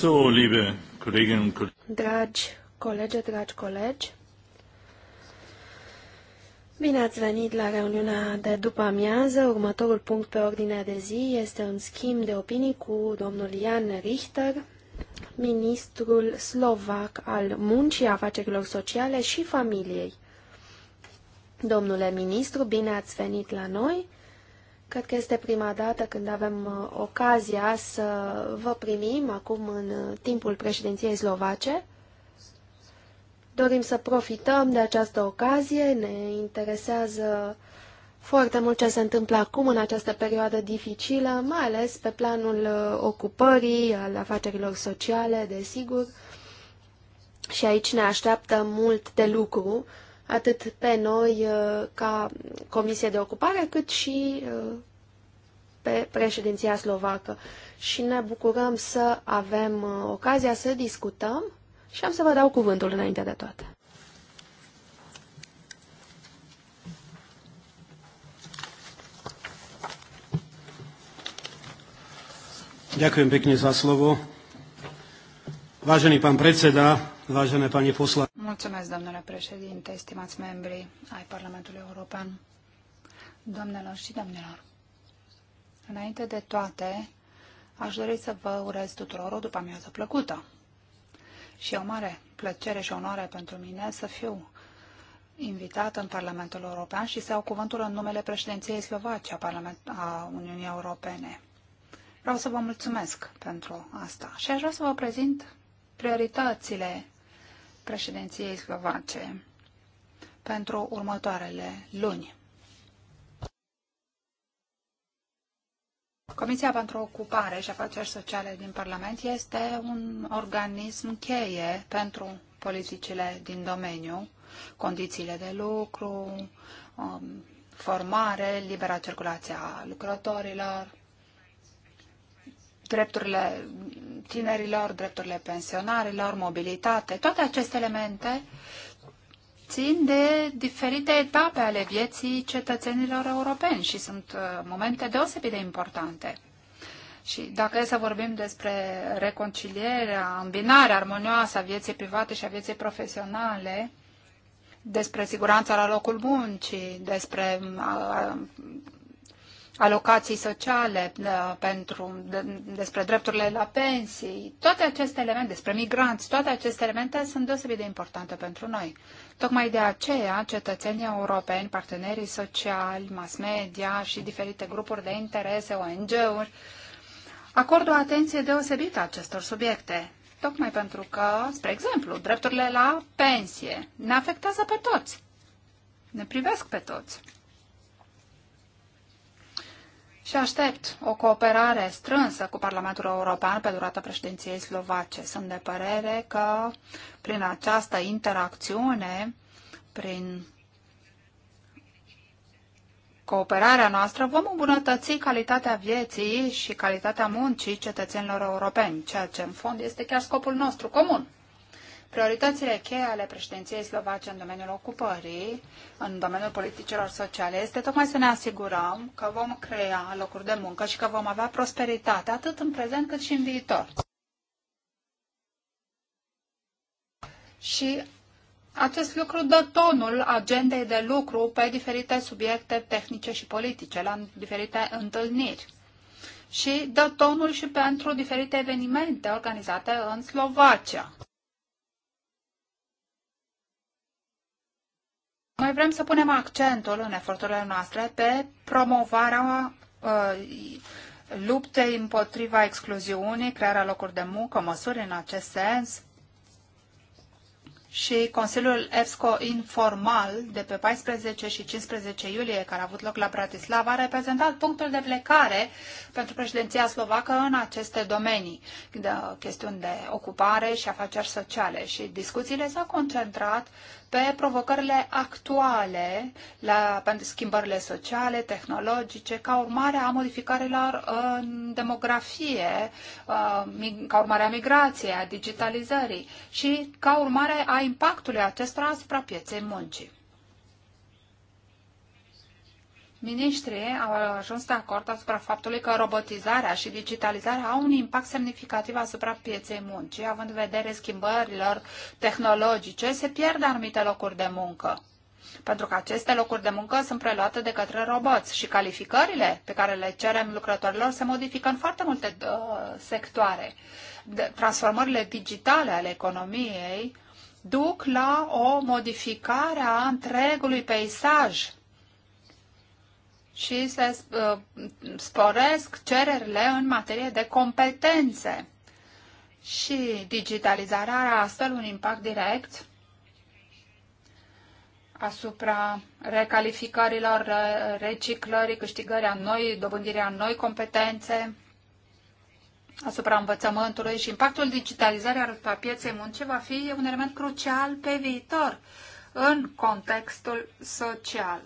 So, liebe Kolleginnen und Kollegen. Dragi colegi, dragi colegi, bine ați venit la reuniunea de după amiază. Următorul punct pe ordinea de zi este un schimb de opinii cu domnul Jan Richter, ministrul slovac al muncii, afacerilor sociale și familiei. Domnule ministru, bine ați venit la noi. Cred că este prima dată când avem uh, ocazia să vă primim acum în uh, timpul președinției slovace. Dorim să profităm de această ocazie, ne interesează foarte mult ce se întâmplă acum în această perioadă dificilă, mai ales pe planul uh, ocupării, al afacerilor sociale, desigur. Și aici ne așteaptă mult de lucru atât pe noi uh, ca Comisie de Ocupare, cât și uh, pe președinția slovacă. Și ne bucurăm să avem uh, ocazia să discutăm și am să vă dau cuvântul înainte de toate. Ďakujem pekne za slovo. Vážený pán predseda, Vážené pani posla... Mulțumesc, domnule președinte, stimați membri ai Parlamentului European, doamnelor și domnilor. Înainte de toate, aș dori să vă urez tuturor o după amiază plăcută. Și e o mare plăcere și onoare pentru mine să fiu invitat în Parlamentul European și să iau cuvântul în numele președinției Slovacia a, a Uniunii Europene. Vreau să vă mulțumesc pentru asta și aș vrea să vă prezint prioritățile președinției slovace pentru următoarele luni. Comisia pentru Ocupare și Afaceri Sociale din Parlament este un organism cheie pentru politicile din domeniu, condițiile de lucru, um, formare, libera circulație a lucrătorilor, drepturile tinerilor, drepturile pensionarilor, mobilitate, toate aceste elemente țin de diferite etape ale vieții cetățenilor europeni și sunt uh, momente deosebit de importante. Și dacă e să vorbim despre reconcilierea, îmbinarea armonioasă a vieții private și a vieții profesionale, despre siguranța la locul muncii, despre uh, alocații sociale uh, pentru, despre drepturile la pensii, toate aceste elemente, despre migranți, toate aceste elemente sunt deosebit de importante pentru noi. Tocmai de aceea, cetățenii europeni, partenerii sociali, mass media și diferite grupuri de interese, ONG-uri, acordă o atenție deosebită acestor subiecte. Tocmai pentru că, spre exemplu, drepturile la pensie ne afectează pe toți. Ne privesc pe toți și aștept o cooperare strânsă cu Parlamentul European pe durata președinției slovace. Sunt de părere că prin această interacțiune, prin cooperarea noastră, vom îmbunătăți calitatea vieții și calitatea muncii cetățenilor europeni, ceea ce în fond este chiar scopul nostru comun. Prioritățile cheie ale președinției slovace în domeniul ocupării, în domeniul politicilor sociale, este tocmai să ne asigurăm că vom crea locuri de muncă și că vom avea prosperitate, atât în prezent cât și în viitor. Și acest lucru dă tonul agendei de lucru pe diferite subiecte tehnice și politice, la diferite întâlniri. Și dă tonul și pentru diferite evenimente organizate în Slovacia. Noi vrem să punem accentul în eforturile noastre pe promovarea uh, luptei împotriva excluziunii, crearea locuri de muncă, măsuri în acest sens. Și Consiliul EFSCO informal de pe 14 și 15 iulie, care a avut loc la Bratislava, a reprezentat punctul de plecare pentru președinția slovacă în aceste domenii, de chestiuni de ocupare și afaceri sociale. Și discuțiile s-au concentrat pe provocările actuale, la schimbările sociale, tehnologice, ca urmare a modificărilor în demografie, uh, ca urmare a migrației, a digitalizării și ca urmare a impactului acestora asupra pieței muncii. Ministrii au ajuns de acord asupra faptului că robotizarea și digitalizarea au un impact semnificativ asupra pieței muncii, având în vedere schimbărilor tehnologice, se pierd anumite locuri de muncă. Pentru că aceste locuri de muncă sunt preluate de către roboți și calificările pe care le cerem lucrătorilor se modifică în foarte multe uh, sectoare. De, transformările digitale ale economiei duc la o modificare a întregului peisaj și se uh, sporesc cererile în materie de competențe. Și digitalizarea are astfel un impact direct asupra recalificărilor, reciclării, câștigării noi, dobândirea noi competențe, asupra învățământului și impactul digitalizării asupra pieței muncii va fi un element crucial pe viitor în contextul social.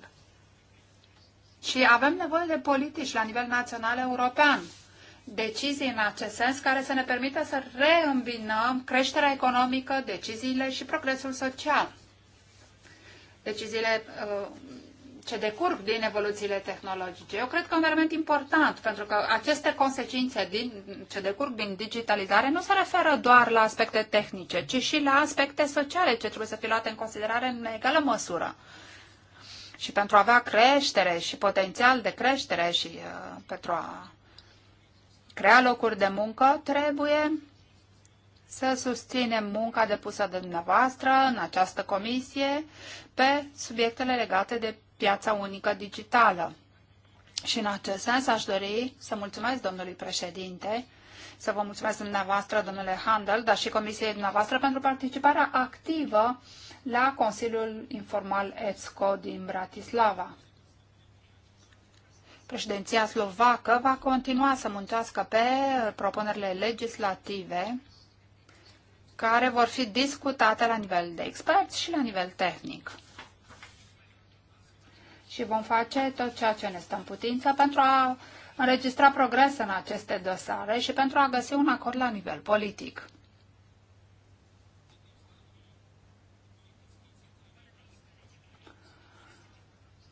Și avem nevoie de politici la nivel național european. Decizii în acest sens care să ne permită să reîmbinăm creșterea economică, deciziile și progresul social. Deciziile uh, ce decurg din evoluțiile tehnologice. Eu cred că un element important, pentru că aceste consecințe din, ce decurg din digitalizare nu se referă doar la aspecte tehnice, ci și la aspecte sociale ce trebuie să fie luate în considerare în egală măsură și pentru a avea creștere și potențial de creștere și uh, pentru a crea locuri de muncă, trebuie să susținem munca depusă de dumneavoastră în această comisie pe subiectele legate de piața unică digitală. Și în acest sens aș dori să mulțumesc domnului președinte, să vă mulțumesc dumneavoastră, domnule Handel, dar și comisiei dumneavoastră pentru participarea activă uh, la Consiliul Informal ESCO din Bratislava. Președinția slovacă va continua să muncească pe propunerile legislative care vor fi discutate la nivel de experți și la nivel tehnic. Și vom face tot ceea ce ne stă în putință pentru a înregistra progres în aceste dosare și pentru a găsi un acord la nivel politic.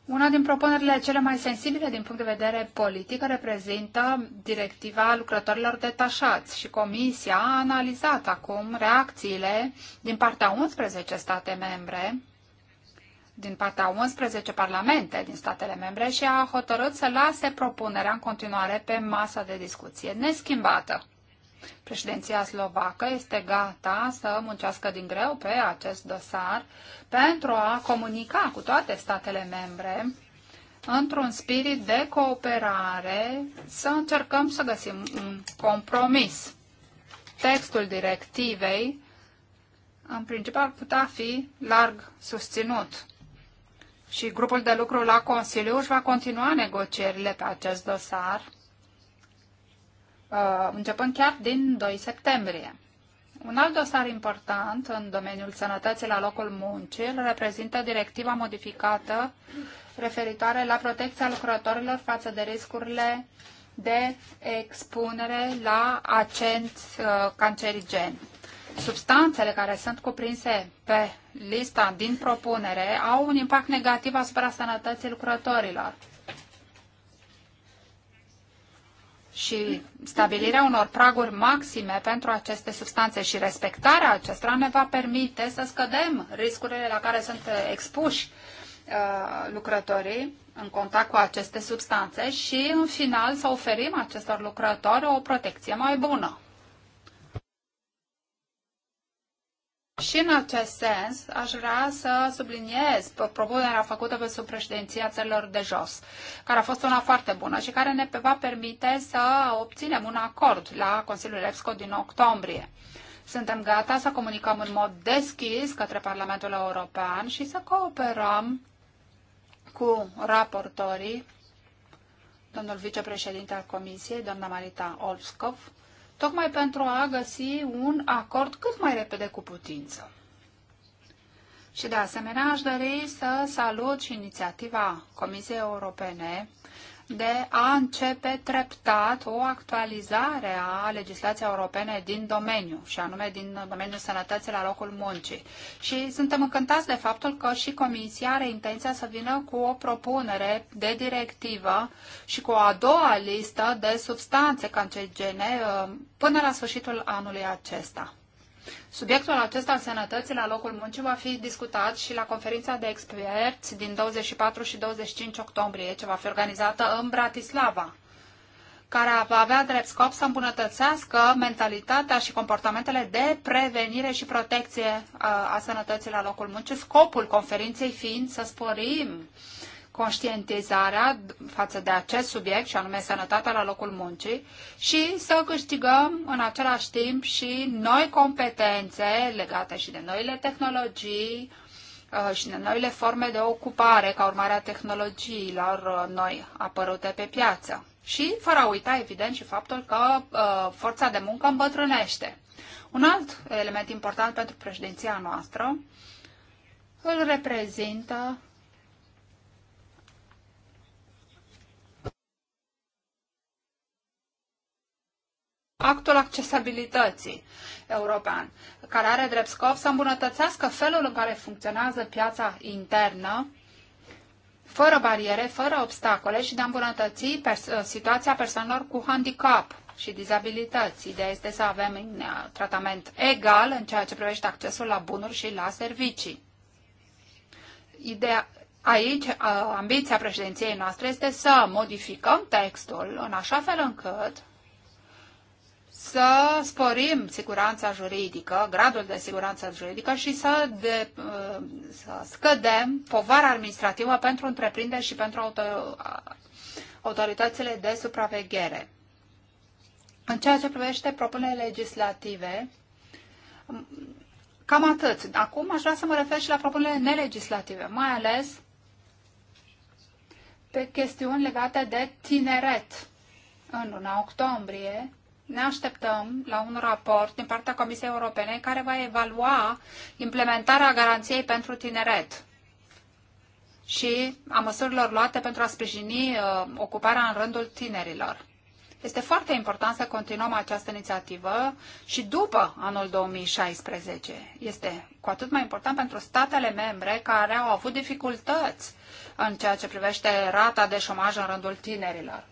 Una din propunerile cele mai sensibile din punct de vedere politic reprezintă directiva lucrătorilor detașați și Comisia a analizat acum reacțiile din partea 11 state membre, din partea 11 parlamente din statele membre și a hotărât să lase propunerea în continuare pe masa de discuție neschimbată. Președinția slovacă este gata să muncească din greu pe acest dosar pentru a comunica cu toate statele membre într-un spirit de cooperare să încercăm să găsim un compromis. Textul directivei în principal putea fi larg susținut. Și grupul de lucru la Consiliu își va continua negocierile pe acest dosar Uh, începând chiar din 2 septembrie. Un alt dosar important în domeniul sănătății la locul muncii îl reprezintă directiva modificată referitoare la protecția lucrătorilor față de riscurile de expunere la agenți uh, cancerigeni. Substanțele care sunt cuprinse pe lista din propunere au un impact negativ asupra sănătății lucrătorilor. și stabilirea unor praguri maxime pentru aceste substanțe și respectarea acestora ne va permite să scădem riscurile la care sunt expuși uh, lucrătorii în contact cu aceste substanțe și, în final, să oferim acestor lucrători o protecție mai bună. Și în acest sens, aș vrea să subliniez propunerea făcută pe sub președinția țărilor de jos, care a fost una foarte bună și care ne va permite să obținem un acord la Consiliul EPSCO din octombrie. Suntem gata să comunicăm în mod deschis către Parlamentul European și să cooperăm cu raportorii, domnul vicepreședinte al Comisiei, doamna Marita Olskov, tocmai pentru a găsi un acord cât mai repede cu putință. Și de asemenea aș dori să salut și inițiativa Comisiei Europene de a începe treptat o actualizare a legislației europene din domeniu, și anume din domeniul sănătății la locul muncii. Și suntem încântați de faptul că și Comisia are intenția să vină cu o propunere de directivă și cu o a doua listă de substanțe cancerigene până la sfârșitul anului acesta. Subiectul acesta al sănătății la locul muncii va fi discutat și la conferința de experți din 24 și 25 octombrie, ce va fi organizată în Bratislava care va avea drept scop să îmbunătățească mentalitatea și comportamentele de prevenire și protecție uh, a sănătății la locul muncii, scopul conferinței fiind să sporim uh, conștientizarea față de acest subiect, și anume sănătatea la locul muncii, și să câștigăm în același timp și noi competențe legate și de noile tehnologii uh, și de noile forme de ocupare ca urmare a tehnologiilor uh, noi apărute pe piață. Și fără a uita, evident, și faptul că uh, forța de muncă îmbătrânește. Un alt element important pentru președinția noastră îl reprezintă actul accesibilității european, care are drept scop să îmbunătățească felul în care funcționează piața internă, fără bariere, fără obstacole și de a îmbunătăți pers situația persoanelor cu handicap și dizabilități. Ideea este să avem un uh, tratament egal în ceea ce privește accesul la bunuri și la servicii. Ideea, aici, uh, ambiția președinției noastre este să modificăm textul în așa fel încât să sporim siguranța juridică, gradul de siguranță juridică și să, de, uh, să scădem povara administrativă pentru întreprinderi și pentru auto, autoritățile de supraveghere. În ceea ce privește propunerile legislative, cam atât. Acum aș vrea să mă refer și la propunerile nelegislative, mai ales pe chestiuni legate de tineret. În luna octombrie ne așteptăm la un raport din partea Comisiei Europene care va evalua implementarea garanției pentru tineret și a măsurilor luate pentru a sprijini uh, ocuparea în rândul tinerilor. Este foarte important să continuăm această inițiativă și după anul 2016. Este cu atât mai important pentru statele membre care au avut dificultăți în ceea ce privește rata de șomaj în rândul tinerilor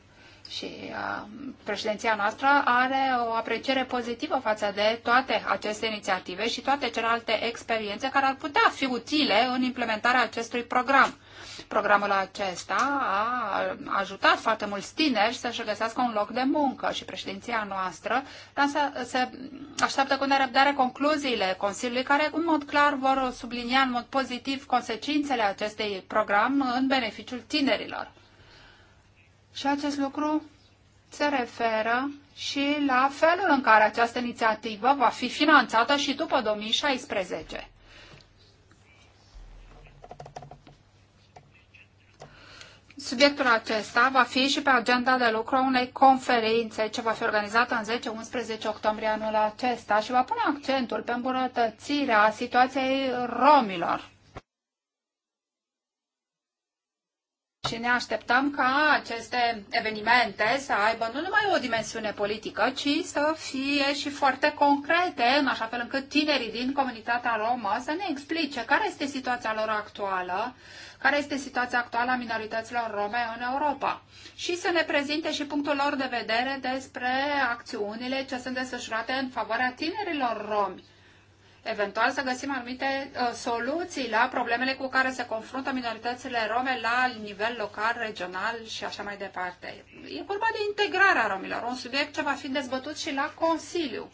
și uh, președinția noastră are o apreciere pozitivă față de toate aceste inițiative și toate celelalte experiențe care ar putea fi utile în implementarea acestui program. Programul acesta a ajutat foarte mulți tineri să-și găsească un loc de muncă și președinția noastră se, se așteaptă cu nerăbdare concluziile Consiliului care în mod clar vor sublinia în mod pozitiv consecințele acestei program în beneficiul tinerilor. Și acest lucru se referă și la felul în care această inițiativă va fi finanțată și după 2016. Subiectul acesta va fi și pe agenda de lucru a unei conferințe ce va fi organizată în 10-11 octombrie anul acesta și va pune accentul pe îmbunătățirea situației romilor. și ne așteptăm ca aceste evenimente să aibă nu numai o dimensiune politică, ci să fie și foarte concrete, în așa fel încât tinerii din comunitatea romă să ne explice care este situația lor actuală, care este situația actuală a minorităților rome în Europa și să ne prezinte și punctul lor de vedere despre acțiunile ce sunt desfășurate în favoarea tinerilor romi eventual să găsim anumite uh, soluții la problemele cu care se confruntă minoritățile rome la nivel local, regional și așa mai departe. E vorba de integrarea romilor, un subiect ce va fi dezbătut și la Consiliu.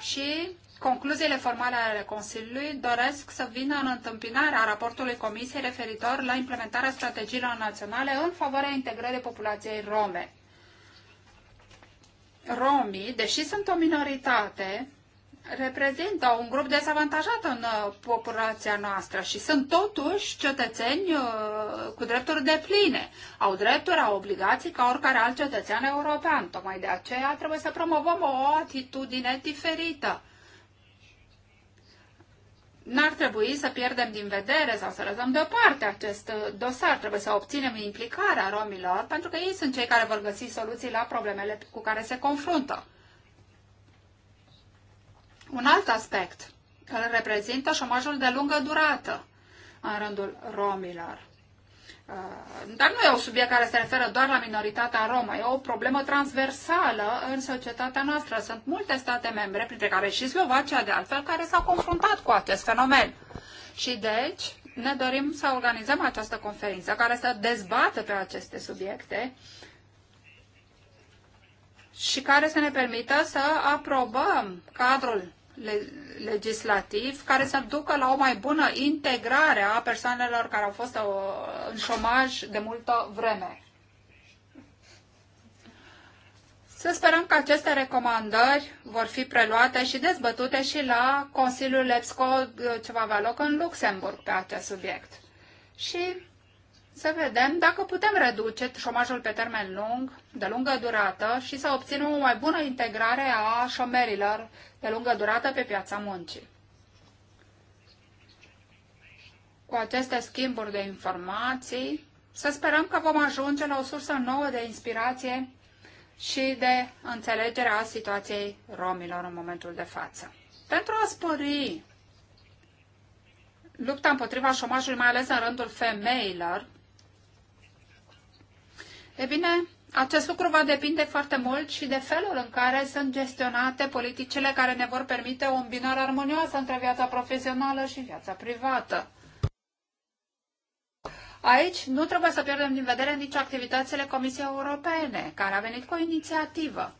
Și concluziile formale ale Consiliului doresc să vină în întâmpinarea raportului Comisiei referitor la implementarea strategiilor naționale în favoarea integrării populației rome. Romii, deși sunt o minoritate, reprezintă un grup dezavantajat în uh, populația noastră și sunt totuși cetățeni uh, cu drepturi de pline. Au drepturi, au obligații ca oricare alt cetățean european. Tocmai de aceea trebuie să promovăm o atitudine diferită. N-ar trebui să pierdem din vedere sau să lăsăm deoparte acest uh, dosar. Trebuie să obținem implicarea romilor, pentru că ei sunt cei care vor găsi soluții la problemele cu care se confruntă. Un alt aspect îl reprezintă șomajul de lungă durată în rândul romilor. Uh, dar nu e un subiect care se referă doar la minoritatea romă, e o problemă transversală în societatea noastră. Sunt multe state membre, printre care și Slovacia de altfel, care s-au confruntat cu acest fenomen. Și deci ne dorim să organizăm această conferință care să dezbată pe aceste subiecte și care să ne permită să aprobăm cadrul legislativ care să ducă la o mai bună integrare a persoanelor care au fost uh, în șomaj de multă vreme. Să sperăm că aceste recomandări vor fi preluate și dezbătute și la Consiliul EPSCO uh, ce va avea loc în Luxemburg pe acest subiect. Și să vedem dacă putem reduce șomajul pe termen lung, de lungă durată și să obținem o mai bună integrare a șomerilor de lungă durată pe piața muncii. Cu aceste schimburi de informații, să sperăm că vom ajunge la o sursă nouă de inspirație și de înțelegere a situației romilor în momentul de față. Pentru a spori lupta împotriva șomajului, mai ales în rândul femeilor, E bine, acest lucru va depinde foarte mult și de felul în care sunt gestionate politicile care ne vor permite o îmbinare armonioasă între viața profesională și viața privată. Aici nu trebuie să pierdem din vedere nici activitățile Comisiei Europene, care a venit cu o inițiativă.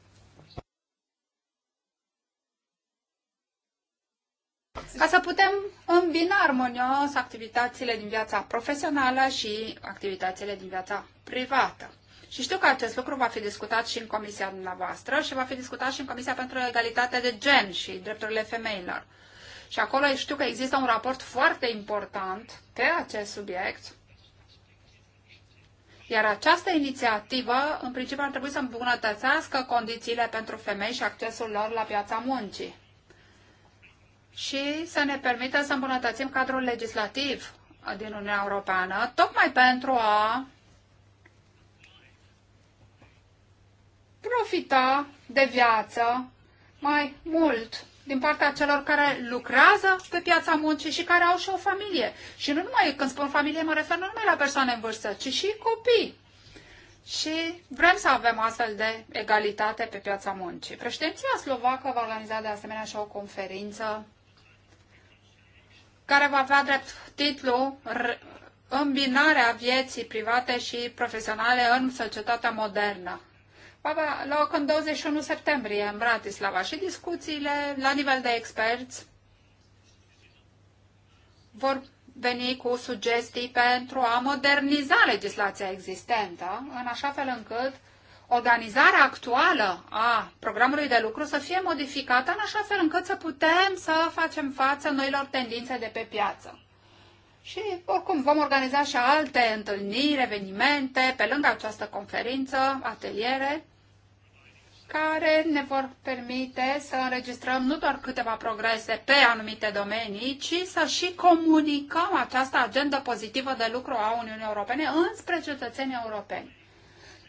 Ca să putem îmbina armonios activitățile din viața profesională și activitățile din viața privată. Și știu că acest lucru va fi discutat și în comisia dumneavoastră și va fi discutat și în Comisia pentru egalitatea de Gen și Drepturile Femeilor. Și acolo știu că există un raport foarte important pe acest subiect. Iar această inițiativă, în principiu, ar trebui să îmbunătățească condițiile pentru femei și accesul lor la piața muncii și să ne permită să îmbunătățim cadrul legislativ din Uniunea Europeană, tocmai pentru a profita de viață mai mult din partea celor care lucrează pe piața muncii și care au și o familie. Și nu numai, când spun familie, mă refer nu numai la persoane în vârstă, ci și copii. Și vrem să avem astfel de egalitate pe piața muncii. Președinția slovacă va organiza de asemenea și o conferință care va avea drept titlu Îmbinarea vieții private și profesionale în societatea modernă. Papa lua loc în 21 septembrie în Bratislava și discuțiile la nivel de experți vor veni cu sugestii pentru a moderniza legislația existentă, în așa fel încât organizarea actuală a programului de lucru să fie modificată în așa fel încât să putem să facem față noilor tendințe de pe piață. Și oricum vom organiza și alte întâlniri, evenimente, pe lângă această conferință, ateliere, care ne vor permite să înregistrăm nu doar câteva progrese pe anumite domenii, ci să și comunicăm această agendă pozitivă de lucru a Uniunii Europene înspre cetățenii europeni.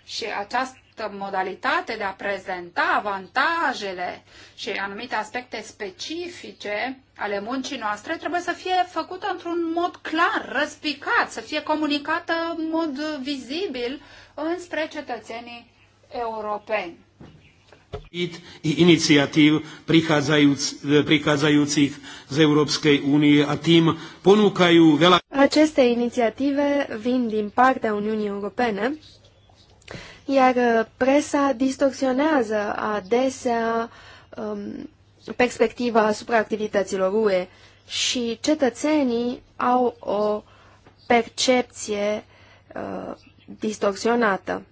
Și această modalitate de a prezenta avantajele și anumite aspecte specifice ale muncii noastre trebuie să fie făcută într-un mod clar, răspicat, să fie comunicată în mod vizibil înspre cetățenii europeni i iniciatív prichádzajúcich z Európskej únie a tým ponúkajú veľa... Aceste iniciatíve vin din partea Uniunii Europene, iar presa distorsionează adesea um, perspectiva asupra activităților UE și cetățenii au o percepție uh, distorsionată.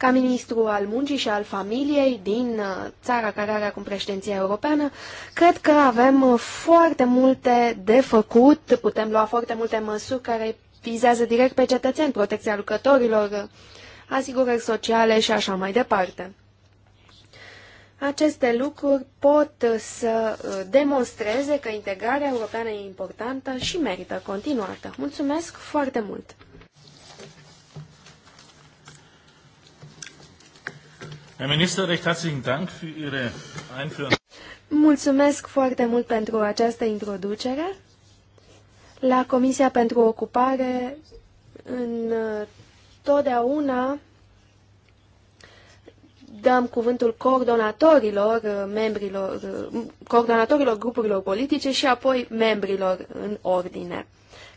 Ca ministru al muncii și al familiei din uh, țara care are acum președinția europeană, cred că avem uh, foarte multe de făcut, putem lua foarte multe măsuri care vizează direct pe cetățeni, protecția lucrătorilor, uh, asigurări sociale și așa mai departe. Aceste lucruri pot să demonstreze că integrarea europeană e importantă și merită continuată. Mulțumesc foarte mult! Herr Minister, recht herzlichen Dank für Ihre Einführung. Mulțumesc foarte mult pentru această introducere. La Comisia pentru Ocupare, în uh, totdeauna dăm cuvântul coordonatorilor, uh, membrilor, uh, coordonatorilor grupurilor politice și apoi membrilor în ordine,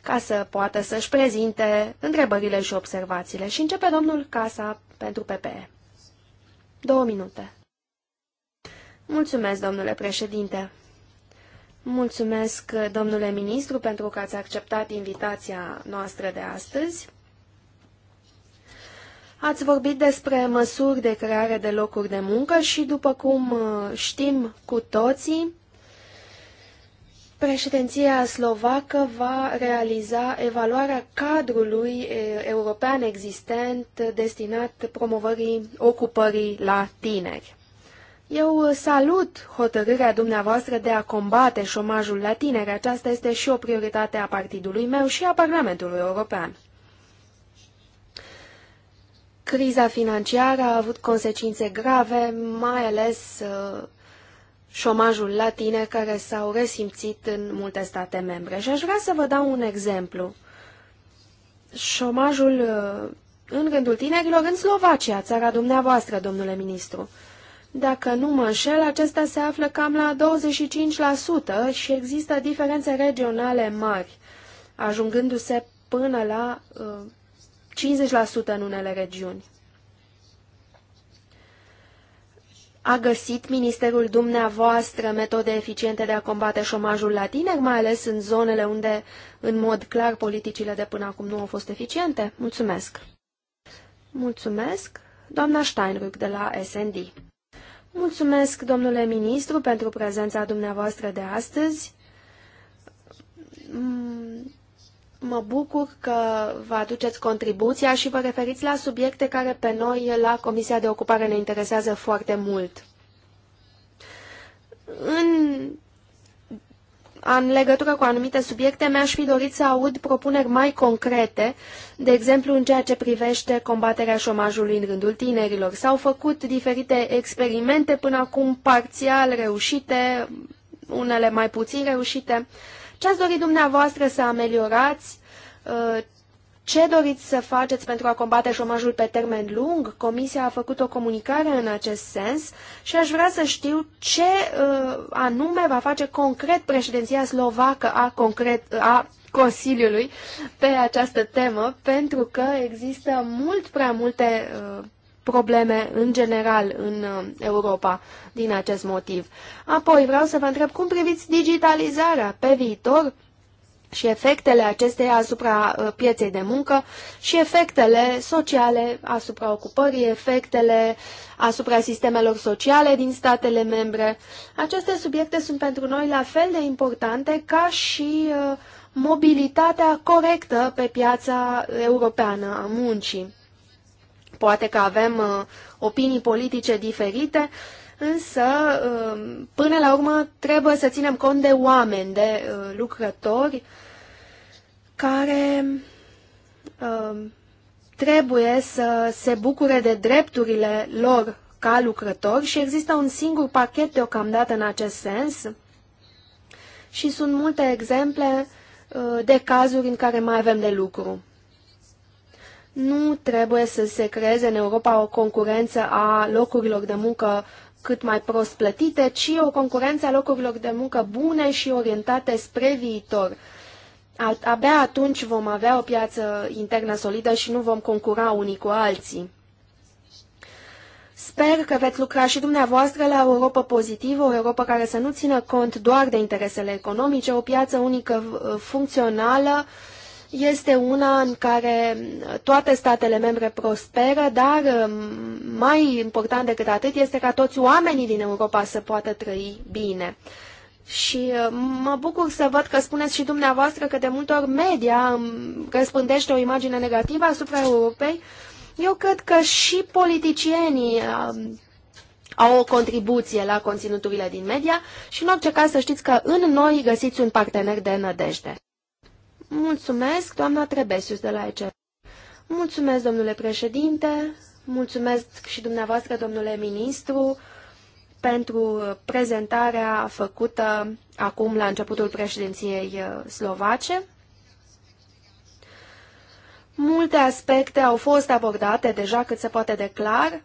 ca să poată să-și prezinte întrebările și observațiile. Și începe domnul Casa pentru PPE. Două minute. Mulțumesc, domnule președinte. Mulțumesc, domnule ministru, pentru că ați acceptat invitația noastră de astăzi. Ați vorbit despre măsuri de creare de locuri de muncă și, după cum știm cu toții, Președinția slovacă va realiza evaluarea cadrului european existent destinat promovării ocupării la tineri. Eu salut hotărârea dumneavoastră de a combate șomajul la tineri. Aceasta este și o prioritate a partidului meu și a Parlamentului European. Criza financiară a avut consecințe grave, mai ales uh, șomajul la tine care s-au resimțit în multe state membre. Și aș vrea să vă dau un exemplu. Șomajul uh, în rândul tinerilor în Slovacia, țara dumneavoastră, domnule ministru. Dacă nu mă înșel, acesta se află cam la 25% și există diferențe regionale mari, ajungându-se până la uh, 50% în unele regiuni. A găsit ministerul dumneavoastră metode eficiente de a combate șomajul la tineri, mai ales în zonele unde, în mod clar, politicile de până acum nu au fost eficiente? Mulțumesc! Mulțumesc, doamna Steinrück de la SND. Mulțumesc, domnule ministru, pentru prezența dumneavoastră de astăzi mm, Mă bucur că vă aduceți contribuția și vă referiți la subiecte care pe noi la Comisia de Ocupare ne interesează foarte mult. În, în legătură cu anumite subiecte, mi-aș fi dorit să aud propuneri mai concrete, de exemplu în ceea ce privește combaterea șomajului în rândul tinerilor. S-au făcut diferite experimente până acum parțial reușite, unele mai puțin reușite. Uh, ce ați dorit dumneavoastră să ameliorați? Uh, ce doriți să faceți pentru a combate șomajul pe termen lung? Comisia a făcut o comunicare în acest sens și aș vrea să știu ce uh, anume va face concret președinția slovacă a, concret, uh, a Consiliului pe această temă, pentru că există mult prea multe probleme în general în uh, Europa din acest motiv. Apoi vreau să vă întreb cum priviți digitalizarea pe viitor și efectele acesteia asupra uh, pieței de muncă și efectele sociale asupra ocupării, efectele asupra sistemelor sociale din statele membre. Aceste subiecte sunt pentru noi la fel de importante ca și uh, mobilitatea corectă pe piața europeană a muncii poate că avem uh, opinii politice diferite, însă uh, până la urmă trebuie să ținem cont de oameni, de uh, lucrători care trebuie să se bucure de drepturile lor ca lucrători și există un singur pachet deocamdată în acest sens și sunt multe exemple de cazuri în care mai avem de lucru. Nu trebuie să se creeze în Europa o concurență a locurilor de muncă cât mai prost plătite, ci o concurență a locurilor de muncă bune și orientate spre viitor. Abia atunci vom avea o piață internă solidă și nu vom concura unii cu alții. Sper că veți lucra și dumneavoastră la o Europa pozitivă, o Europa care să nu țină cont doar de interesele economice, o piață unică uh, funcțională, este una în care toate statele membre prosperă, dar um, mai important decât atât este ca toți oamenii din Europa să poată trăi bine. Și um, mă bucur să văd că spuneți și dumneavoastră că de multe ori media um, răspândește o imagine negativă asupra Europei. Eu cred că și politicienii au o contribuție la conținuturile din media și în orice caz să știți că în noi găsiți un partener de nădejde. Mulțumesc, doamna Trebesius de la ECR. Mulțumesc, domnule președinte, mulțumesc și dumneavoastră, domnule ministru, pentru prezentarea făcută acum la începutul președinției uh, slovace. Multe aspecte au fost abordate deja cât se poate de clar.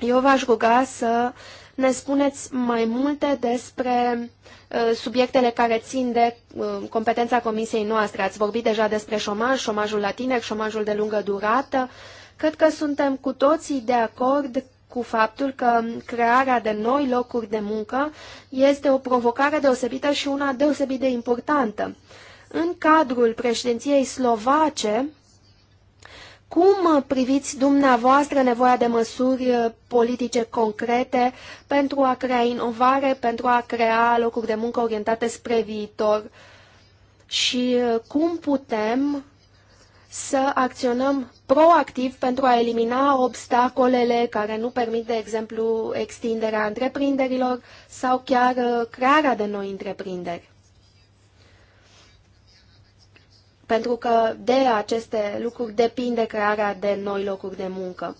Eu v-aș ruga să uh, ne spuneți mai multe despre uh, subiectele care țin de uh, competența comisiei noastre. Ați vorbit deja despre șomaj, șomajul la tineri, șomajul de lungă durată. Cred că suntem cu toții de acord cu faptul că crearea de noi locuri de muncă este o provocare deosebită și una deosebit de importantă. În cadrul președinției slovace, cum uh, priviți dumneavoastră nevoia de măsuri uh, politice concrete pentru a crea inovare, pentru a crea locuri de muncă orientate spre viitor și uh, cum putem să acționăm proactiv pentru a elimina obstacolele care nu permit, de exemplu, extinderea întreprinderilor sau chiar crearea de noi întreprinderi? pentru că de aceste lucruri depinde crearea de noi locuri de muncă.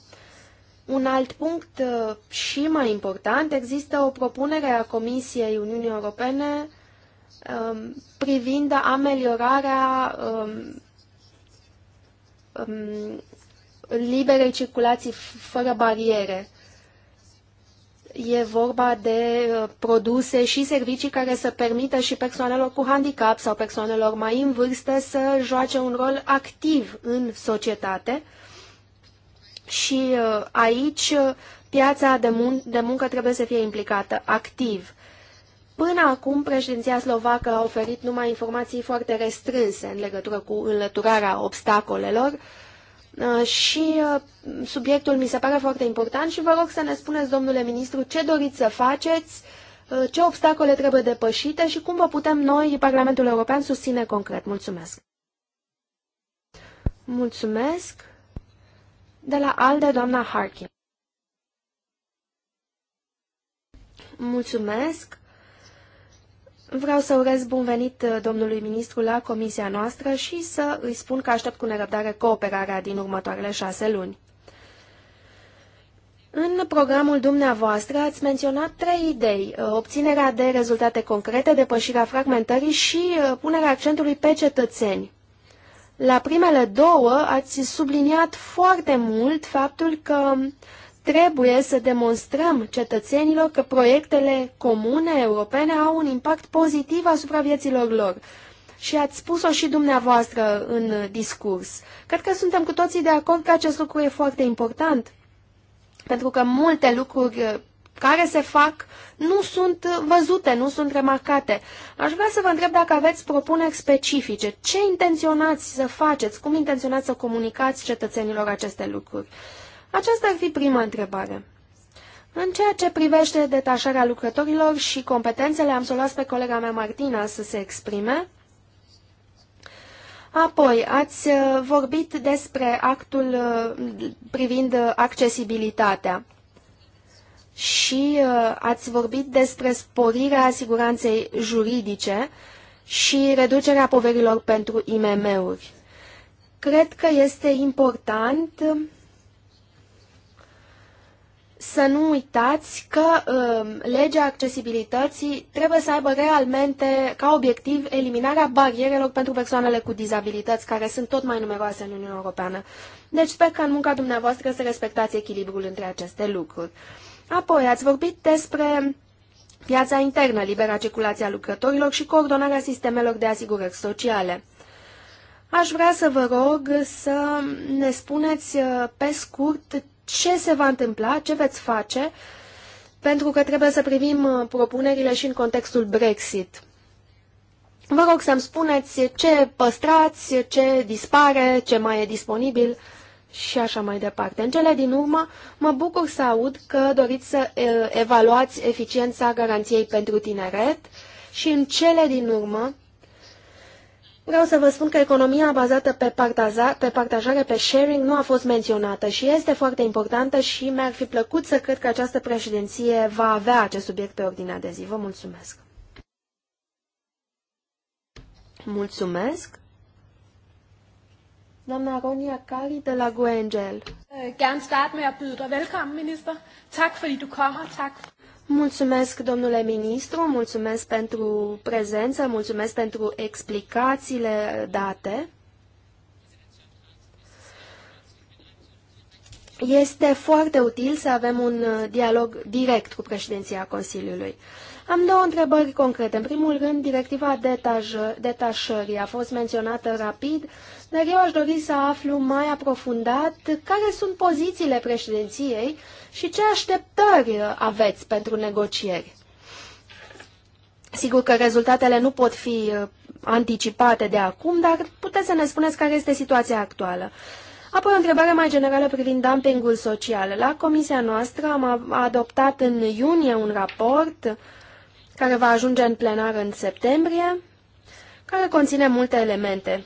Un alt punct uh, și mai important, există o propunere a Comisiei Uniunii Europene um, privind ameliorarea um, um, liberei circulații fără bariere. E vorba de uh, produse și servicii care să permită și persoanelor cu handicap sau persoanelor mai în vârstă să joace un rol activ în societate. Și uh, aici uh, piața de, mun- de muncă trebuie să fie implicată activ. Până acum, președinția slovacă a oferit numai informații foarte restrânse în legătură cu înlăturarea obstacolelor Uh, și uh, subiectul mi se pare foarte important și vă rog să ne spuneți, domnule ministru, ce doriți să faceți, uh, ce obstacole trebuie depășite și cum vă putem noi, Parlamentul European, susține concret. Mulțumesc! Mulțumesc! De la ALDE, doamna Harkin. Mulțumesc! Vreau să urez bun venit uh, domnului ministru la comisia noastră și să îi spun că aștept cu nerăbdare cooperarea din următoarele șase luni. În programul dumneavoastră ați menționat trei idei, uh, obținerea de rezultate concrete, depășirea fragmentării și uh, punerea accentului pe cetățeni. La primele două ați subliniat foarte mult faptul că uh, Trebuie să demonstrăm cetățenilor că proiectele comune europene au un impact pozitiv asupra vieților lor. Și ați spus-o și dumneavoastră în discurs. Cred că suntem cu toții de acord că acest lucru e foarte important, pentru că multe lucruri uh, care se fac nu sunt uh, văzute, nu sunt remarcate. Aș vrea să vă întreb dacă aveți propuneri specifice. Ce intenționați să faceți? Cum intenționați să comunicați cetățenilor aceste lucruri? Aceasta ar fi prima întrebare. În ceea ce privește detașarea lucrătorilor și competențele, am să las pe colega mea Martina să se exprime. Apoi, ați uh, vorbit despre actul uh, privind accesibilitatea și uh, ați vorbit despre sporirea siguranței juridice și reducerea poverilor pentru IMM-uri. Cred că este important să nu uitați că uh, legea accesibilității trebuie să aibă realmente ca obiectiv eliminarea barierelor pentru persoanele cu dizabilități, care sunt tot mai numeroase în Uniunea Europeană. Deci sper că în munca dumneavoastră să respectați echilibrul între aceste lucruri. Apoi ați vorbit despre piața internă, libera circulație a lucrătorilor și coordonarea sistemelor de asigurări sociale. Aș vrea să vă rog să ne spuneți uh, pe scurt ce se va întâmpla, ce veți face, pentru că trebuie să privim uh, propunerile și în contextul Brexit. Vă rog să-mi spuneți ce păstrați, ce dispare, ce mai e disponibil și așa mai departe. În cele din urmă, mă bucur să aud că doriți să uh, evaluați eficiența garanției pentru tineret și în cele din urmă, Vreau să vă spun că economia bazată pe, partaza, pe partajare, pe sharing, nu a fost menționată și este foarte importantă și mi-ar fi plăcut să cred că această președinție va avea acest subiect pe ordinea de zi. Vă mulțumesc! Mulțumesc! Doamna Ronia Cari de la Guengel. Øh, Gern start med at byde dig velkommen, minister. Tak fordi du kommer. Tak. Mulțumesc, domnule ministru, mulțumesc pentru prezență, mulțumesc pentru explicațiile date. este foarte util să avem un uh, dialog direct cu președinția Consiliului. Am două întrebări concrete. În primul rând, directiva detaj, detașării a fost menționată rapid, dar eu aș dori să aflu mai aprofundat care sunt pozițiile președinției și ce așteptări aveți pentru negocieri. Sigur că rezultatele nu pot fi uh, anticipate de acum, dar puteți să ne spuneți care este situația actuală. Apoi o întrebare mai generală privind dumpingul social. La comisia noastră am adoptat în iunie un raport care va ajunge în plenar în septembrie, care conține multe elemente,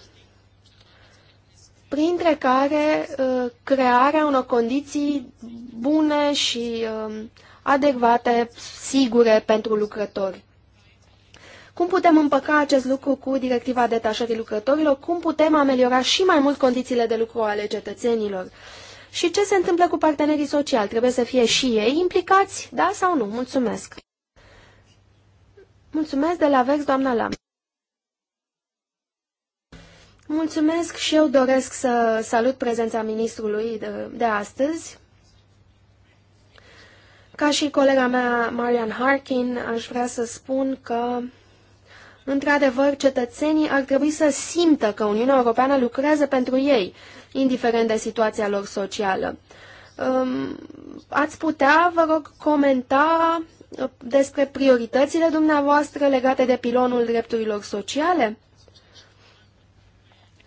printre care uh, crearea unor condiții bune și um, adecvate, sigure pentru lucrători. Cum putem împăca acest lucru cu directiva detașării lucrătorilor? Cum putem ameliora și mai mult condițiile de lucru ale cetățenilor? Și ce se întâmplă cu partenerii sociali? Trebuie să fie și ei implicați, da sau nu? Mulțumesc! Mulțumesc de la Vex, doamna Lam. Mulțumesc și eu doresc să salut prezența ministrului de, de astăzi. Ca și colega mea, Marian Harkin, aș vrea să spun că Într-adevăr, cetățenii ar trebui să simtă că Uniunea Europeană lucrează pentru ei, indiferent de situația lor socială. Um, ați putea, vă rog, comenta uh, despre prioritățile dumneavoastră legate de pilonul drepturilor sociale,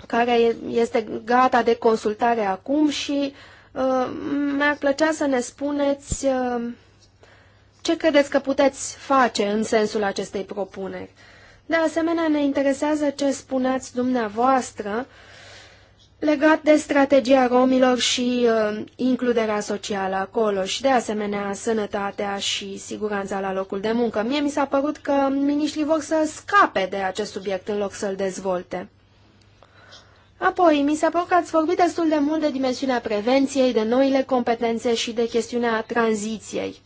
care este gata de consultare acum și uh, mi-ar plăcea să ne spuneți uh, ce credeți că puteți face în sensul acestei propuneri. De asemenea, ne interesează ce spuneați dumneavoastră legat de strategia romilor și uh, includerea socială acolo și, de asemenea, sănătatea și siguranța la locul de muncă. Mie mi s-a părut că miniștrii vor să scape de acest subiect în loc să-l dezvolte. Apoi, mi s-a părut că ați vorbit destul de mult de dimensiunea prevenției, de noile competențe și de chestiunea tranziției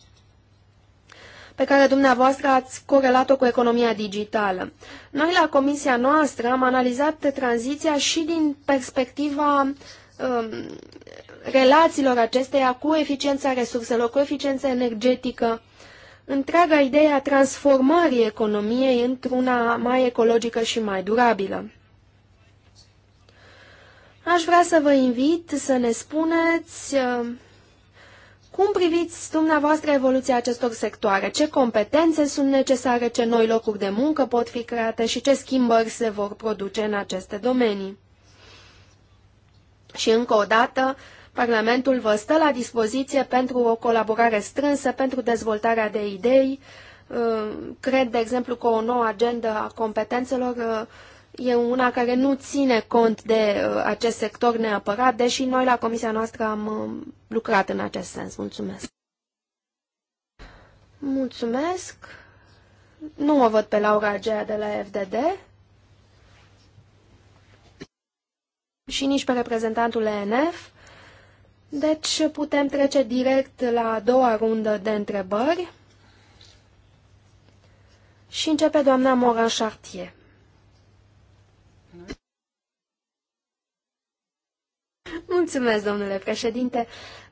pe care dumneavoastră ați corelat-o cu economia digitală. Noi la comisia noastră am analizat tranziția și din perspectiva um, relațiilor acesteia cu eficiența resurselor, cu eficiența energetică, întreaga idee a transformării economiei într-una mai ecologică și mai durabilă. Aș vrea să vă invit să ne spuneți um, cum priviți dumneavoastră evoluția acestor sectoare? Ce competențe sunt necesare, ce noi locuri de muncă pot fi create și ce schimbări se vor produce în aceste domenii? Și încă o dată, Parlamentul vă stă la dispoziție pentru o colaborare strânsă, pentru dezvoltarea de idei. Cred, de exemplu, că o nouă agendă a competențelor e una care nu ține cont de uh, acest sector neapărat, deși noi la comisia noastră am um, lucrat în acest sens. Mulțumesc! Mulțumesc! Nu o văd pe Laura Agea de la FDD și nici pe reprezentantul ENF, deci putem trece direct la a doua rundă de întrebări și începe doamna Moran Chartier. Mulțumesc, domnule președinte.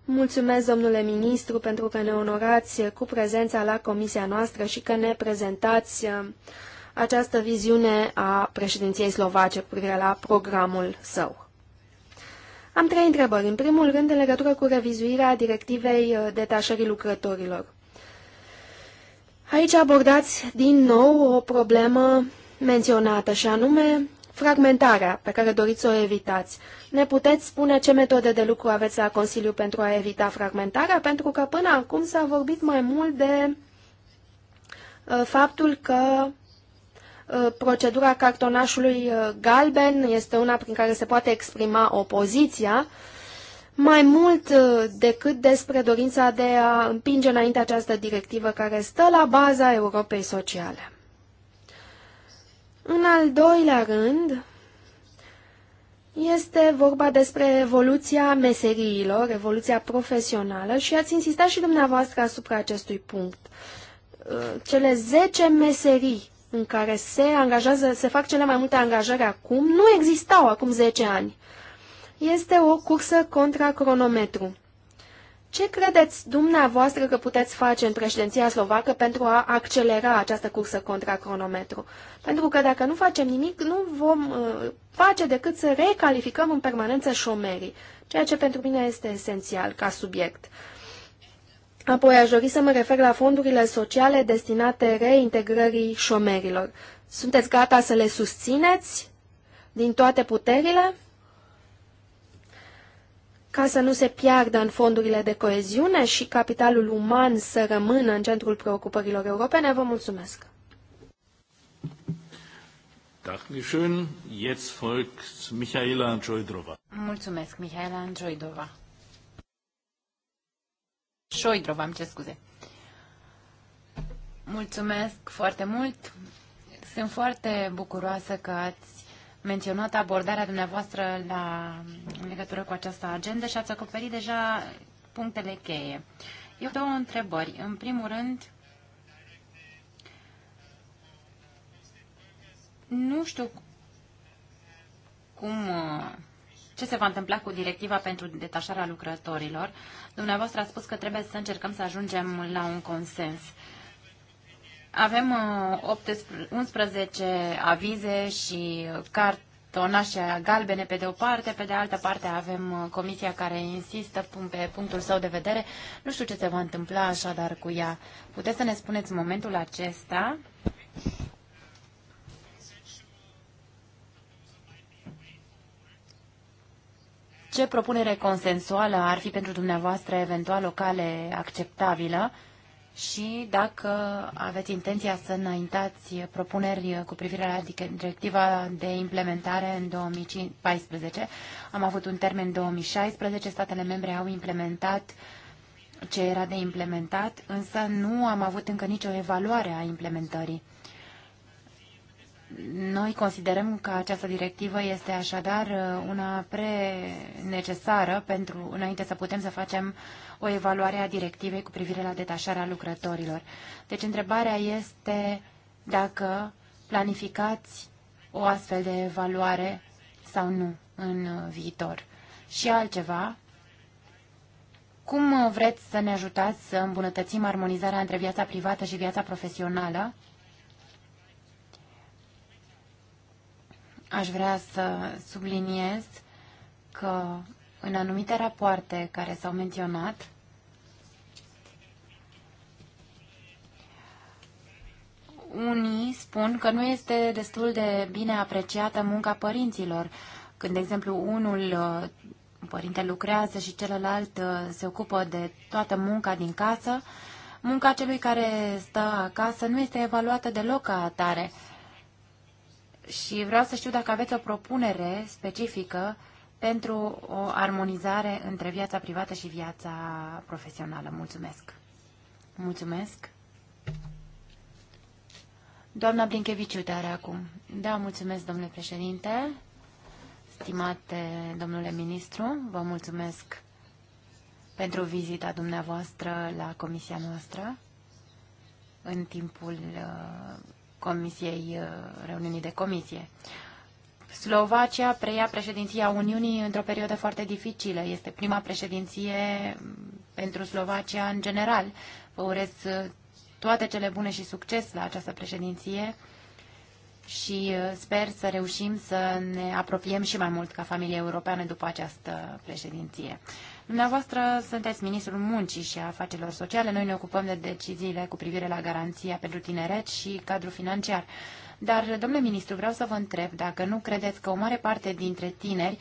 Mulțumesc, domnule ministru, pentru că ne onorați cu prezența la comisia noastră și că ne prezentați uh, această viziune a președinției slovace cu privire la programul său. Am trei întrebări. În primul rând, în legătură cu revizuirea directivei uh, detașării lucrătorilor. Aici abordați din nou o problemă menționată și anume fragmentarea pe care doriți să o evitați. Ne puteți spune ce metode de lucru aveți la Consiliu pentru a evita fragmentarea? Pentru că până acum s-a vorbit mai mult de uh, faptul că uh, procedura cartonașului uh, galben este una prin care se poate exprima opoziția, mai mult decât despre dorința de a împinge înainte această directivă care stă la baza Europei Sociale. În al doilea rând, este vorba despre evoluția meseriilor, evoluția profesională și ați insistat și dumneavoastră asupra acestui punct. Uh, cele 10 meserii în care se angajează, se fac cele mai multe angajări acum, nu existau acum 10 ani. Este o cursă contra cronometru. Ce credeți dumneavoastră că puteți face în președinția slovacă pentru a accelera această cursă contra cronometru? Pentru că dacă nu facem nimic, nu vom uh, face decât să recalificăm în permanență șomerii, ceea ce pentru mine este esențial ca subiect. Apoi aș dori să mă refer la fondurile sociale destinate reintegrării șomerilor. Sunteți gata să le susțineți din toate puterile? ca să nu se piardă în fondurile de coeziune și capitalul uman să rămână în centrul preocupărilor europene. Vă mulțumesc! Dankeschön. Jetzt folgt Michaela Androidova. Mulțumesc, Mihaela Androidova. Șoidrova, am ce scuze. Mulțumesc foarte mult. Sunt foarte bucuroasă că ați menționat abordarea dumneavoastră la, în legătură cu această agendă și ați acoperit deja punctele cheie. Eu două întrebări. În primul rând, nu știu cum, ce se va întâmpla cu directiva pentru detașarea lucrătorilor. Dumneavoastră a spus că trebuie să încercăm să ajungem la un consens. Avem 11 uh, avize și tonașe galbene pe de o parte, pe de altă parte avem uh, comisia care insistă pe punctul său de vedere. Nu știu ce se va întâmpla așadar cu ea. Puteți să ne spuneți momentul acesta? Ce propunere consensuală ar fi pentru dumneavoastră eventual o cale acceptabilă? și dacă aveți intenția să înaintați propuneri cu privire la adică, directiva de implementare în 2014. Am avut un termen 2016, statele membre au implementat ce era de implementat, însă nu am avut încă nicio evaluare a implementării. Noi considerăm că această directivă este așadar uh, una pre-necesară pentru înainte să putem să facem o evaluare a directivei cu privire la detașarea lucrătorilor. Deci întrebarea este dacă planificați o astfel de evaluare sau nu în uh, viitor. Și altceva, cum vreți să ne ajutați să îmbunătățim armonizarea între viața privată și viața profesională? aș vrea să subliniez că în anumite rapoarte care s-au menționat, unii spun că nu este destul de bine apreciată munca părinților. Când, de exemplu, unul uh, părinte lucrează și celălalt uh, se ocupă de toată munca din casă, munca celui care stă acasă nu este evaluată deloc ca atare și vreau să știu dacă aveți o propunere specifică pentru o armonizare între viața privată și viața profesională. Mulțumesc! Mulțumesc! Doamna Blinkeviciu te are acum. Da, mulțumesc, domnule președinte, stimate domnule ministru, vă mulțumesc pentru vizita dumneavoastră la comisia noastră în timpul uh, comisiei, uh, reuniunii de comisie. Slovacia preia președinția Uniunii într-o perioadă foarte dificilă. Este prima președinție mm, pentru Slovacia în general. Vă urez uh, toate cele bune și succes la această președinție și uh, sper să reușim să ne apropiem și mai mult ca familie europeană după această președinție. Dumneavoastră sunteți ministrul muncii și a afacerilor sociale. Noi ne ocupăm de deciziile cu privire la garanția pentru tineret și cadrul financiar. Dar, domnule ministru, vreau să vă întreb dacă nu credeți că o mare parte dintre tineri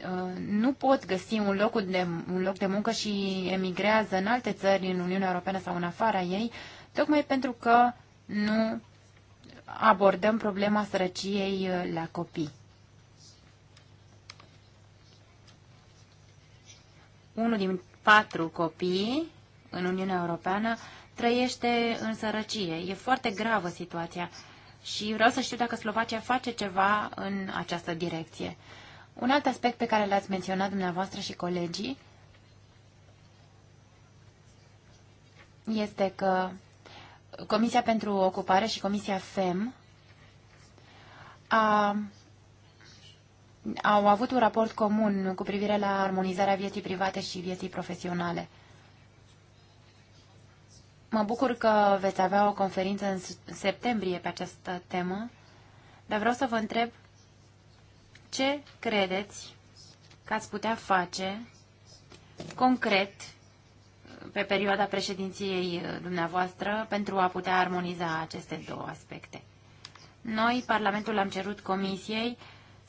uh, nu pot găsi un loc, de, un loc de muncă și emigrează în alte țări, în Uniunea Europeană sau în afara ei, tocmai pentru că nu abordăm problema sărăciei uh, la copii. unul din patru copii în Uniunea Europeană trăiește în sărăcie. E foarte gravă situația și vreau să știu dacă Slovacia face ceva în această direcție. Un alt aspect pe care l-ați menționat dumneavoastră și colegii este că Comisia pentru Ocupare și Comisia FEM a au avut un raport comun cu privire la armonizarea vieții private și vieții profesionale. Mă bucur că veți avea o conferință în septembrie pe această temă, dar vreau să vă întreb ce credeți că ați putea face concret pe perioada președinției dumneavoastră pentru a putea armoniza aceste două aspecte. Noi, Parlamentul, am cerut Comisiei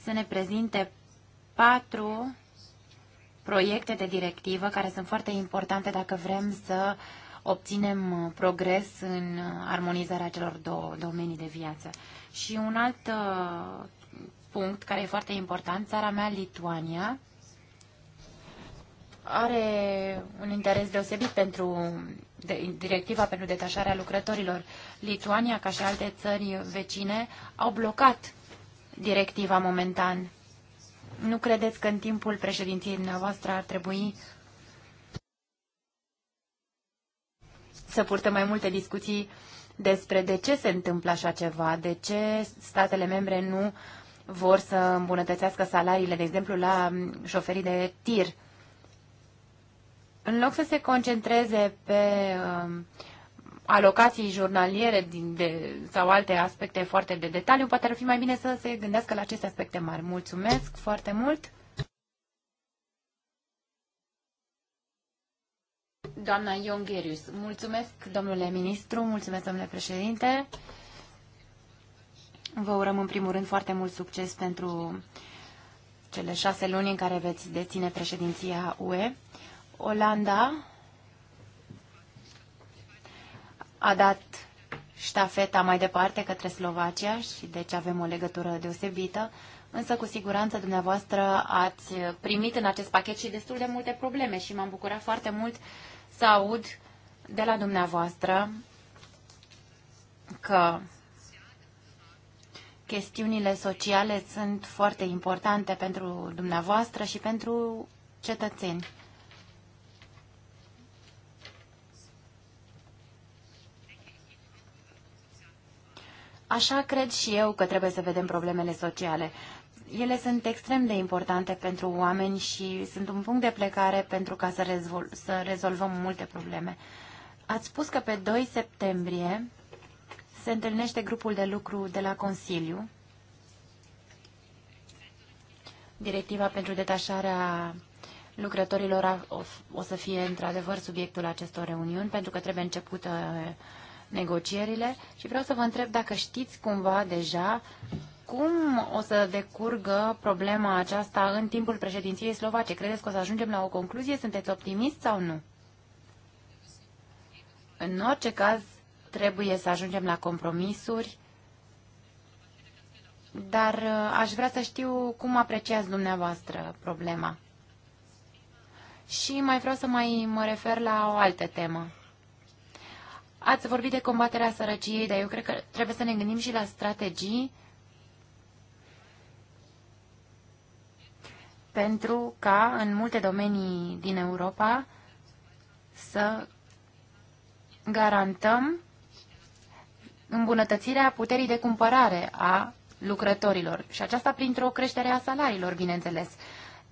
să ne prezinte patru proiecte de directivă care sunt foarte importante dacă vrem să obținem uh, progres în uh, armonizarea celor două domenii de viață. Și un alt uh, punct care e foarte important, țara mea, Lituania, are un interes deosebit pentru de, directiva pentru detașarea lucrătorilor. Lituania, ca și alte țări vecine, au blocat directiva momentan. Nu credeți că în timpul președinției dumneavoastră ar trebui să purtăm mai multe discuții despre de ce se întâmplă așa ceva, de ce statele membre nu vor să îmbunătățească salariile, de exemplu, la șoferii de tir. În loc să se concentreze pe uh, alocații jurnaliere din de, sau alte aspecte foarte de detaliu, poate ar fi mai bine să se gândească la aceste aspecte mari. Mulțumesc foarte mult! Doamna Iongherius, mulțumesc, domnule ministru, mulțumesc, domnule președinte. Vă urăm, în primul rând, foarte mult succes pentru cele șase luni în care veți deține președinția UE. Olanda a dat ștafeta mai departe către Slovacia și deci avem o legătură deosebită, însă cu siguranță dumneavoastră ați primit în acest pachet și destul de multe probleme și m-am bucurat foarte mult să aud de la dumneavoastră că chestiunile sociale sunt foarte importante pentru dumneavoastră și pentru cetățeni. Așa cred și eu că trebuie să vedem problemele sociale. Ele sunt extrem de importante pentru oameni și sunt un punct de plecare pentru ca să, rezol- să rezolvăm multe probleme. Ați spus că pe 2 septembrie se întâlnește grupul de lucru de la Consiliu, directiva pentru detașarea lucrătorilor o, să fie într-adevăr subiectul acestor reuniuni, pentru că trebuie începută uh, negocierile și vreau să vă întreb dacă știți cumva deja cum o să decurgă problema aceasta în timpul președinției slovace. Credeți că o să ajungem la o concluzie? Sunteți optimist sau nu? În orice caz, trebuie să ajungem la compromisuri, dar uh, aș vrea să știu cum apreciați dumneavoastră problema. Și mai vreau să mai mă refer la o altă temă. Ați vorbit de combaterea sărăciei, dar eu cred că trebuie să ne gândim și la strategii pentru ca în multe domenii din Europa să garantăm îmbunătățirea puterii de cumpărare a lucrătorilor și aceasta printr-o creștere a salariilor, bineînțeles.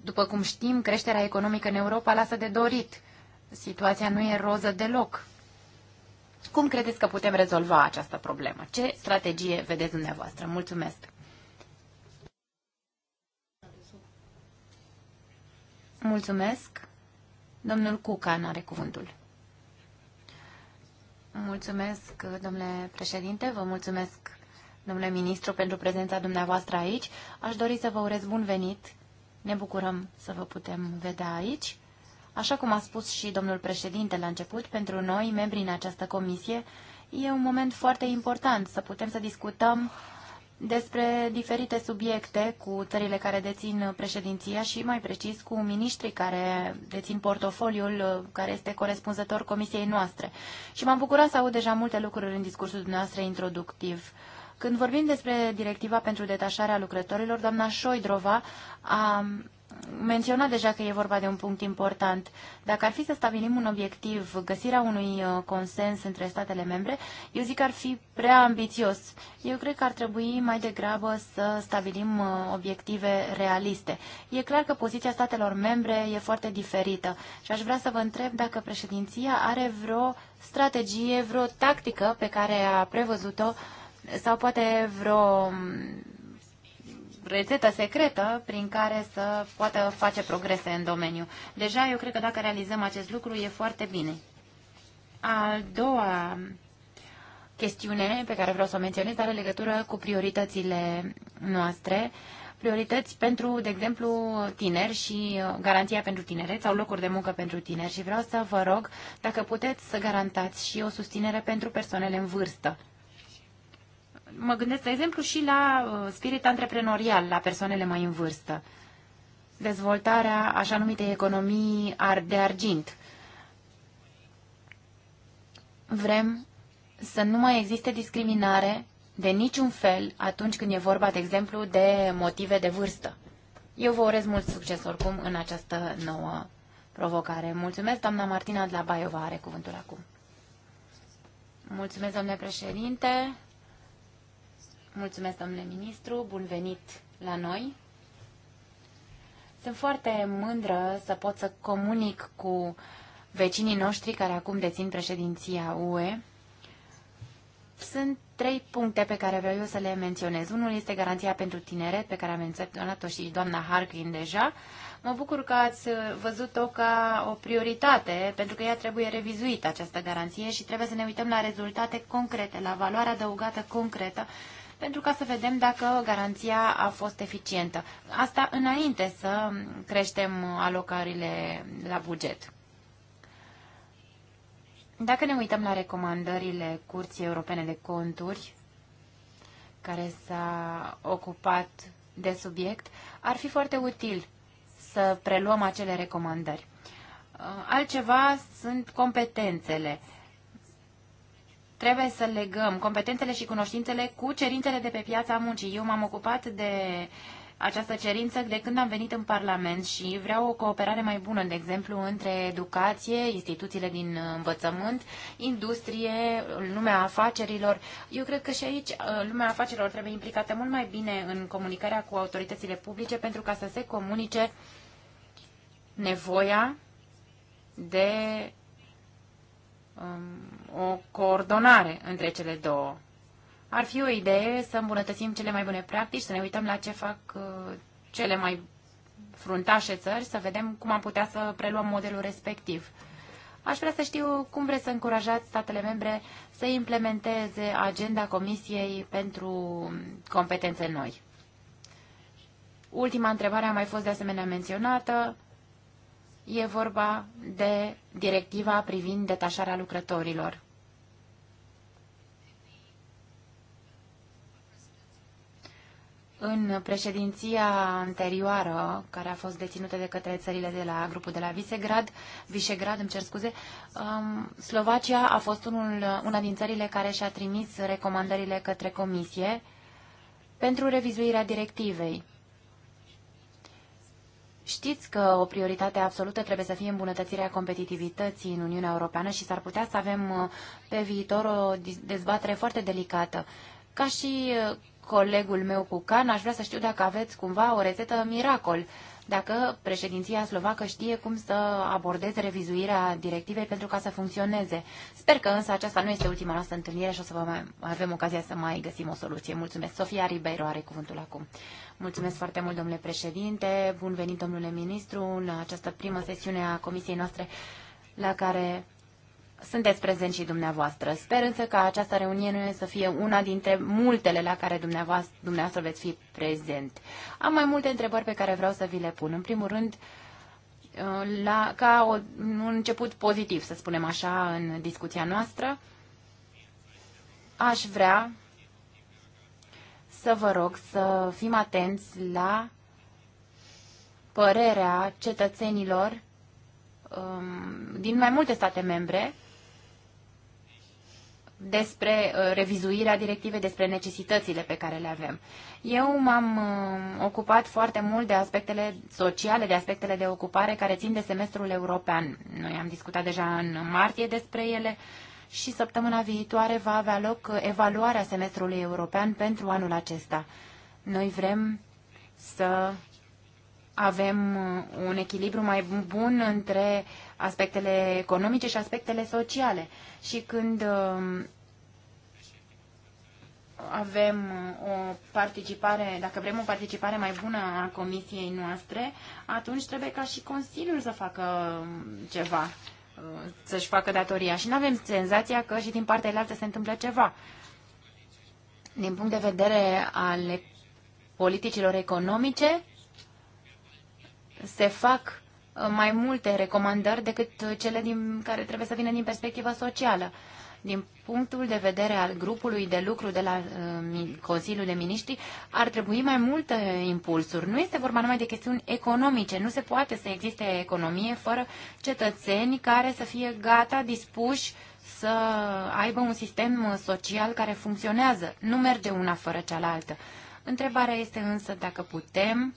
După cum știm, creșterea economică în Europa lasă de dorit. Situația nu e roză deloc. Cum credeți că putem rezolva această problemă? Ce strategie vedeți dumneavoastră? Mulțumesc! Mulțumesc! Domnul Cucan are cuvântul. Mulțumesc, domnule președinte, vă mulțumesc, domnule ministru, pentru prezența dumneavoastră aici. Aș dori să vă urez bun venit. Ne bucurăm să vă putem vedea aici. Așa cum a spus și domnul președinte la început, pentru noi, membrii în această comisie, e un moment foarte important să putem să discutăm despre diferite subiecte cu țările care dețin președinția și mai precis cu miniștrii care dețin portofoliul care este corespunzător comisiei noastre. Și m-am bucurat să aud deja multe lucruri în discursul dumneavoastră introductiv. Când vorbim despre directiva pentru detașarea lucrătorilor, doamna Șoidrova a menționat deja că e vorba de un punct important. Dacă ar fi să stabilim un obiectiv, găsirea unui uh, consens între statele membre, eu zic că ar fi prea ambițios. Eu cred că ar trebui mai degrabă să stabilim uh, obiective realiste. E clar că poziția statelor membre e foarte diferită și aș vrea să vă întreb dacă președinția are vreo strategie, vreo tactică pe care a prevăzut-o sau poate vreo um, rețetă secretă prin care să poată face progrese în domeniu. Deja eu cred că dacă realizăm acest lucru e foarte bine. A doua chestiune pe care vreau să o menționez are legătură cu prioritățile noastre. Priorități pentru, de exemplu, tineri și uh, garanția pentru tineret sau locuri de muncă pentru tineri. Și vreau să vă rog dacă puteți să garantați și o susținere pentru persoanele în vârstă mă gândesc, de exemplu, și la uh, spirit antreprenorial, la persoanele mai în vârstă. Dezvoltarea așa numitei economii de argint. Vrem să nu mai existe discriminare de niciun fel atunci când e vorba, de exemplu, de motive de vârstă. Eu vă urez mult succes oricum în această nouă provocare. Mulțumesc, doamna Martina de la Baiova are cuvântul acum. Mulțumesc, domnule președinte. Mulțumesc, domnule ministru, bun venit la noi. Sunt foarte mândră să pot să comunic cu vecinii noștri care acum dețin președinția UE. Sunt trei puncte pe care vreau eu să le menționez. Unul este garanția pentru tineret, pe care a menționat-o și doamna Harkin deja. Mă bucur că ați văzut-o ca o prioritate, pentru că ea trebuie revizuită, această garanție, și trebuie să ne uităm la rezultate concrete, la valoarea adăugată concretă pentru ca să vedem dacă garanția a fost eficientă. Asta înainte să creștem alocările la buget. Dacă ne uităm la recomandările Curții Europene de Conturi, care s-a ocupat de subiect, ar fi foarte util să preluăm acele recomandări. Altceva sunt competențele. Trebuie să legăm competențele și cunoștințele cu cerințele de pe piața muncii. Eu m-am ocupat de această cerință de când am venit în Parlament și vreau o cooperare mai bună, de exemplu, între educație, instituțiile din învățământ, industrie, lumea afacerilor. Eu cred că și aici uh, lumea afacerilor trebuie implicată mult mai bine în comunicarea cu autoritățile publice pentru ca să se comunice nevoia de um, o coordonare între cele două. Ar fi o idee să îmbunătățim cele mai bune practici, să ne uităm la ce fac uh, cele mai fruntașe țări, să vedem cum am putea să preluăm modelul respectiv. Aș vrea să știu cum vreți să încurajați statele membre să implementeze agenda Comisiei pentru competențe noi. Ultima întrebare a mai fost de asemenea menționată. E vorba de directiva privind detașarea lucrătorilor. În președinția anterioară, care a fost deținută de către țările de la grupul de la Visegrad, Visegrad, îmi cer scuze, um, Slovacia a fost unul, una din țările care și-a trimis recomandările către Comisie pentru revizuirea directivei. Știți că o prioritate absolută trebuie să fie îmbunătățirea competitivității în Uniunea Europeană și s-ar putea să avem uh, pe viitor o dezbatere foarte delicată. Ca și uh, colegul meu cu can, aș vrea să știu dacă aveți cumva o rețetă miracol dacă președinția slovacă știe cum să abordeze revizuirea directivei pentru ca să funcționeze. Sper că însă aceasta nu este ultima noastră întâlnire și o să vă mai avem ocazia să mai găsim o soluție. Mulțumesc. Sofia Ribeiro are cuvântul acum. Mulțumesc foarte mult, domnule președinte. Bun venit, domnule ministru, în această primă sesiune a comisiei noastre la care sunteți prezenți și dumneavoastră. Sper însă ca această reuniune să fie una dintre multele la care dumneavoastră, dumneavoastră veți fi prezent. Am mai multe întrebări pe care vreau să vi le pun. În primul rând, uh, la, ca o, un început pozitiv, să spunem așa, în discuția noastră, aș vrea să vă rog să fim atenți la părerea cetățenilor um, din mai multe state membre despre uh, revizuirea directivei, despre necesitățile pe care le avem. Eu m-am uh, ocupat foarte mult de aspectele sociale, de aspectele de ocupare care țin de semestrul european. Noi am discutat deja în martie despre ele și săptămâna viitoare va avea loc uh, evaluarea semestrului european pentru anul acesta. Noi vrem să avem un echilibru mai bun între uh, aspectele economice și aspectele sociale. Și când um, avem o participare, dacă vrem o participare mai bună a comisiei noastre, atunci trebuie ca și Consiliul să facă um, ceva, uh, să-și facă datoria. Și nu avem senzația că și din partea altă se întâmplă ceva. Din punct de vedere al politicilor economice, se fac mai multe recomandări decât cele din care trebuie să vină din perspectiva socială. Din punctul de vedere al grupului de lucru de la uh, Consiliul de Miniștri, ar trebui mai multe impulsuri. Nu este vorba numai de chestiuni economice. Nu se poate să existe economie fără cetățeni care să fie gata, dispuși să aibă un sistem social care funcționează. Nu merge una fără cealaltă. Întrebarea este însă dacă putem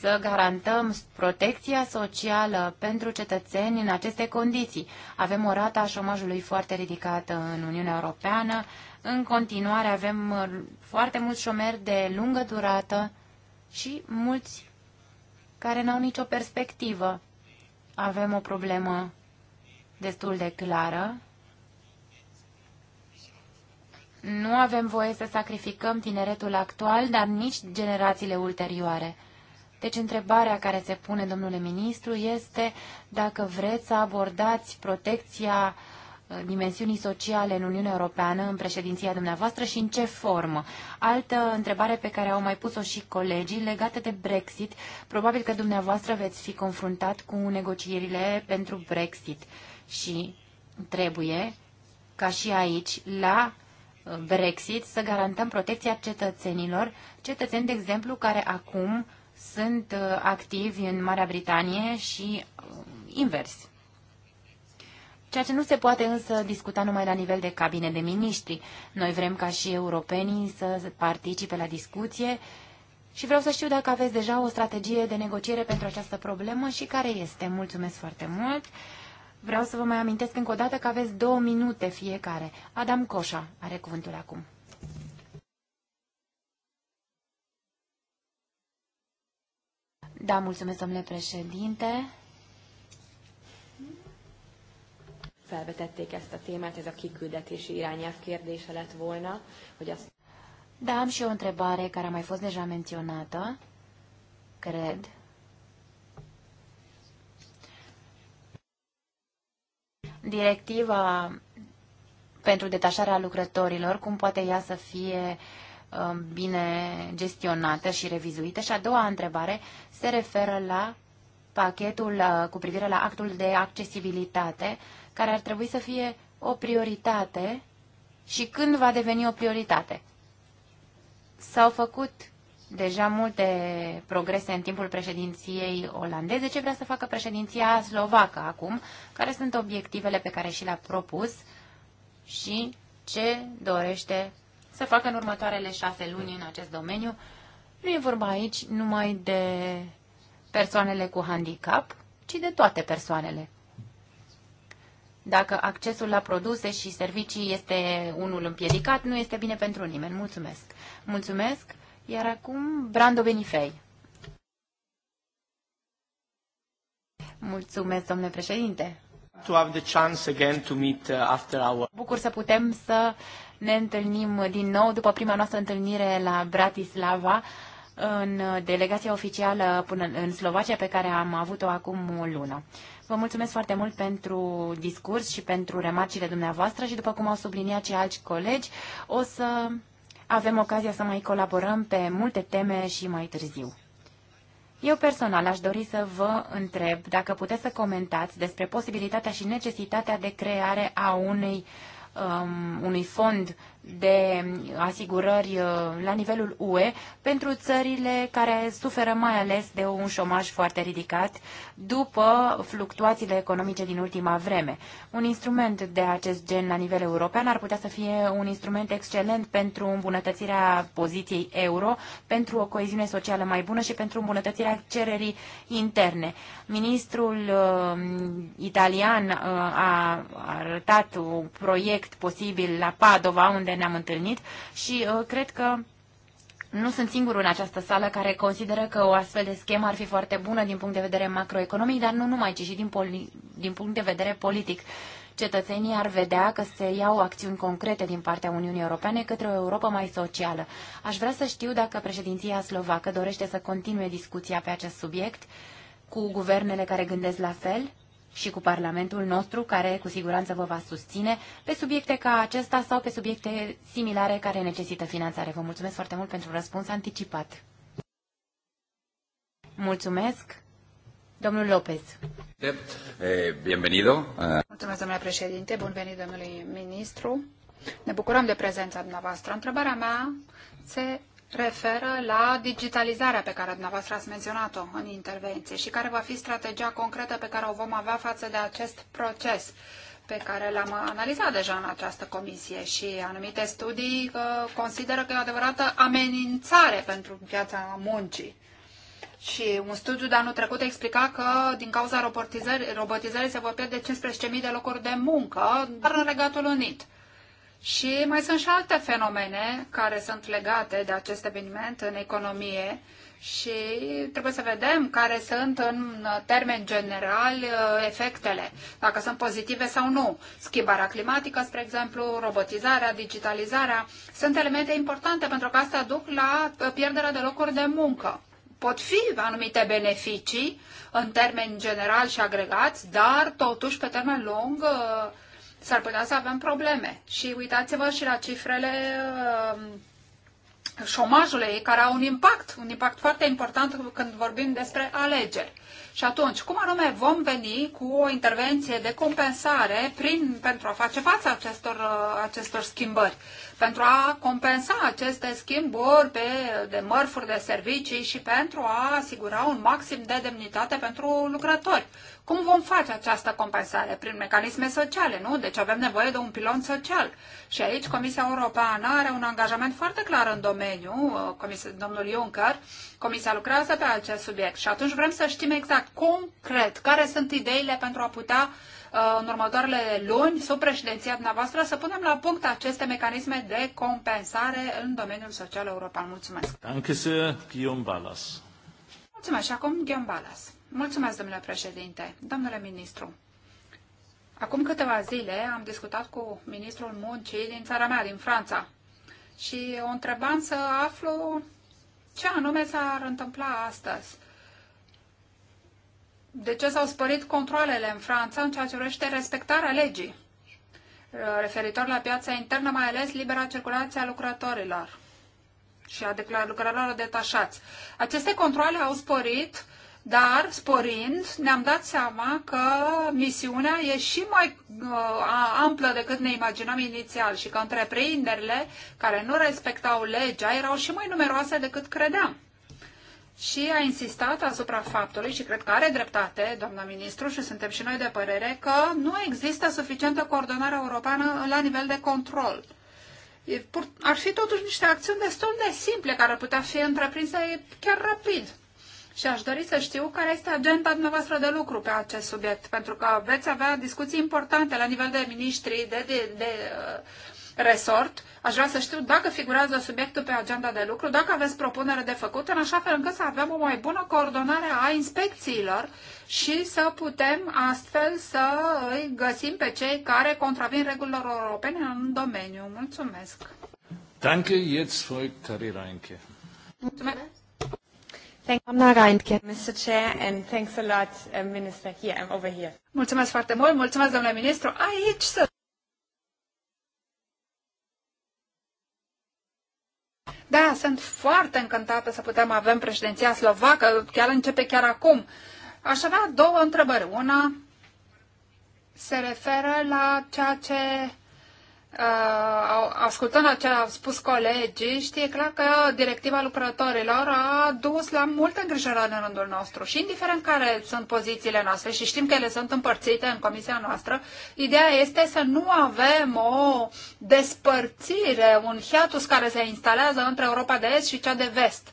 să garantăm protecția socială pentru cetățeni în aceste condiții. Avem o rată a șomajului foarte ridicată în Uniunea Europeană. În continuare avem uh, foarte mulți șomeri de lungă durată și mulți care n-au nicio perspectivă. Avem o problemă destul de clară. Nu avem voie să sacrificăm tineretul actual, dar nici generațiile ulterioare. Deci întrebarea care se pune, domnule ministru, este dacă vreți să abordați protecția uh, dimensiunii sociale în Uniunea Europeană, în președinția dumneavoastră și în ce formă. Altă întrebare pe care au mai pus-o și colegii legată de Brexit, probabil că dumneavoastră veți fi confruntat cu negocierile pentru Brexit și trebuie, ca și aici, la uh, Brexit, să garantăm protecția cetățenilor, cetățeni, de exemplu, care acum uh, sunt uh, activi în Marea Britanie și uh, invers. Ceea ce nu se poate însă discuta numai la nivel de cabine de miniștri. Noi vrem ca și europenii să participe la discuție și vreau să știu dacă aveți deja o strategie de negociere pentru această problemă și care este. Mulțumesc foarte mult! Vreau să vă mai amintesc încă o dată că aveți două minute fiecare. Adam Coșa are cuvântul acum. Da, mulțumesc, domnule președinte. felvetették ezt a témát, ez a kiküldetési irányelv kérdése lett volna, hogy azt... Da, am și o întrebare care a mai fost deja menționată, cred. Directiva pentru detașarea lucrătorilor, cum poate ea să fie uh, Um, bine gestionată și revizuită. Și a doua întrebare se referă la pachetul uh, cu privire la actul de accesibilitate, care ar trebui să fie o prioritate și când va deveni o prioritate. S-au făcut deja multe progrese în timpul președinției olandeze. Ce vrea să facă președinția slovacă acum? Care sunt obiectivele pe care și le-a propus și ce dorește se facă în următoarele șase luni în acest domeniu. Nu e vorba aici numai de persoanele cu handicap, ci de toate persoanele. Dacă accesul la produse și servicii este unul împiedicat, nu este bine pentru nimeni. Mulțumesc! Mulțumesc! Iar acum, Brando Benifei. Mulțumesc, domnule președinte! to have the chance again to meet uh, after our... Bucur să putem să ne întâlnim din nou după prima noastră întâlnire la Bratislava în delegația oficială până în Slovacia pe care am avut-o acum o lună. Vă mulțumesc foarte mult pentru discurs și pentru remarcile dumneavoastră și după cum au subliniat și alți colegi, o să avem ocazia să mai colaborăm pe multe teme și mai târziu. Eu personal aș dori să vă întreb dacă puteți să comentați despre posibilitatea și necesitatea de creare a unei, um, unui fond de asigurări uh, la nivelul UE pentru țările care suferă mai ales de un șomaj foarte ridicat după fluctuațiile economice din ultima vreme. Un instrument de acest gen la nivel european ar putea să fie un instrument excelent pentru îmbunătățirea poziției euro, pentru o coeziune socială mai bună și pentru îmbunătățirea cererii interne. Ministrul uh, italian uh, a arătat un proiect posibil la Padova, unde unde ne-am întâlnit și uh, cred că nu sunt singurul în această sală care consideră că o astfel de schemă ar fi foarte bună din punct de vedere macroeconomic, dar nu numai, ci și din, din punct de vedere politic. Cetățenii ar vedea că se iau acțiuni concrete din partea Uniunii Europene către o Europa mai socială. Aș vrea să știu dacă președinția slovacă dorește să continue discuția pe acest subiect cu guvernele care gândesc la fel și cu Parlamentul nostru, care cu siguranță vă va susține pe subiecte ca acesta sau pe subiecte similare care necesită finanțare. Vă mulțumesc foarte mult pentru răspuns anticipat. Mulțumesc. Domnul Lopez. Eh, bienvenido. Mulțumesc, domnule președinte. Bun venit, domnului ministru. Ne bucurăm de prezența dumneavoastră. Întrebarea mea se referă la digitalizarea pe care dumneavoastră ați menționat-o în intervenție și care va fi strategia concretă pe care o vom avea față de acest proces pe care l-am analizat deja în această comisie și anumite studii uh, consideră că e o adevărată amenințare pentru piața muncii. Și un studiu de anul trecut explica că din cauza robotizării, robotizării se vor pierde 15.000 de locuri de muncă, dar în Regatul Unit. Și mai sunt și alte fenomene care sunt legate de acest eveniment în economie și trebuie să vedem care sunt în termen general uh, efectele, dacă sunt pozitive sau nu. Schimbarea climatică, spre exemplu, robotizarea, digitalizarea, sunt elemente importante pentru că astea duc la uh, pierderea de locuri de muncă. Pot fi anumite beneficii în termen general și agregați, dar totuși pe termen lung uh, s-ar putea să avem probleme. Și uitați-vă și la cifrele uh, șomajului, care au un impact, un impact foarte important când vorbim despre alegeri. Și atunci, cum anume vom veni cu o intervenție de compensare prin, pentru a face față acestor, uh, acestor schimbări, pentru a compensa aceste schimbări pe, de mărfuri, de servicii și pentru a asigura un maxim de demnitate pentru lucrători? Cum vom face această compensare? Prin mecanisme sociale, nu? Deci avem nevoie de un pilon social. Și aici Comisia Europeană are un angajament foarte clar în domeniu, uh, comis- domnul Juncker. Comisia lucrează pe acest subiect și atunci vrem să știm exact, concret, care sunt ideile pentru a putea uh, în următoarele luni, sub președinția dumneavoastră, să punem la punct aceste mecanisme de compensare în domeniul social european. Mulțumesc! Mulțumesc și acum Guillaume Balas. Mulțumesc, domnule președinte. Domnule ministru, acum câteva zile am discutat cu ministrul muncii din țara mea, din Franța, și o întrebam să aflu ce anume s-ar întâmpla astăzi. De ce s-au spărit controlele în Franța în ceea ce vrește respectarea legii? referitor la piața internă, mai ales libera circulație a lucrătorilor și a lucrărilor detașați. Aceste controle au sporit dar sporind ne-am dat seama că misiunea e și mai uh, amplă decât ne imaginam inițial și că întreprinderile care nu respectau legea erau și mai numeroase decât credeam. Și a insistat asupra faptului, și cred că are dreptate, doamna ministru, și suntem și noi de părere, că nu există suficientă coordonare europeană la nivel de control ar fi totuși niște acțiuni destul de simple care ar putea fi întreprinse chiar rapid. Și aș dori să știu care este agenda dumneavoastră de lucru pe acest subiect, pentru că veți avea discuții importante la nivel de ministri, de, de, de uh, resort. Aș vrea să știu dacă figurează subiectul pe agenda de lucru, dacă aveți propunere de făcut, în așa fel încât să avem o mai bună coordonare a inspecțiilor și să putem astfel să îi găsim pe cei care contravin regulilor europene în domeniu. Mulțumesc! Danke, jetzt folgt Tari Mulțumesc! Doamna Mr. Chair, and thanks a lot, uh, Minister. Here, I'm over here. Mulțumesc foarte mult, mulțumesc, domnule ministru. Aici sunt. Da, sunt foarte încântată să putem avem președinția slovacă, chiar începe chiar acum. Aș avea două întrebări. Una se referă la ceea ce Uh, ascultând ce au spus colegii, știe clar că directiva lucrătorilor a dus la multă îngrijorare în rândul nostru și indiferent care sunt pozițiile noastre și știm că ele sunt împărțite în comisia noastră, ideea este să nu avem o despărțire, un hiatus care se instalează între Europa de Est și cea de Vest.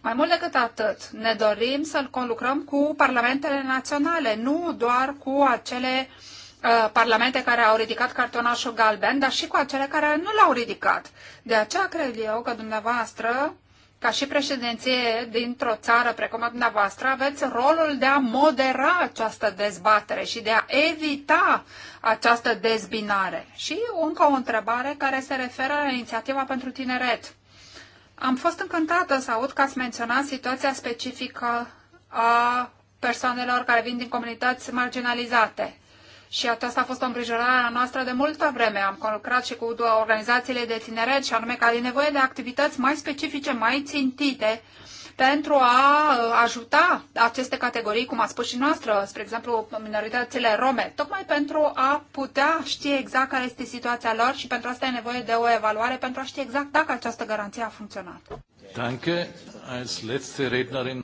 Mai mult decât atât, ne dorim să-l conlucrăm cu parlamentele naționale, nu doar cu acele uh, Uh, parlamente care au ridicat cartonașul galben, dar și cu acele care nu l-au ridicat. De aceea cred eu că dumneavoastră, ca și președinție dintr-o țară precum a dumneavoastră, aveți rolul de a modera această dezbatere și de a evita această dezbinare. Și încă o întrebare care se referă la inițiativa pentru tineret. Am fost încântată să aud că ați menționat situația specifică a persoanelor care vin din comunități marginalizate și aceasta a fost o îngrijorare a noastră de multă vreme. Am lucrat și cu organizațiile de tineret și anume că are nevoie de activități mai specifice, mai țintite pentru a uh, ajuta aceste categorii, cum a spus și noastră, spre exemplu minoritățile rome, tocmai pentru a putea ști exact care este situația lor și pentru asta e nevoie de o evaluare pentru a ști exact dacă această garanție a funcționat.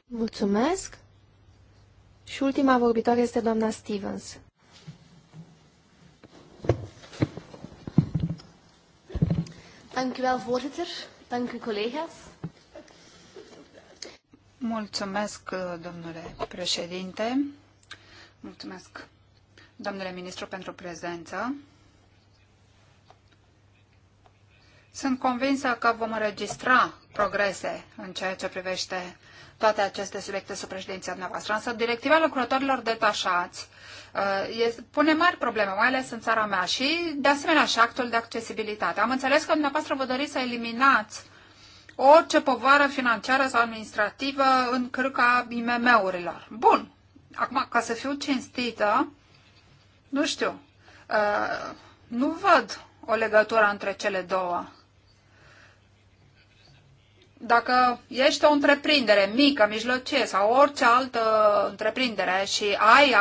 Mulțumesc! Și ultima vorbitoare este doamna Stevens. Dank u wel, voorzitter. Dank u, collega's. Mulțumesc, domnule președinte. Mulțumesc, domnule ministru, pentru prezență. Sunt convinsă că vom înregistra progrese în ceea ce privește toate aceste subiecte sub președinția dumneavoastră. Însă directiva lucrătorilor detașați uh, pune mari probleme, mai ales în țara mea și, de asemenea, și actul de accesibilitate. Am înțeles că dumneavoastră vă doriți să eliminați orice povară financiară sau administrativă în cârca IMM-urilor. Bun. Acum, ca să fiu cinstită, nu știu, uh, nu văd o legătură între cele două dacă ești o întreprindere mică, mijlocie sau orice altă întreprindere și ai,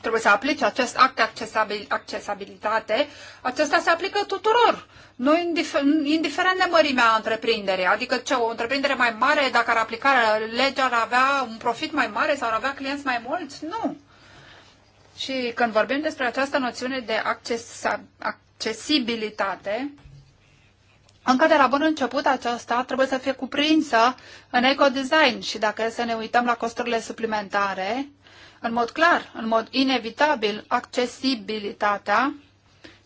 trebuie să aplici acest act de accesibilitate, acesta se aplică tuturor, nu indifer, indiferent de mărimea întreprinderii. Adică ce, o întreprindere mai mare, dacă ar aplica legea, ar avea un profit mai mare sau ar avea clienți mai mulți? Nu. Și când vorbim despre această noțiune de acces, accesibilitate, încă de la bun început aceasta trebuie să fie cuprinsă în ecodesign și dacă să ne uităm la costurile suplimentare, în mod clar, în mod inevitabil, accesibilitatea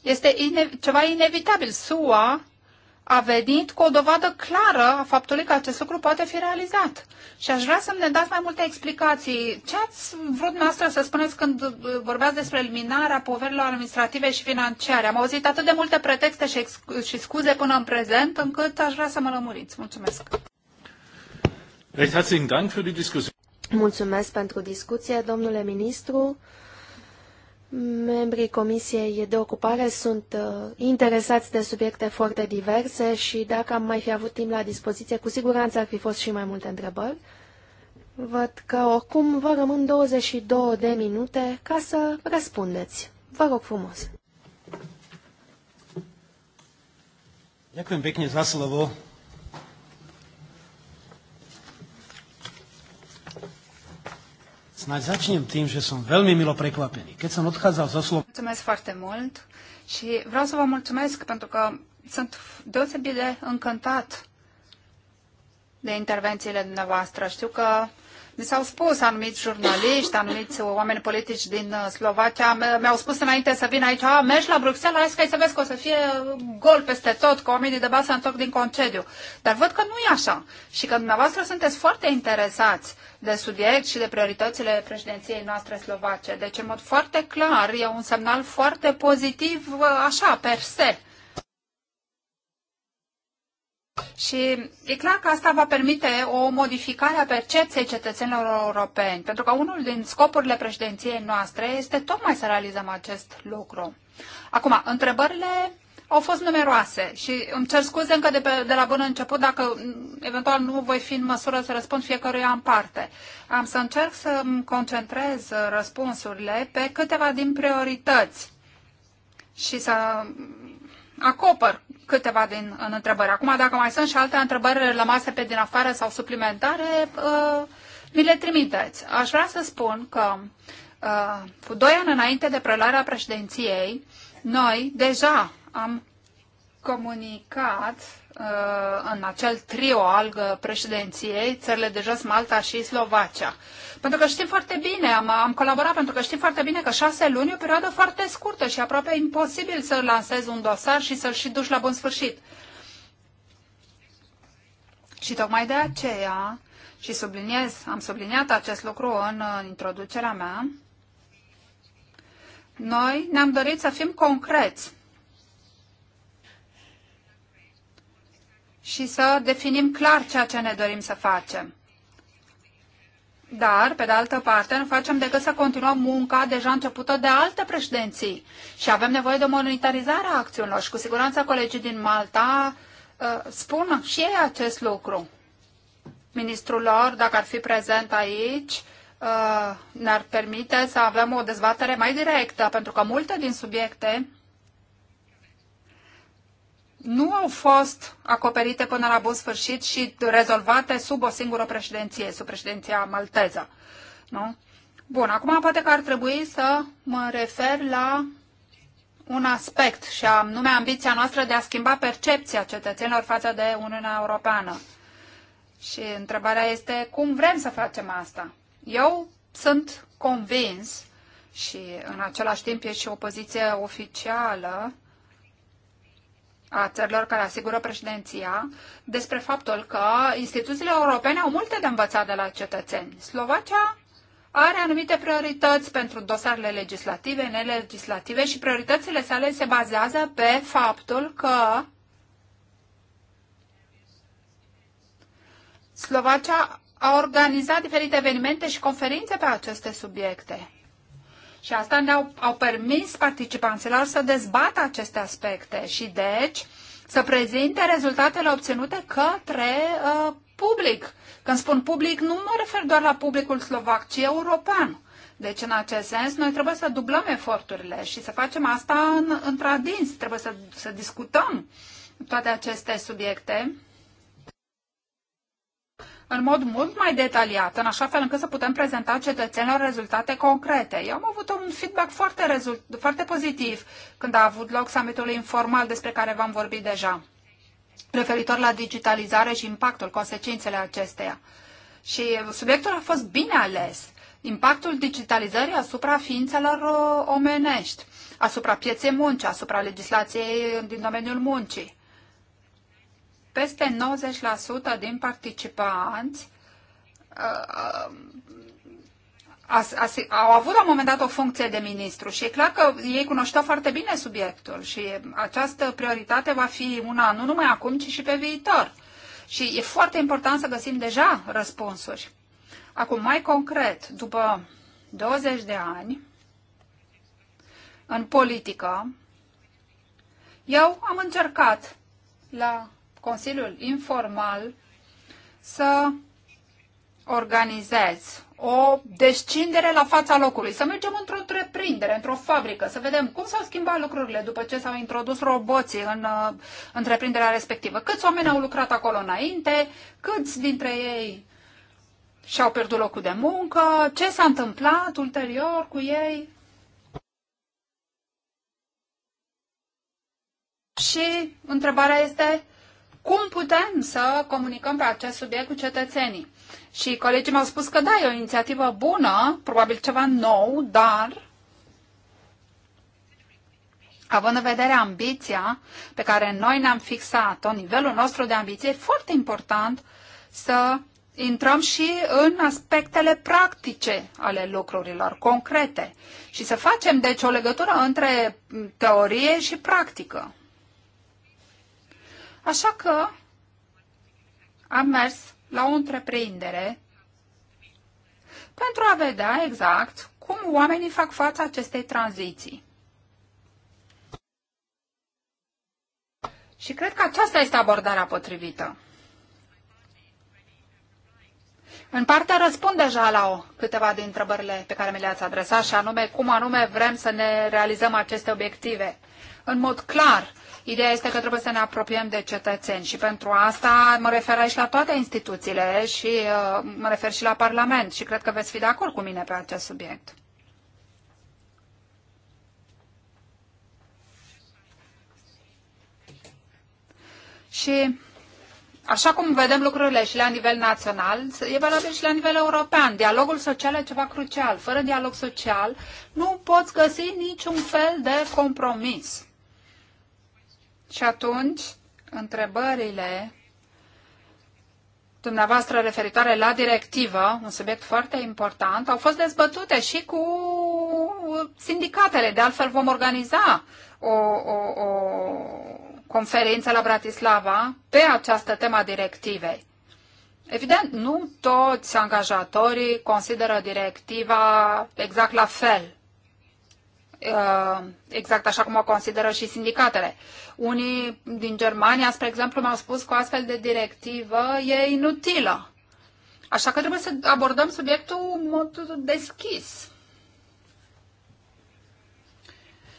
este ine- ceva inevitabil. SUA a venit cu o dovadă clară a faptului că acest lucru poate fi realizat. Și aș vrea să ne dați mai multe explicații. Ce ați vrut noastră să spuneți când uh, vorbeați despre eliminarea poverilor administrative și financiare? Am auzit atât de multe pretexte și, și scuze până în prezent, încât aș vrea să mă lămuriți. Mulțumesc! Mulțumesc pentru discuție, domnule ministru. Membrii Comisiei de Ocupare sunt uh, interesați de subiecte foarte diverse și dacă am mai fi avut timp la dispoziție, cu siguranță ar fi fost și mai multe întrebări. Văd că oricum vă rămân 22 de minute ca să răspundeți. Vă rog frumos! Ďakujem pekne za slovo. Snáď začnem tým, že som veľmi milo prekvapený. Keď som odchádzal zo Slovenska... Mulțumesc foarte mult și vreau să vă mulțumesc pentru că sunt deosebit de încântat de intervențiile dumneavoastră. Știu că mi s-au spus anumiți jurnaliști, anumiți oameni politici din uh, Slovacia, uh, mi-au spus înainte să vin aici, a, mergi la Bruxelles, hai să, să vezi că o să fie uh, gol peste tot, că oamenii de bază întorc din concediu. Dar văd că nu e așa și că dumneavoastră sunteți foarte interesați de subiect și de prioritățile președinției noastre slovace. Deci, în mod foarte clar, e un semnal foarte pozitiv, așa, per se. Și e clar că asta va permite o modificare a percepției cetățenilor europeni, pentru că unul din scopurile președinției noastre este tocmai să realizăm acest lucru. Acum, întrebările au fost numeroase și îmi cer scuze încă de, pe, de la bun început dacă eventual nu voi fi în măsură să răspund fiecăruia în parte. Am să încerc să îmi concentrez răspunsurile pe câteva din priorități și să acopăr câteva din în întrebări. Acum, dacă mai sunt și alte întrebări rămase pe din afară sau suplimentare, uh, mi le trimiteți. Aș vrea să spun că uh, cu doi ani înainte de prelarea președinției, noi deja am comunicat uh, în acel trio al uh, președinției țările de jos, Malta și Slovacia. Pentru că știm foarte bine, am, am colaborat pentru că știm foarte bine că șase luni e o perioadă foarte scurtă și aproape imposibil să lansezi un dosar și să-l și duci la bun sfârșit. Și tocmai de aceea, și subliniez, am subliniat acest lucru în, în introducerea mea, noi ne-am dorit să fim concreți și să definim clar ceea ce ne dorim să facem. Dar, pe de altă parte, nu facem decât să continuăm munca deja începută de alte președinții și avem nevoie de o monitorizare a acțiunilor și cu siguranță colegii din Malta uh, spun și ei acest lucru. Ministrul lor, dacă ar fi prezent aici, uh, ne-ar permite să avem o dezbatere mai directă, pentru că multe din subiecte nu au fost acoperite până la bun sfârșit și rezolvate sub o singură președinție, sub președinția malteză. Nu? Bun, acum poate că ar trebui să mă refer la un aspect și anume ambiția noastră de a schimba percepția cetățenilor față de Uniunea Europeană. Și întrebarea este cum vrem să facem asta. Eu sunt convins și în același timp e și o poziție oficială a țărilor care asigură președinția despre faptul că instituțiile europene au multe de învățat de la cetățeni. Slovacia are anumite priorități pentru dosarele legislative, nelegislative și prioritățile sale se bazează pe faptul că Slovacia a organizat diferite evenimente și conferințe pe aceste subiecte. Și asta ne-au au permis participanților să dezbată aceste aspecte și deci să prezinte rezultatele obținute către uh, public. Când spun public, nu mă refer doar la publicul slovac, ci european. Deci, în acest sens, noi trebuie să dublăm eforturile și să facem asta în, într-adins. Trebuie să, să discutăm toate aceste subiecte în mod mult mai detaliat, în așa fel încât să putem prezenta cetățenilor rezultate concrete. Eu am avut un feedback foarte, rezult, foarte pozitiv când a avut loc summitul informal despre care v-am vorbit deja, referitor la digitalizare și impactul, consecințele acesteia. Și subiectul a fost bine ales. Impactul digitalizării asupra ființelor uh, omenești, asupra pieței muncii, asupra legislației din domeniul muncii. Peste 90% din participanți uh, uh, au avut la un moment dat o funcție de ministru și e clar că ei cunoșteau foarte bine subiectul și această prioritate va fi una nu numai acum, ci și pe viitor. Și e foarte important să găsim deja răspunsuri. Acum, mai concret, după 20 de ani în politică, eu am încercat la Consiliul Informal să organizezi o descindere la fața locului, să mergem într-o întreprindere, într-o fabrică, să vedem cum s-au schimbat lucrurile după ce s-au introdus roboții în uh, întreprinderea respectivă, câți oameni au lucrat acolo înainte, câți dintre ei și-au pierdut locul de muncă, ce s-a întâmplat ulterior cu ei. Și întrebarea este, cum putem să comunicăm pe acest subiect cu cetățenii. Și colegii mi-au spus că da, e o inițiativă bună, probabil ceva nou, dar având în vedere ambiția pe care noi ne-am fixat-o, nivelul nostru de ambiție, e foarte important să intrăm și în aspectele practice ale lucrurilor, concrete, și să facem, deci, o legătură între teorie și practică. Așa că am mers la o întreprindere pentru a vedea exact cum oamenii fac față acestei tranziții. Și cred că aceasta este abordarea potrivită. În partea răspund deja la o, câteva din întrebările pe care mi le-ați adresat și anume cum anume vrem să ne realizăm aceste obiective. În mod clar, Ideea este că trebuie să ne apropiem de cetățeni și pentru asta mă refer aici la toate instituțiile și uh, mă refer și la Parlament și cred că veți fi de acord cu mine pe acest subiect. Și așa cum vedem lucrurile și la nivel național, e valabil și la nivel european. Dialogul social e ceva crucial. Fără dialog social nu poți găsi niciun fel de compromis. Și atunci, întrebările dumneavoastră referitoare la directivă, un subiect foarte important, au fost dezbătute și cu sindicatele. De altfel vom organiza o, o, o conferință la Bratislava pe această temă directivei. Evident, nu toți angajatorii consideră directiva exact la fel. Uh, exact așa cum o consideră și sindicatele. Unii din Germania, spre exemplu, mi-au spus că o astfel de directivă e inutilă. Așa că trebuie să abordăm subiectul în mod deschis.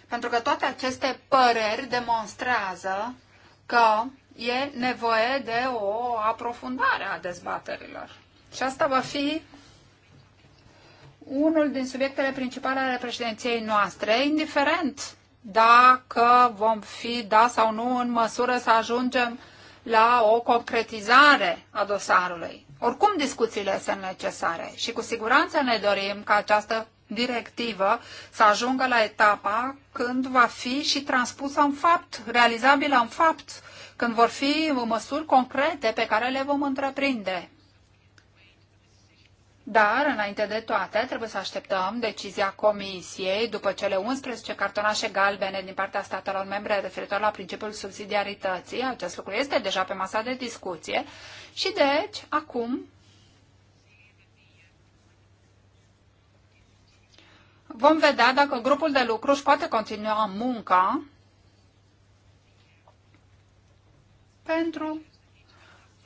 Pentru că toate aceste păreri demonstrează că e nevoie de o aprofundare a dezbaterilor. Și asta va fi unul din subiectele principale ale președinției noastre, indiferent dacă vom fi, da sau nu, în măsură să ajungem la o concretizare a dosarului. Oricum, discuțiile sunt necesare și cu siguranță ne dorim ca această directivă să ajungă la etapa când va fi și transpusă în fapt, realizabilă în fapt, când vor fi măsuri concrete pe care le vom întreprinde. Dar, înainte de toate, trebuie să așteptăm decizia Comisiei după cele 11 cartonașe galbene din partea statelor membre referitor la principiul subsidiarității. Acest lucru este deja pe masa de discuție și deci, acum, vom vedea dacă grupul de lucru își poate continua munca pentru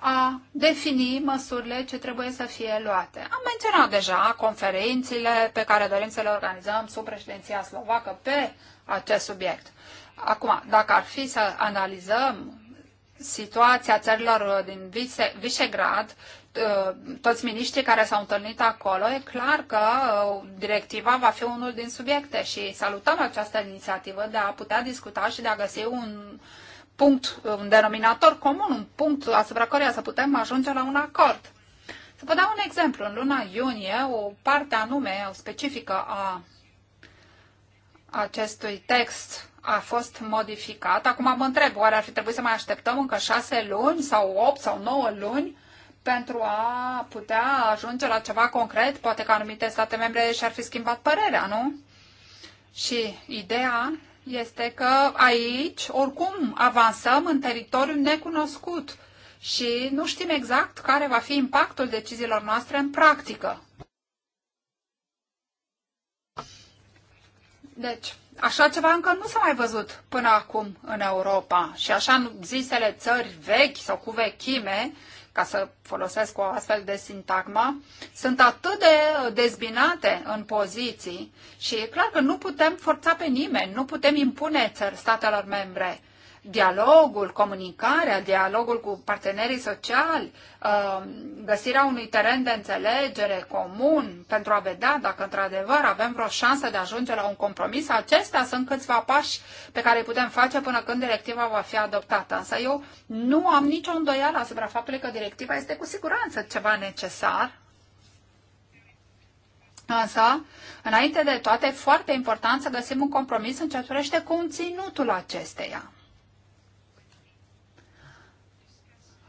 a defini măsurile ce trebuie să fie luate. Am menționat deja conferințele pe care dorim să le organizăm sub președinția slovacă pe acest subiect. Acum, dacă ar fi să analizăm situația țărilor din Visegrad, ă, toți miniștrii care s-au întâlnit acolo, e clar că ă, directiva va fi unul din subiecte și salutăm această inițiativă de a putea discuta și de a găsi un, punct, un denominator comun, un punct asupra căruia să putem ajunge la un acord. Să vă dau un exemplu. În luna iunie, o parte anume, o specifică a acestui text a fost modificat. Acum mă întreb, oare ar fi trebuit să mai așteptăm încă șase luni sau opt sau nouă luni pentru a putea ajunge la ceva concret? Poate că anumite state membre și-ar fi schimbat părerea, nu? Și ideea este că aici, oricum, avansăm în teritoriul necunoscut și nu știm exact care va fi impactul deciziilor noastre în practică. Deci, așa ceva încă nu s-a mai văzut până acum în Europa și așa zisele țări vechi sau cu vechime ca să folosesc o astfel de sintagmă, sunt atât de dezbinate în poziții și e clar că nu putem forța pe nimeni, nu putem impune statelor membre dialogul, comunicarea, dialogul cu partenerii sociali, um, găsirea unui teren de înțelegere comun pentru a vedea dacă într-adevăr avem vreo șansă de a ajunge la un compromis. Acestea sunt câțiva pași pe care îi putem face până când directiva va fi adoptată. Însă eu nu am nicio îndoială asupra faptului că directiva este cu siguranță ceva necesar, Însă, înainte de toate, foarte important să găsim un compromis în ce privește conținutul acesteia.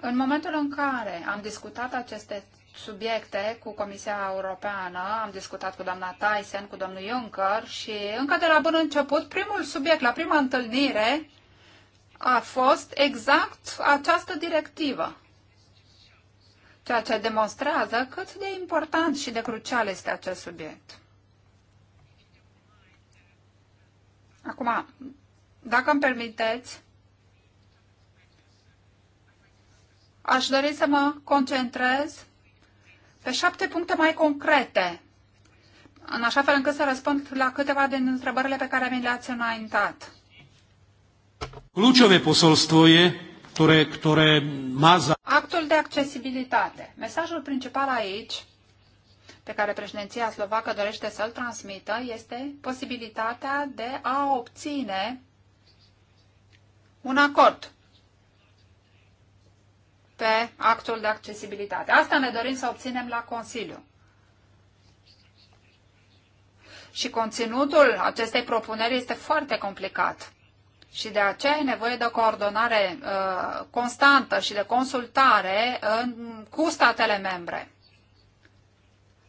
În momentul în care am discutat aceste subiecte cu Comisia Europeană, am discutat cu doamna Tyson, cu domnul Juncker și încă de la bun început, primul subiect, la prima întâlnire, a fost exact această directivă. Ceea ce demonstrează cât de important și de crucial este acest subiect. Acum, dacă îmi permiteți, aș dori să mă concentrez pe șapte puncte mai concrete, în așa fel încât să răspund la câteva din întrebările pe care mi le-ați înaintat. Cluciove posolstvo je, ktoré, ktoré maza... Actul de accesibilitate. Mesajul principal aici, pe care președinția slovacă dorește să-l transmită, este posibilitatea de a obține un acord pe actul de accesibilitate. Asta ne dorim să obținem la Consiliu. Și conținutul acestei propuneri este foarte complicat. Și de aceea e nevoie de o coordonare uh, constantă și de consultare în, cu statele membre.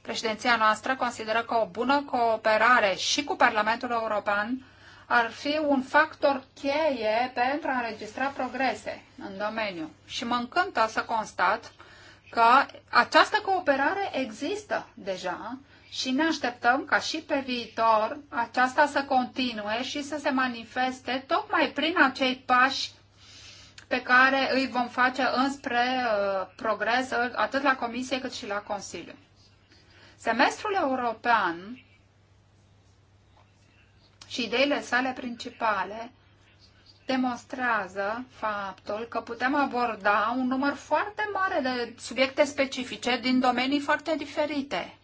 Președinția noastră consideră că o bună cooperare și cu Parlamentul European ar fi un factor cheie pentru a înregistra progrese în domeniu. Și mă încântă să constat că această cooperare există deja și ne așteptăm ca și pe viitor aceasta să continue și să se manifeste tocmai prin acei pași pe care îi vom face înspre uh, progres atât la Comisie cât și la Consiliu. Semestrul european și ideile sale principale demonstrează faptul că putem aborda un număr foarte mare de subiecte specifice din domenii foarte diferite.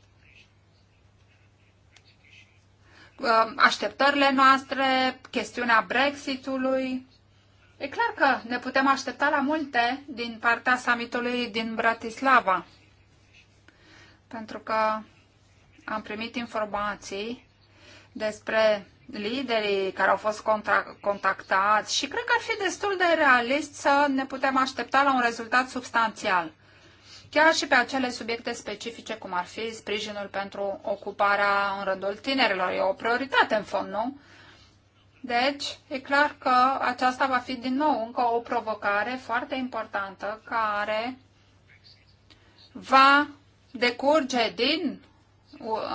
Uh, așteptările noastre, chestiunea Brexitului. E clar că ne putem aștepta la multe din partea summitului din Bratislava, pentru că am primit informații despre liderii care au fost contactați și cred că ar fi destul de realist să ne putem aștepta la un rezultat substanțial. Chiar și pe acele subiecte specifice, cum ar fi sprijinul pentru ocuparea în rândul tinerilor, e o prioritate în fond, nu? Deci, e clar că aceasta va fi din nou încă o provocare foarte importantă care va decurge din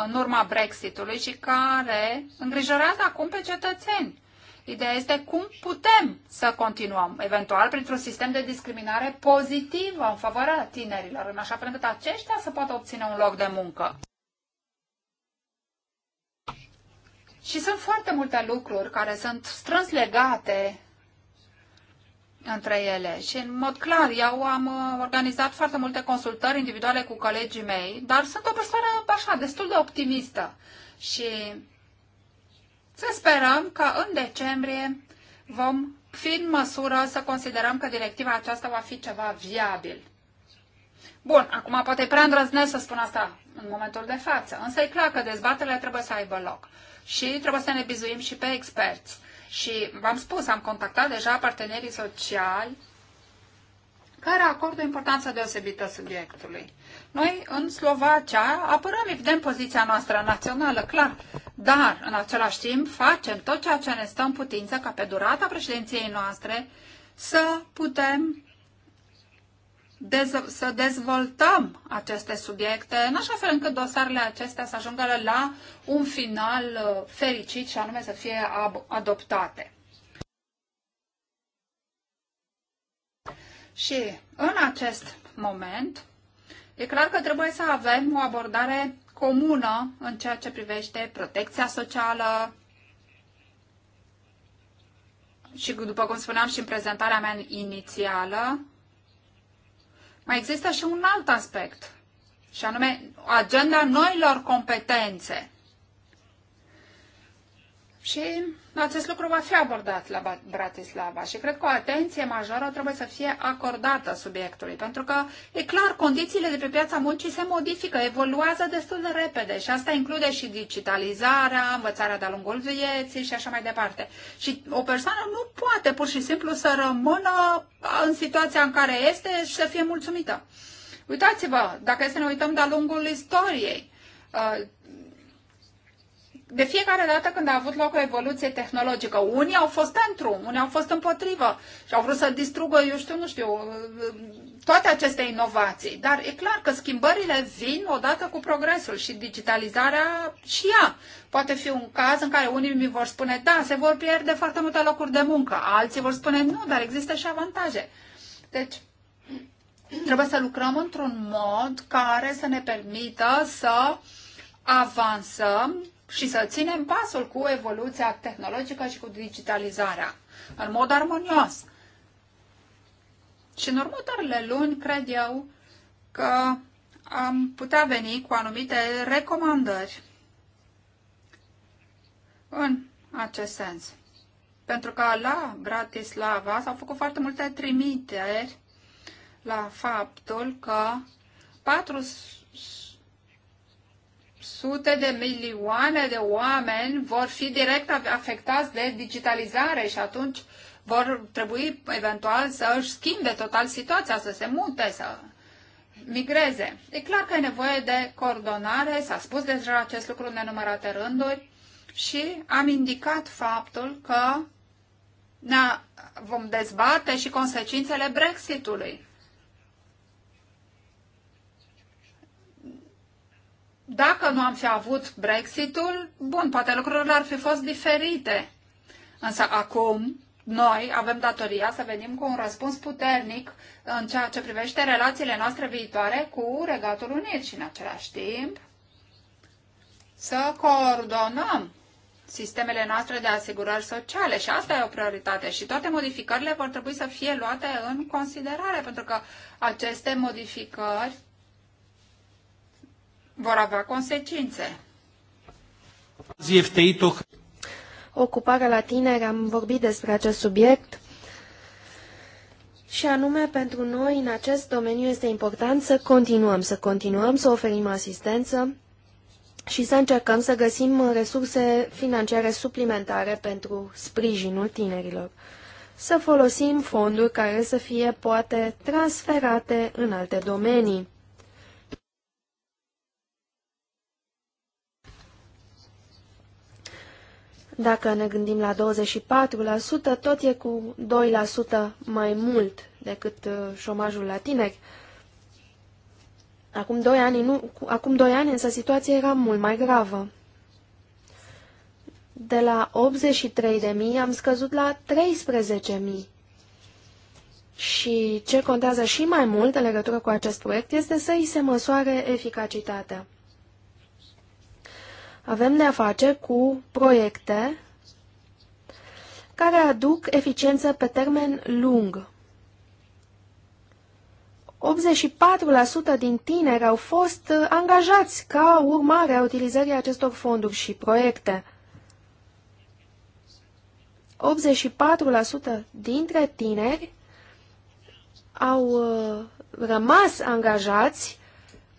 în urma Brexitului și care îngrijorează acum pe cetățeni. Ideea este cum putem să continuăm, eventual printr-un sistem de discriminare pozitivă în favoarea tinerilor, în așa fel încât aceștia să poată obține un loc de muncă. Și sunt foarte multe lucruri care sunt strâns legate între ele și, în mod clar, eu am uh, organizat foarte multe consultări individuale cu colegii mei, dar sunt o persoană așa, destul de optimistă și să sperăm că în decembrie vom fi în măsură să considerăm că directiva aceasta va fi ceva viabil. Bun, acum poate e prea îndrăznesc să spun asta în momentul de față, însă e clar că dezbaterile trebuie să aibă loc și trebuie să ne bizuim și pe experți. Și v-am spus, am contactat deja partenerii sociali care acordă importanță deosebită subiectului. Noi, în Slovacia, apărăm, evident, poziția noastră națională, clar, dar, în același timp, facem tot ceea ce ne stă în putință ca pe durata președinției noastre să putem dez- să dezvoltăm aceste subiecte, în așa fel încât dosarele acestea să ajungă la un final uh, fericit și anume să fie adoptate. Și în acest moment, e clar că trebuie să avem o abordare comună în ceea ce privește protecția socială, și după cum spuneam și în prezentarea mea inițială, mai există și un alt aspect, și anume agenda noilor competențe. Și acest lucru va fi abordat la Bratislava și cred că o atenție majoră trebuie să fie acordată subiectului, pentru că e clar, condițiile de pe piața muncii se modifică, evoluează destul de repede și asta include și digitalizarea, învățarea de-a lungul vieții și așa mai departe. Și o persoană nu poate pur și simplu să rămână în situația în care este și să fie mulțumită. Uitați-vă, dacă este să ne uităm de-a lungul istoriei, uh, de fiecare dată când a avut loc o evoluție tehnologică, unii au fost pentru, unii au fost împotrivă și au vrut să distrugă, eu știu, nu știu, toate aceste inovații. Dar e clar că schimbările vin odată cu progresul și digitalizarea și ea. Poate fi un caz în care unii mi vor spune, da, se vor pierde foarte multe locuri de muncă, alții vor spune, nu, dar există și avantaje. Deci, trebuie să lucrăm într-un mod care să ne permită să avansăm și să ținem pasul cu evoluția tehnologică și cu digitalizarea în mod armonios. Și în următoarele luni, cred eu, că am putea veni cu anumite recomandări în acest sens. Pentru că la Bratislava s-au făcut foarte multe trimiteri la faptul că 400 sute de milioane de oameni vor fi direct afectați de digitalizare și atunci vor trebui eventual să își schimbe total situația, să se mute, să migreze. E clar că e nevoie de coordonare, s-a spus deja acest lucru în nenumărate rânduri și am indicat faptul că ne vom dezbate și consecințele Brexitului. Dacă nu am fi avut Brexitul, bun, poate lucrurile ar fi fost diferite. Însă acum noi avem datoria să venim cu un răspuns puternic în ceea ce privește relațiile noastre viitoare cu Regatul Unit și în același timp să coordonăm sistemele noastre de asigurări sociale și asta e o prioritate și toate modificările vor trebui să fie luate în considerare pentru că aceste modificări vor avea consecințe. Ocuparea la tineri, am vorbit despre acest subiect și anume pentru noi în acest domeniu este important să continuăm, să continuăm să oferim asistență și să încercăm să găsim resurse financiare suplimentare pentru sprijinul tinerilor. Să folosim fonduri care să fie poate transferate în alte domenii. Dacă ne gândim la 24%, tot e cu 2% mai mult decât uh, șomajul la tineri. Acum doi ani, nu, acum doi ani însă situația era mult mai gravă. De la 83.000 am scăzut la 13.000. Și ce contează și mai mult în legătură cu acest proiect este să îi se măsoare eficacitatea. Avem de-a face cu proiecte care aduc eficiență pe termen lung. 84% din tineri au fost uh, angajați ca urmare a utilizării acestor fonduri și proiecte. 84% dintre tineri au uh, rămas angajați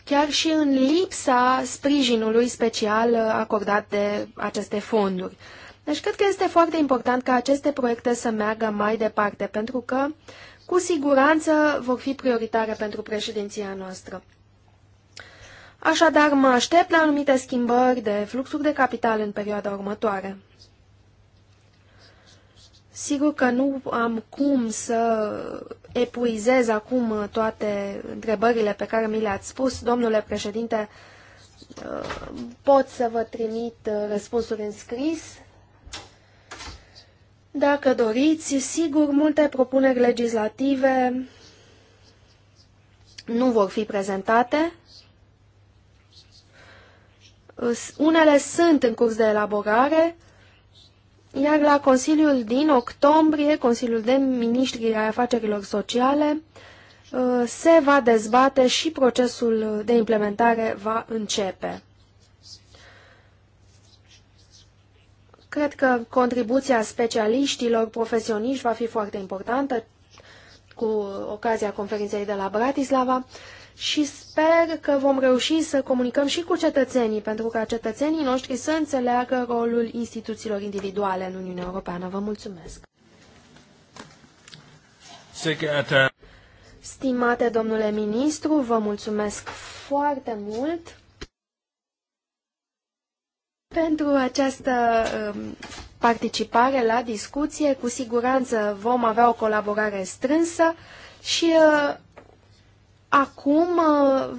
chiar și în lipsa sprijinului special uh, acordat de aceste fonduri. Deci cred că este foarte important ca aceste proiecte să meargă mai departe, pentru că cu siguranță vor fi prioritare pentru președinția noastră. Așadar, mă aștept la anumite schimbări de fluxuri de capital în perioada următoare. Sigur că nu am cum să epuizez acum uh, toate întrebările pe care mi le-ați spus, domnule președinte, uh, pot să vă trimit uh, răspunsuri în scris. Dacă doriți, sigur, multe propuneri legislative nu vor fi prezentate. Unele sunt în curs de elaborare, iar la Consiliul din octombrie, Consiliul de Ministri ai Afacerilor Sociale, uh, se va dezbate și procesul de implementare va începe. Cred că contribuția specialiștilor, profesioniști va fi foarte importantă cu ocazia conferinței de la Bratislava și sper că vom reuși să comunicăm și cu cetățenii, pentru ca cetățenii noștri să înțeleagă rolul instituțiilor individuale în Uniunea Europeană. Vă mulțumesc! Stimate domnule ministru, vă mulțumesc foarte mult pentru această um, participare la discuție. Cu siguranță vom avea o colaborare strânsă și uh, Acum uh,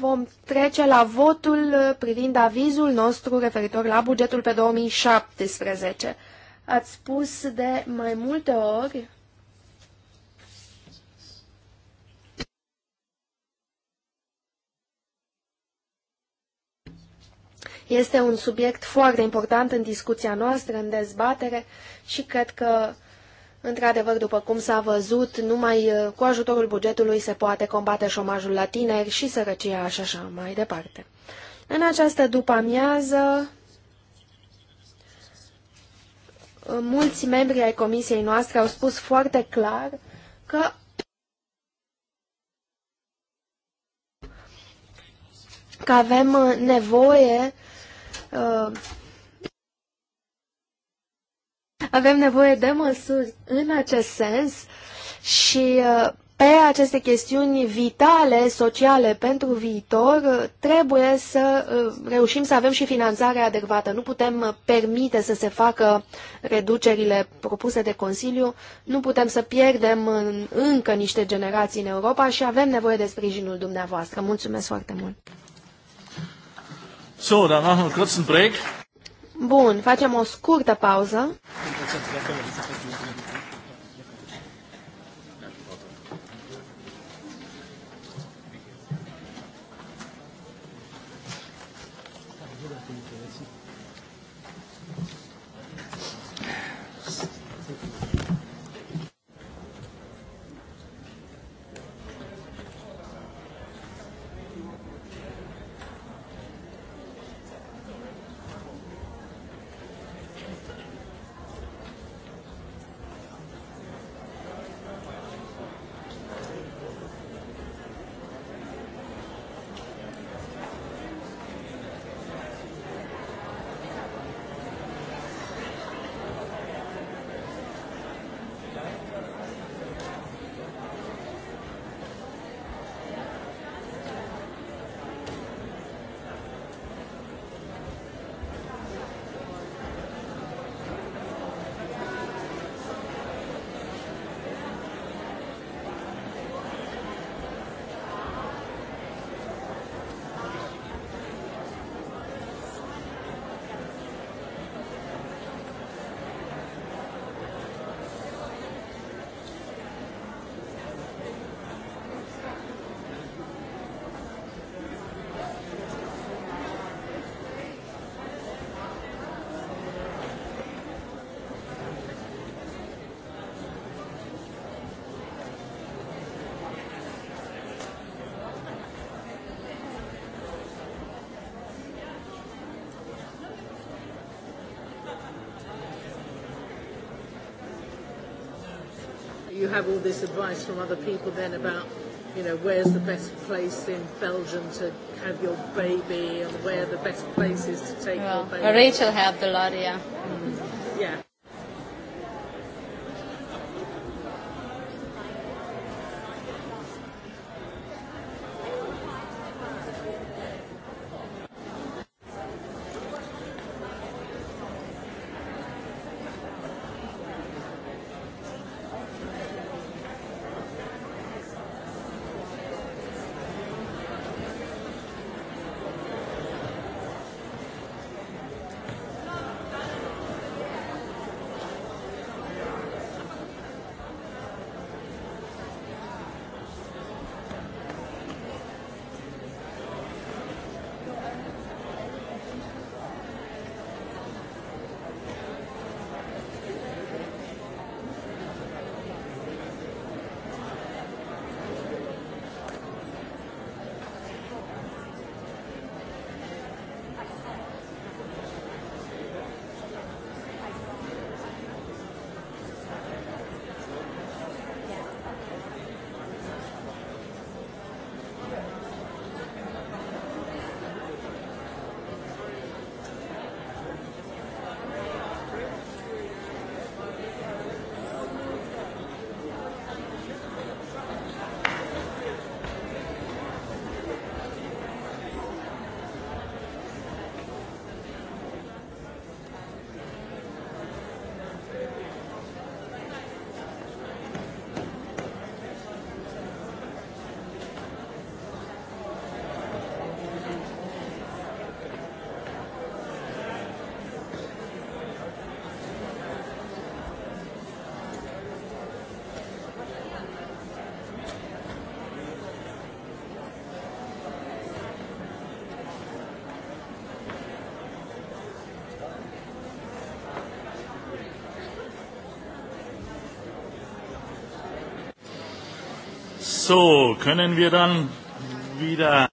vom trece la votul uh, privind avizul nostru referitor la bugetul pe 2017. Ați spus de mai multe ori Este un subiect foarte important în discuția noastră, în dezbatere și cred că Într-adevăr, după cum s-a văzut, numai uh, cu ajutorul bugetului se poate combate șomajul la tineri și sărăcia și așa mai departe. În această după-amiază, mulți membri ai comisiei noastre au spus foarte clar că că avem uh, nevoie uh, avem nevoie de măsuri în acest sens și uh, pe aceste chestiuni vitale, sociale pentru viitor, uh, trebuie să uh, reușim să avem și finanțare adecvată. Nu putem permite să se facă reducerile propuse de Consiliu, nu putem să pierdem încă niște generații în Europa și avem nevoie de sprijinul dumneavoastră. Mulțumesc foarte mult! So, dann machen wir kurz einen Break. Bun, facem o scurtă pauză. have all this advice from other people then about, you know, where's the best place in Belgium to have your baby and where the best place is to take well, your baby. Rachel helped a lot, yeah. So, können wir dann wieder...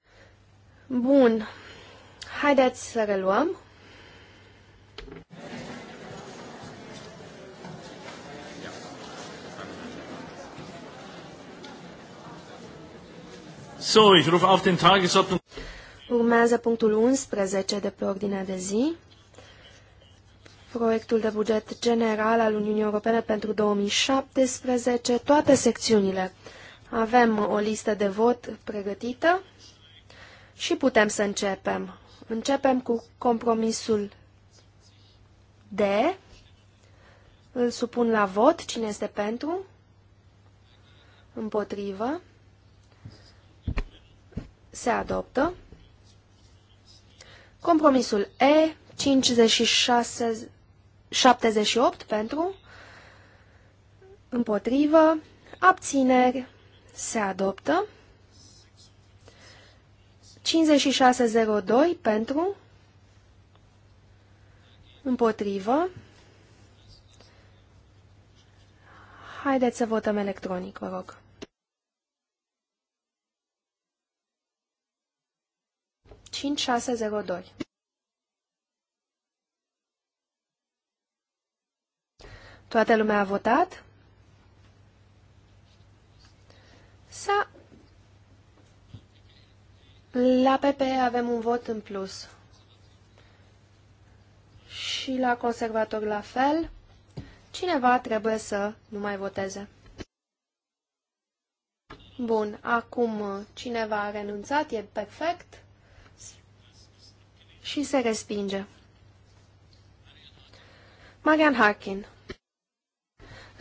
Bun. Haideți să reluăm. So, ich rufe auf den Tagesordnung. Urmează punctul 11 de pe ordinea de zi. Proiectul de buget general al Uniunii Europene pentru 2017, toate secțiunile. Avem o listă de vot pregătită și putem să începem. Începem cu compromisul D. Îl supun la vot. Cine este pentru? Împotrivă. Se adoptă. Compromisul E, 56, 78 pentru, împotrivă, abțineri, se adoptă. 5602 pentru, împotrivă. Haideți să votăm electronic, vă rog. Cinci șase zero doi. Toată lumea a votat? Sa... La PP avem un vot în plus. Și la conservator la fel. Cineva trebuie să nu mai voteze. Bun, acum cineva a renunțat, e perfect și se respinge. Marian Harkin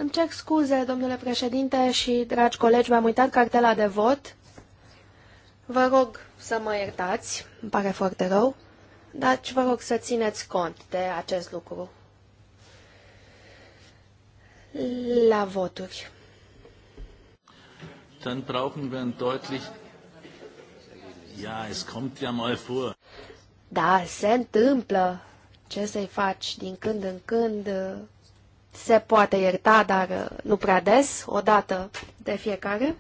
îmi cer scuze, domnule președinte și dragi colegi, v am uitat cartela de vot. Vă rog să mă iertați, îmi pare foarte rău, dar vă rog să țineți cont de acest lucru la voturi. Dann brauchen wir ein deutlich... Ja, es kommt ja mal vor. Da, se întâmplă. Ce să-i faci? Din când în când se poate ierta, dar uh, nu prea des, o dată de fiecare.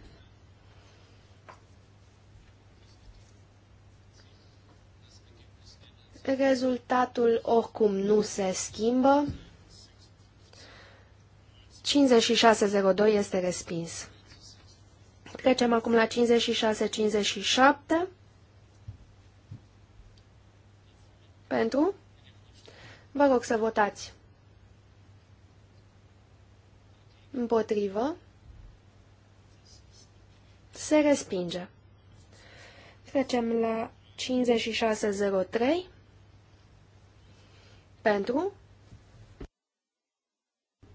Rezultatul oricum nu se schimbă. 5602 este respins. Trecem acum la 5657. Pentru? Vă rog să votați. Împotrivă. Se respinge. Trecem la 5603. Pentru.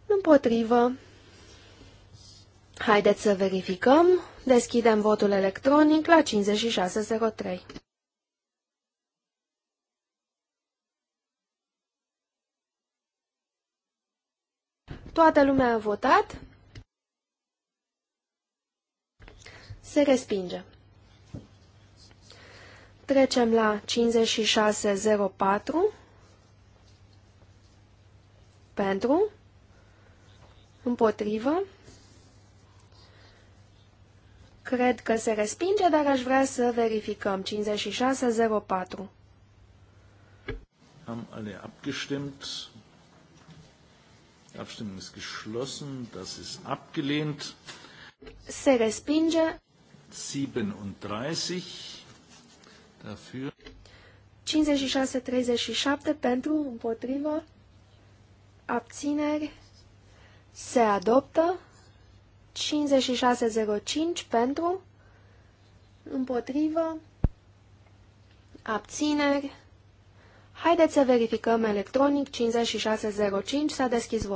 Împotrivă. Haideți să verificăm. Deschidem votul electronic la 5603. Toată lumea a votat. Se respinge. Trecem la 5604. Pentru. Împotrivă. Cred că se respinge, dar aș vrea să verificăm. 5604. Am alle abgestimt. Abstimmung ist geschlossen. Das ist abgelehnt. Se respinge. 37 dafür. 56-37 pentru, împotrivă, abțineri, se adoptă, 56-05 pentru, împotrivă, abțineri, Haideți să verificăm electronic 5605 s-a deschis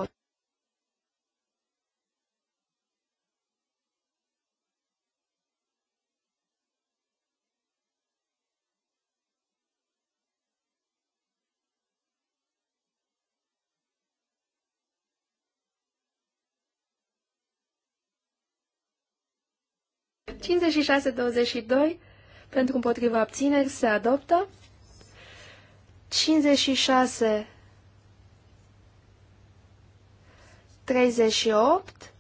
șase douăzeci și doi pentru împotriva abțineri se adoptă. 56, 38,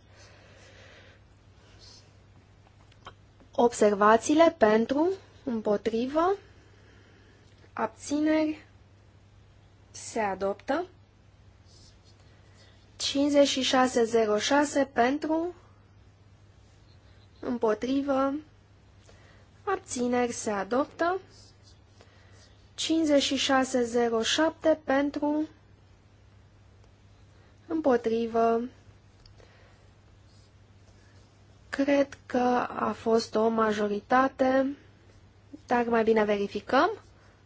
observațiile pentru, împotrivă, abțineri, se adoptă, 5606 pentru, împotrivă, abțineri, se adoptă, 5607 pentru împotrivă. Cred că a fost o majoritate, dar mai bine verificăm,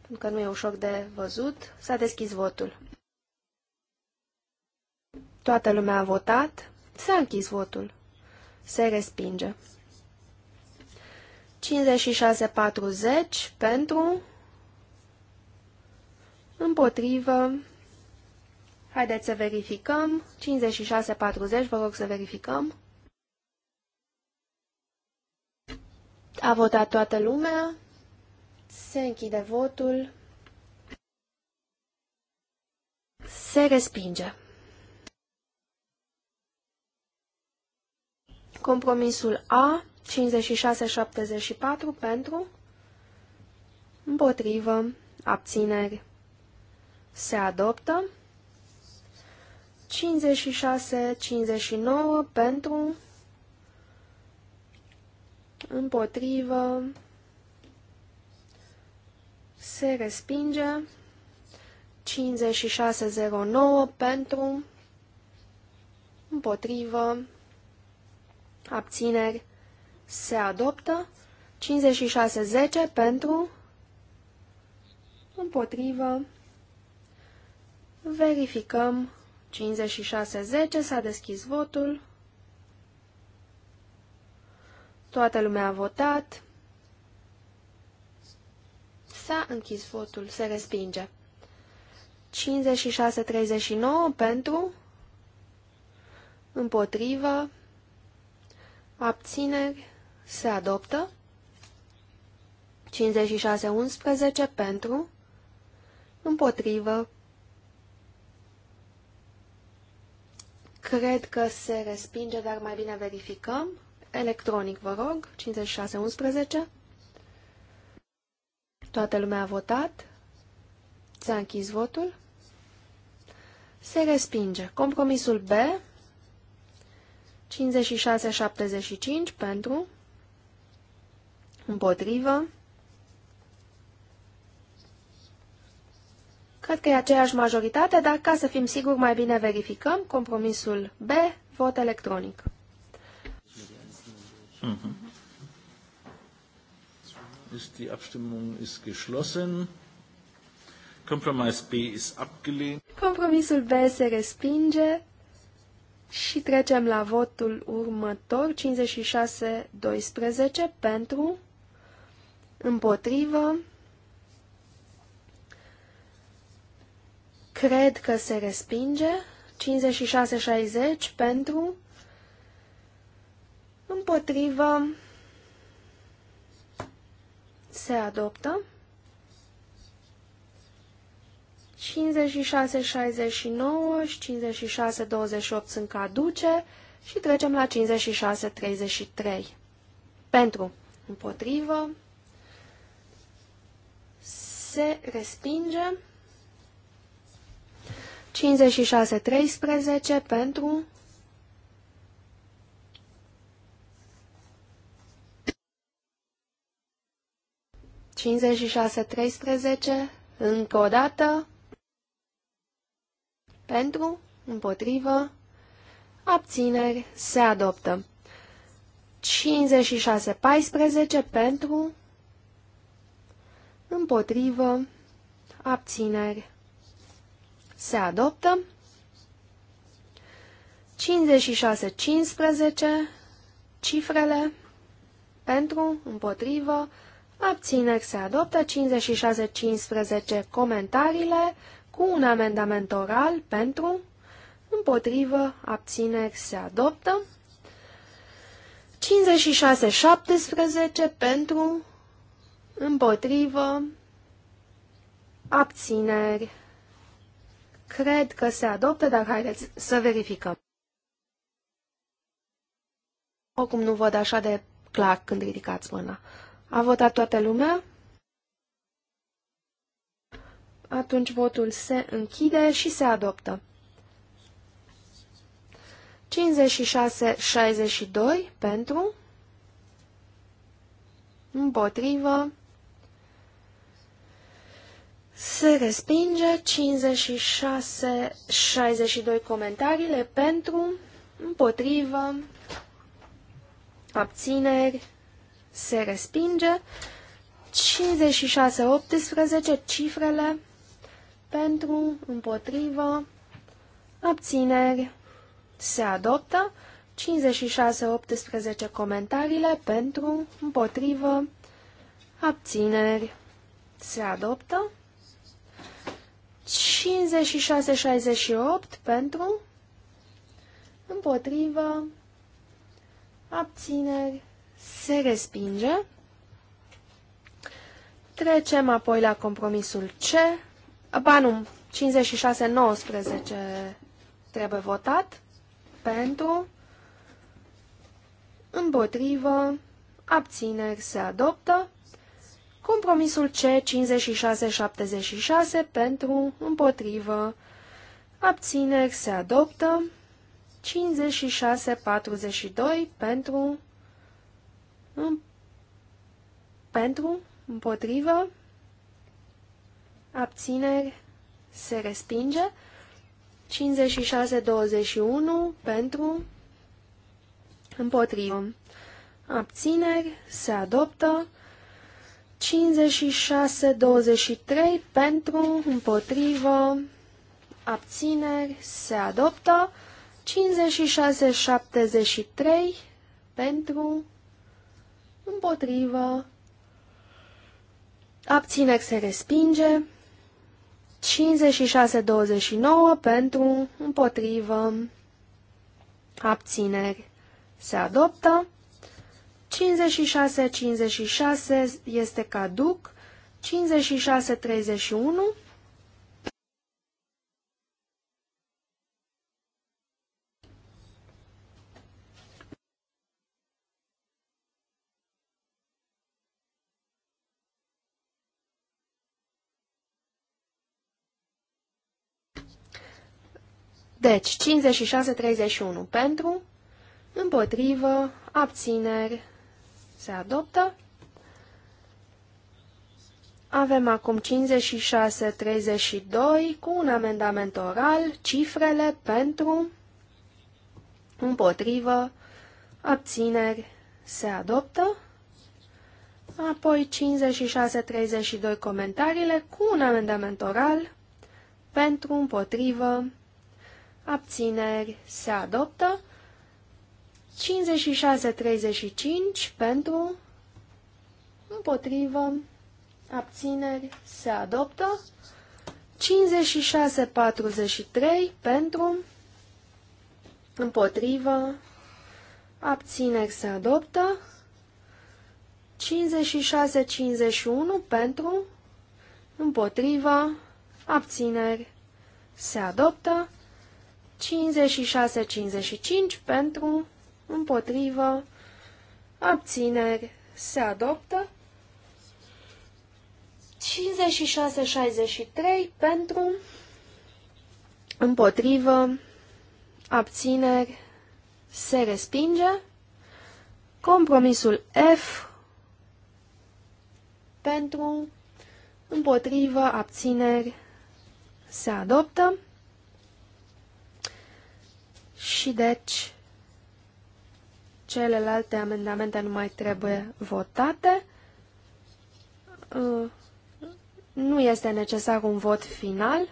pentru că nu e ușor de văzut. S-a deschis votul. Toată lumea a votat. S-a închis votul. Se respinge. 56-40 pentru împotrivă, haideți să verificăm, 56-40, vă rog să verificăm. A votat toată lumea, se închide votul, se respinge. Compromisul A, 56-74 pentru, împotrivă, abțineri, se adoptă. 56-59 pentru, împotrivă, se respinge. 56-09 pentru, împotrivă, abțineri, se adoptă. 56-10 pentru, împotrivă, Verificăm 56-10, s-a deschis votul. Toată lumea a votat. S-a închis votul, se respinge. 56-39, pentru, împotrivă, abțineri, se adoptă. 56 56-11, pentru, împotrivă, Cred că se respinge, dar mai bine verificăm. Electronic, vă rog, 5611. Toată lumea a votat. S-a închis votul. Se respinge. Compromisul B, 56-75 pentru, împotrivă, Cred că e aceeași majoritate, dar ca să fim siguri, mai bine verificăm compromisul B, vot electronic. Mm -hmm. Ist die Abstimmung ist geschlossen. Compromise B ist abgelehnt. Compromisul B se respinge și trecem la votul următor, 56-12, pentru, împotrivă, Cred că se respinge. 56-60 pentru. Împotrivă. Se adoptă. 56-69 și 56-28 sunt caduce și trecem la 56-33. Pentru. Împotrivă. Se respinge. 56-13 pentru... Cincizeci și șase, treisprezece, încă o dată, pentru, împotrivă, abțineri, se adoptă. șase paisprezece pentru, împotrivă, abțineri, se adoptă. 56-15, cifrele, pentru, împotrivă, abțineri se adoptă. 56-15, comentariile, cu un amendament oral, pentru, împotrivă, abțineri se adoptă. 56-17 pentru, împotrivă, abțineri. Cred că se adoptă, dar haideți să verificăm. Oricum nu văd așa de clar când ridicați mâna. A votat toată lumea? Atunci votul se închide și se adoptă. 56-62 pentru, împotrivă, se respinge 56, 62 comentariile pentru, împotrivă, abțineri, se respinge 56, 18 cifrele pentru, împotrivă, abțineri, se adoptă 56, 18 comentariile pentru, împotrivă, abțineri, se adoptă 56-68 pentru, împotrivă, abțineri, se respinge. Trecem apoi la compromisul C. Ba nu, 56-19 trebuie votat pentru, împotrivă, abțineri se adoptă. Compromisul C5676 pentru, împotrivă, abțineri se adoptă. 5642 pentru, în, pentru, împotrivă, abțineri se respinge. 5621 pentru, împotrivă, abțineri se adoptă. 56-23 pentru, împotrivă, abțineri, se adoptă. 56-73 pentru, împotrivă, abțineri, se respinge. 56-29 pentru, împotrivă, abțineri, se adoptă. 56-56 este caduc, 56-31 Deci, 56-31 pentru, împotrivă, abțineri, se adoptă. Avem acum 5632 cu un amendament oral, cifrele pentru, împotrivă, abțineri, se adoptă. Apoi 5632 comentariile cu un amendament oral, pentru, împotrivă, abțineri, se adoptă. 56-35 pentru, împotrivă, abțineri, se adoptă. 56-43 pentru, împotrivă, abțineri, se adoptă. 56-51 pentru, împotrivă, abțineri, se adoptă. 56-55 pentru, împotrivă, abțineri, se adoptă. 56-63 pentru, împotrivă, abțineri, se respinge. Compromisul F pentru, împotrivă, abțineri, se adoptă. Și deci Celelalte amendamente nu mai trebuie votate. Nu este necesar un vot final,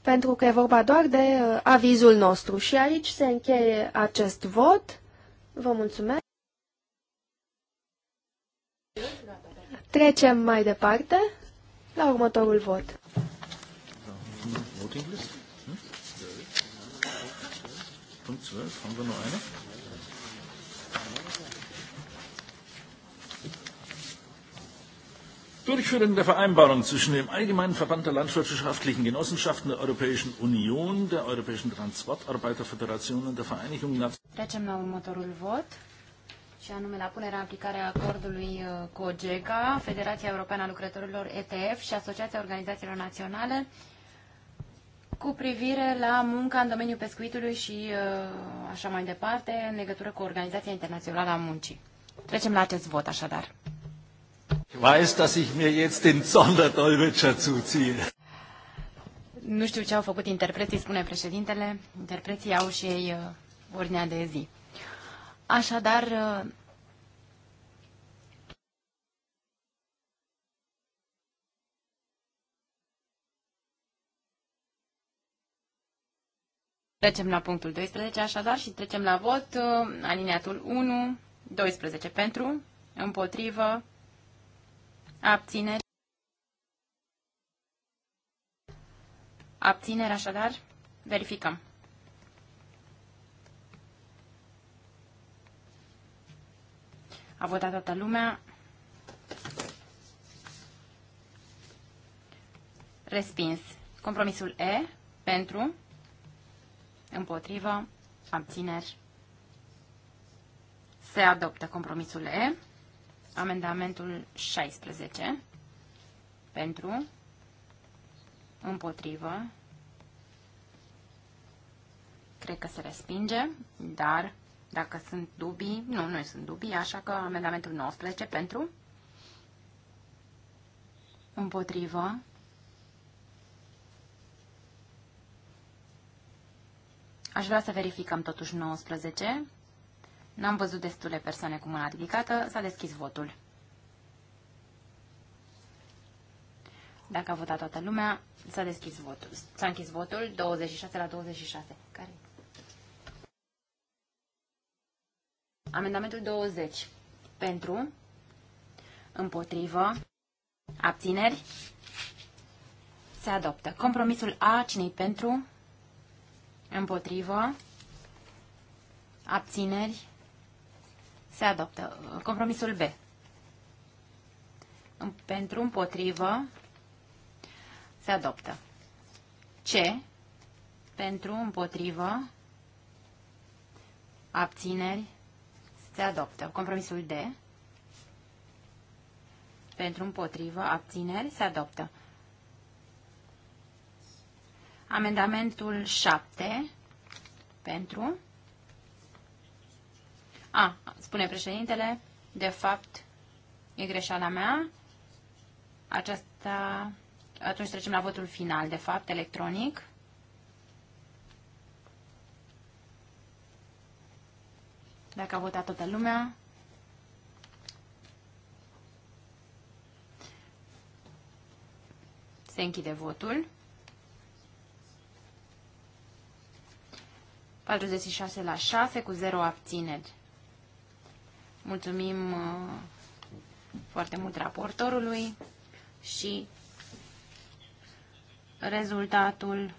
pentru că e vorba doar de avizul nostru. Și aici se încheie acest vot. Vă mulțumesc. Trecem mai departe la următorul vot. Punct 12 haben wir nur eine. Durchführung der Vereinbarung zwischen dem Allgemeinen Verband der landwirtschaftlichen Genossenschaften der Europäischen Union, der Europäischen Transportarbeiterföderation und der Vereinigung Trecem la următorul vot și anume la punerea în aplicare a acordului uh, COGECA, Federația Europeană a Lucrătorilor ETF și Asociația Organizațiilor Naționale cu privire la munca în domeniul pescuitului și uh, așa mai departe, în legătură cu Organizația Internațională a Muncii. Trecem la acest vot, așadar weiß, dass ich mir jetzt den Sonderdolmetscher zuziehe. Nu știu ce au făcut interpreții, spune președintele. Interpreții au și ei uh, ordinea de zi. Așadar, uh, Trecem la punctul 12, așadar, și trecem la vot. Uh, alineatul 1, 12 pentru, împotrivă, Abțineri. Abțineri, așadar, verificăm. A votat toată lumea. Respins. Compromisul E pentru, împotrivă, abțineri. Se adoptă compromisul E. Amendamentul 16 pentru, împotrivă, cred că se respinge, dar dacă sunt dubii, nu, nu sunt dubii, așa că amendamentul 19 pentru, împotrivă, aș vrea să verificăm totuși 19, N-am văzut destule persoane cu mâna ridicată. S-a deschis votul. Dacă a votat toată lumea, s-a deschis votul. S-a închis votul 26 la 26. Care? Amendamentul 20. Pentru. Împotrivă. Abțineri. Se adoptă. Compromisul A, cine pentru? Împotrivă. Abțineri. Se adoptă. Compromisul B. Pentru, împotrivă, se adoptă. C. Pentru, împotrivă, abțineri, se adoptă. Compromisul D. Pentru, împotrivă, abțineri, se adoptă. Amendamentul 7. Pentru, a, spune președintele, de fapt, e greșeala mea. Aceasta... Atunci trecem la votul final, de fapt, electronic. Dacă a votat toată lumea. Se închide votul. 46 la 6 cu 0 abțineri. Mulțumim uh, foarte mult raportorului și rezultatul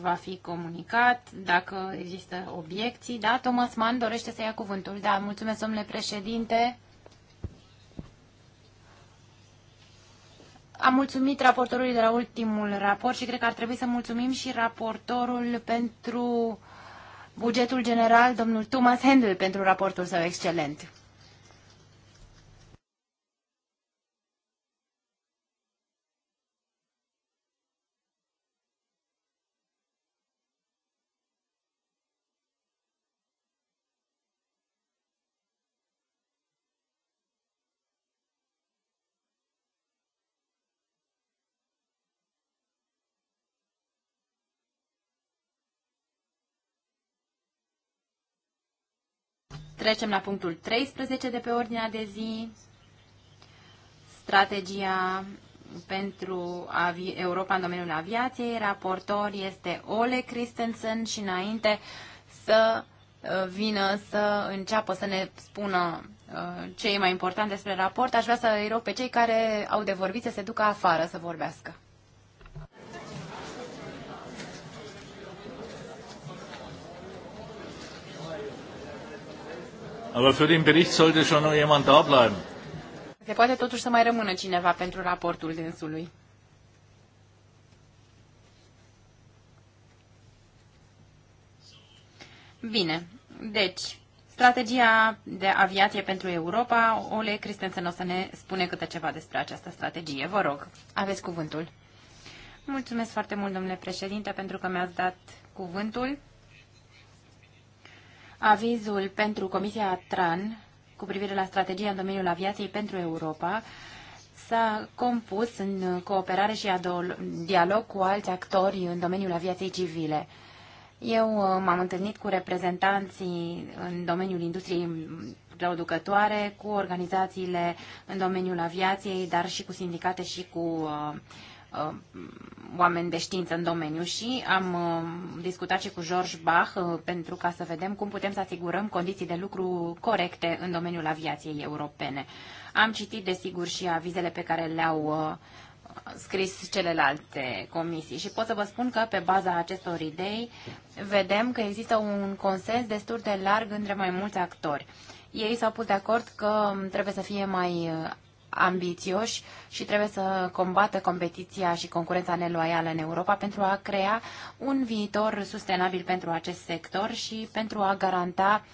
va fi comunicat. Dacă există obiecții, da, Thomas Mann dorește să ia cuvântul. Da, mulțumesc, domnule președinte. Am mulțumit raportorului de la ultimul raport și cred că ar trebui să mulțumim și raportorul pentru uh, bugetul general, domnul Thomas Handel, pentru raportul său excelent. Trecem la punctul 13 de pe ordinea de zi, strategia pentru Europa în domeniul aviației. Raportor este Ole Christensen și înainte să uh, vină să înceapă să ne spună uh, ce e mai important despre raport, aș vrea să îi rog pe cei care au de vorbit să se ducă afară să vorbească. Aber für den Bericht sollte schon noch jemand da bleiben. Se poate totuși să mai rămână cineva pentru raportul dânsului. Bine, deci, strategia de aviație pentru Europa, Ole Christensen o să ne spune câte ceva despre această strategie. Vă rog, aveți cuvântul. Mulțumesc foarte mult, domnule președinte, pentru că mi-ați dat cuvântul avizul pentru Comisia TRAN cu privire la strategia în domeniul aviației pentru Europa s-a compus în cooperare și dialog cu alți actori în domeniul aviației civile. Eu uh, m-am întâlnit cu reprezentanții în domeniul industriei producătoare, cu organizațiile în domeniul aviației, dar și cu sindicate și cu uh, Uh, oameni de știință în domeniu și am uh, discutat și cu George Bach uh, pentru ca să vedem cum putem să asigurăm condiții de lucru corecte în domeniul aviației europene. Am citit, desigur, și avizele pe care le-au scris celelalte comisii și pot să vă spun că pe baza acestor idei vedem că există un consens destul de larg între mai mulți actori. Ei s-au pus de acord că trebuie să fie mai ambițioși și trebuie să combată competiția și concurența neloială în Europa pentru a crea un viitor sustenabil pentru acest sector și pentru a garanta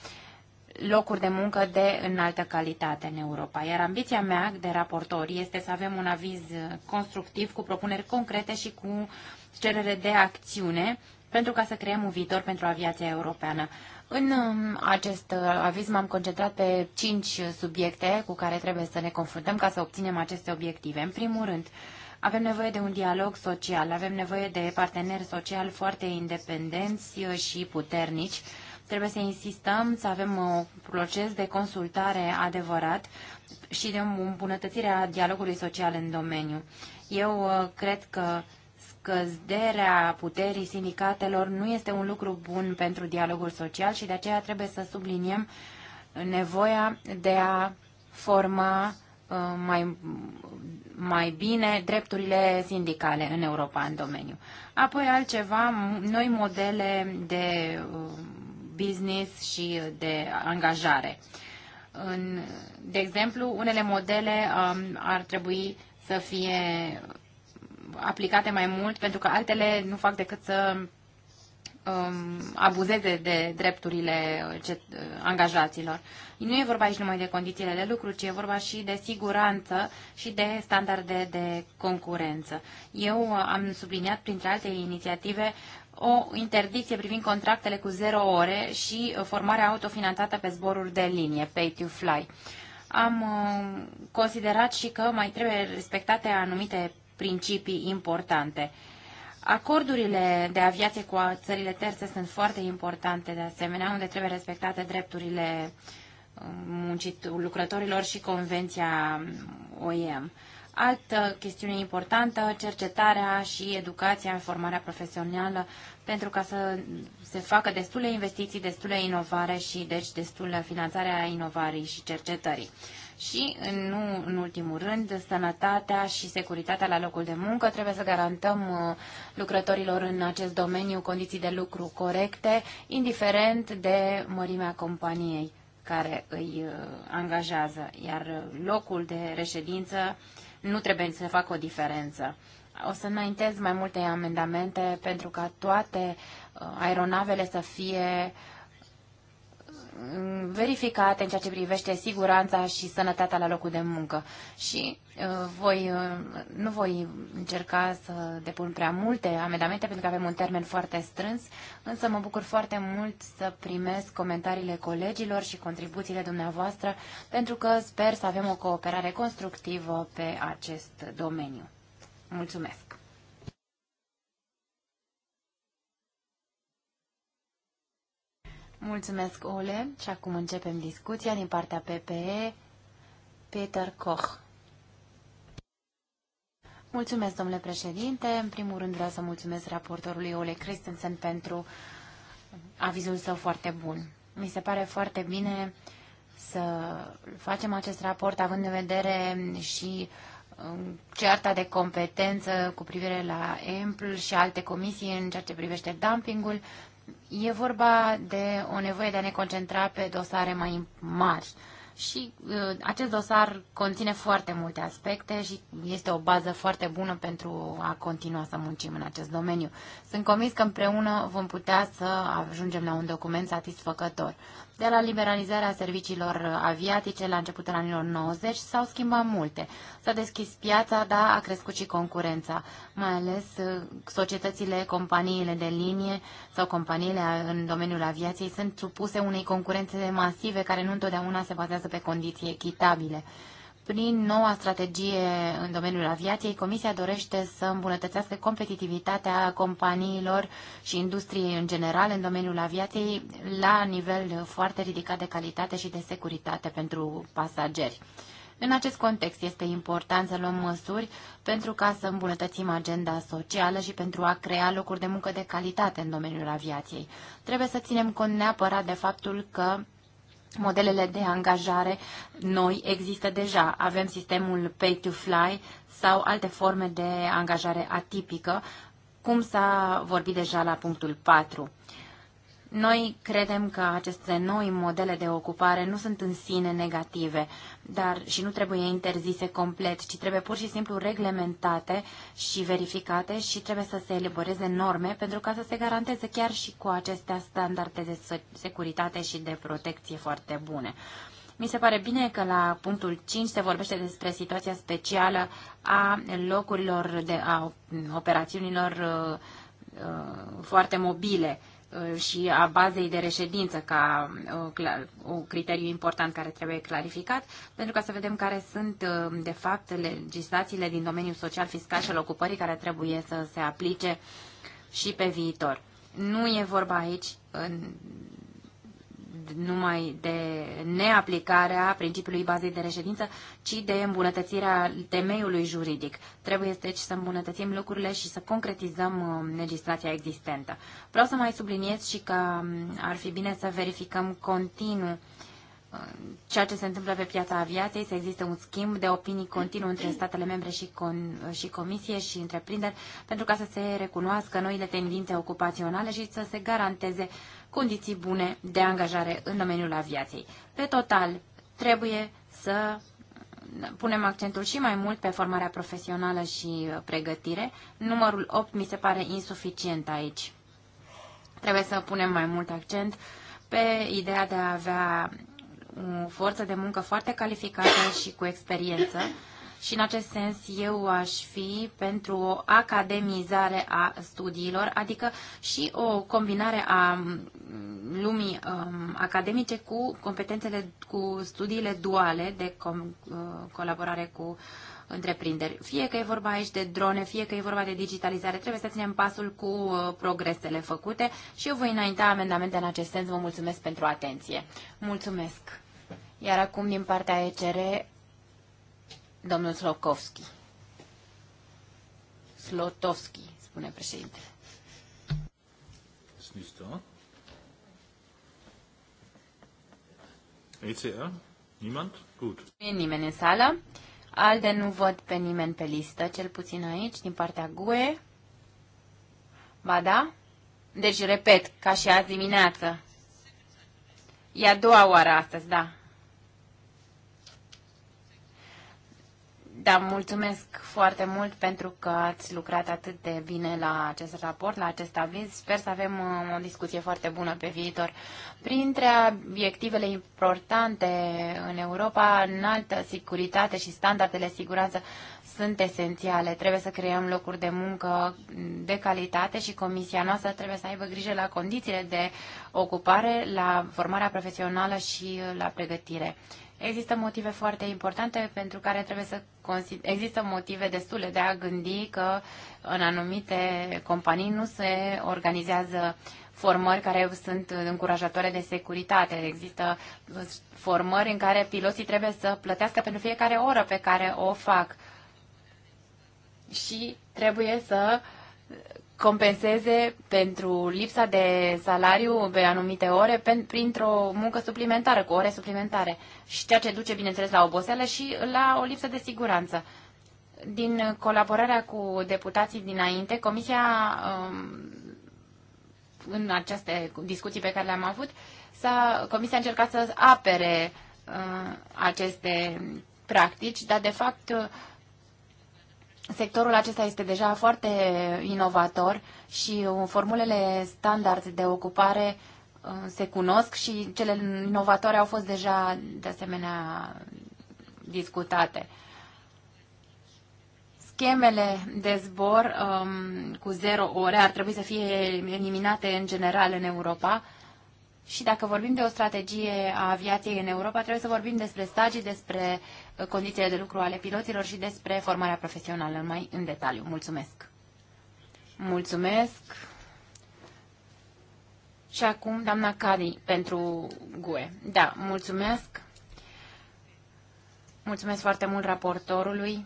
locuri de muncă de înaltă calitate în Europa. Iar ambiția mea de raportor este să avem un aviz constructiv cu propuneri concrete și cu cerere de acțiune pentru ca să creăm un viitor pentru aviația europeană. În um, acest uh, aviz m-am concentrat pe cinci subiecte cu care trebuie să ne confruntăm ca să obținem aceste obiective. În primul rând, avem nevoie de un dialog social, avem nevoie de parteneri sociali foarte independenți și puternici. Trebuie să insistăm să avem un proces de consultare adevărat și de îmbunătățire a dialogului social în domeniu. Eu uh, cred că căzderea puterii sindicatelor nu este un lucru bun pentru dialogul social și de aceea trebuie să subliniem nevoia de a forma uh, mai, mai bine drepturile sindicale în Europa în domeniu. Apoi altceva, noi modele de uh, business și de angajare. de exemplu, unele modele um, ar trebui să fie aplicate mai mult, pentru că altele nu fac decât să um, abuzeze de drepturile uh, cet, uh, angajaților. Nu e vorba aici numai de condițiile de lucru, ci e vorba și de siguranță și de standarde de concurență. Eu uh, am subliniat, printre alte inițiative, o interdicție privind contractele cu zero ore și formarea autofinanțată pe zboruri de linie, pay to fly. Am considerat și că mai trebuie respectate anumite principii importante. Acordurile de aviație cu țările terțe sunt foarte importante, de asemenea, unde trebuie respectate drepturile um, lucrătorilor și Convenția OIM. Um, Altă chestiune importantă, cercetarea și educația, formarea profesională, pentru ca să se facă destule investiții, destule inovare și deci destulă finanțarea inovării și cercetării și, în, nu în ultimul rând, sănătatea și securitatea la locul de muncă. Trebuie să garantăm uh, lucrătorilor în acest domeniu condiții de lucru corecte, indiferent de mărimea companiei care îi uh, angajează, iar uh, locul de reședință nu trebuie să facă o diferență. O să înaintez mai multe amendamente pentru ca toate aeronavele să fie uh, verificate în ceea ce privește siguranța și sănătatea la locul de muncă. Și uh, voi, uh, nu voi încerca să depun prea multe amendamente pentru că avem un termen foarte strâns, însă mă bucur foarte mult să primesc comentariile colegilor și contribuțiile dumneavoastră pentru că sper să avem o cooperare constructivă pe acest domeniu. Mulțumesc! Mulțumesc, Ole. Și acum începem discuția din partea PPE. Peter Koch. Mulțumesc, domnule președinte. În primul rând vreau să mulțumesc raportorului Ole Christensen pentru avizul său foarte bun. Mi se pare foarte bine să facem acest raport având în vedere și um, cearta de competență cu privire la EMPL și alte comisii în ceea ce privește dumpingul. E vorba de o nevoie de a ne concentra pe dosare mai mari. Și uh, acest dosar conține foarte multe aspecte și este o bază foarte bună pentru a continua să muncim în acest domeniu. Sunt convins că împreună vom putea să ajungem la un document satisfăcător. De la liberalizarea serviciilor aviatice la începutul anilor 90 s-au schimbat multe. S-a deschis piața, dar a crescut și concurența, mai ales uh, societățile, companiile de linie sau companiile uh, în domeniul aviației sunt supuse unei concurențe masive care nu întotdeauna se bazează pe condiții echitabile. Prin noua strategie în domeniul aviației, Comisia dorește să îmbunătățească competitivitatea companiilor și industriei în general în domeniul aviației la nivel foarte ridicat de calitate și de securitate pentru pasageri. În acest context este important să luăm măsuri pentru ca să îmbunătățim agenda socială și pentru a crea locuri de muncă de calitate în domeniul aviației. Trebuie să ținem cont neapărat de faptul că Modelele de angajare noi există deja. Avem sistemul pay to fly sau alte forme de angajare atipică, cum s-a vorbit deja la punctul 4. Noi credem că aceste noi modele de ocupare nu sunt în sine negative dar și nu trebuie interzise complet, ci trebuie pur și simplu reglementate și verificate și trebuie să se elaboreze norme pentru ca să se garanteze chiar și cu acestea standarde de securitate și de protecție foarte bune. Mi se pare bine că la punctul 5 se vorbește despre situația specială a locurilor, de, a operațiunilor uh, uh foarte mobile Uh, și a bazei de reședință ca uh, un criteriu important care trebuie clarificat, pentru ca să vedem care sunt, uh, de fapt, legislațiile din domeniul social, fiscal și al ocupării care trebuie să se aplice și pe viitor. Nu e vorba aici numai de neaplicarea principiului bazei de reședință, ci de îmbunătățirea temeiului juridic. Trebuie deci să îmbunătățim lucrurile și să concretizăm uh, legislația existentă. Vreau să mai subliniez și că um, ar fi bine să verificăm continuu uh, ceea ce se întâmplă pe piața aviației, să există un schimb de opinii continuu între statele membre și, con, și comisie și întreprinderi pentru ca să se recunoască noile tendințe ocupaționale și să se garanteze condiții bune de angajare în domeniul aviației. Pe total, trebuie să punem accentul și mai mult pe formarea profesională și pregătire. Numărul 8 mi se pare insuficient aici. Trebuie să punem mai mult accent pe ideea de a avea o forță de muncă foarte calificată și cu experiență și în acest sens eu aș fi pentru o academizare a studiilor, adică și o combinare a mm, lumii um, academice cu competențele, cu studiile duale de com, uh, colaborare cu întreprinderi. Fie că e vorba aici de drone, fie că e vorba de digitalizare, trebuie să ținem pasul cu uh, progresele făcute și eu voi înainta amendamente în acest sens. Vă mulțumesc pentru atenție. Mulțumesc! Iar acum, din partea ECR, domnul Slokovski. Slotovski, spune președintele. Snista. ECR? Nimand? Gut. Nu e nimeni în sală. Alde nu văd pe nimeni pe listă, cel puțin aici, din partea GUE. Ba da? Deci, repet, ca și azi dimineață. E a doua oară astăzi, da. Da, mulțumesc foarte mult pentru că ați lucrat atât de bine la acest raport, la acest aviz. Sper să avem uh, o discuție foarte bună pe viitor. Printre obiectivele importante în Europa, înaltă securitate și standardele siguranță sunt esențiale. Trebuie să creăm locuri de muncă de calitate și comisia noastră trebuie să aibă grijă la condițiile de ocupare, la formarea profesională și uh, la pregătire. Există motive foarte importante pentru care trebuie să consider... există motive destule de a gândi că în anumite companii nu se organizează formări care sunt încurajatoare de securitate. Există formări în care piloții trebuie să plătească pentru fiecare oră pe care o fac. Și trebuie să uh, compenseze pentru lipsa de salariu pe anumite ore printr-o muncă suplimentară, cu ore suplimentare. Și ceea ce duce, bineînțeles, la oboseală și la o lipsă de siguranță. Din colaborarea cu deputații dinainte, Comisia, um, în aceste discuții pe care le-am avut, s-a, Comisia a încercat să apere uh, aceste practici, dar, de fapt, sectorul acesta este deja foarte inovator și formulele standard de ocupare uh, se cunosc și cele inovatoare au fost deja de asemenea discutate. Schemele de zbor um, cu zero ore ar trebui să fie eliminate în general în Europa și dacă vorbim de o strategie a aviației în Europa, trebuie să vorbim despre stagii, despre uh, condițiile de lucru ale piloților și despre formarea profesională mai în detaliu. Mulțumesc! Mulțumesc! Și acum, doamna Cari, pentru GUE. Da, mulțumesc! Mulțumesc foarte mult raportorului.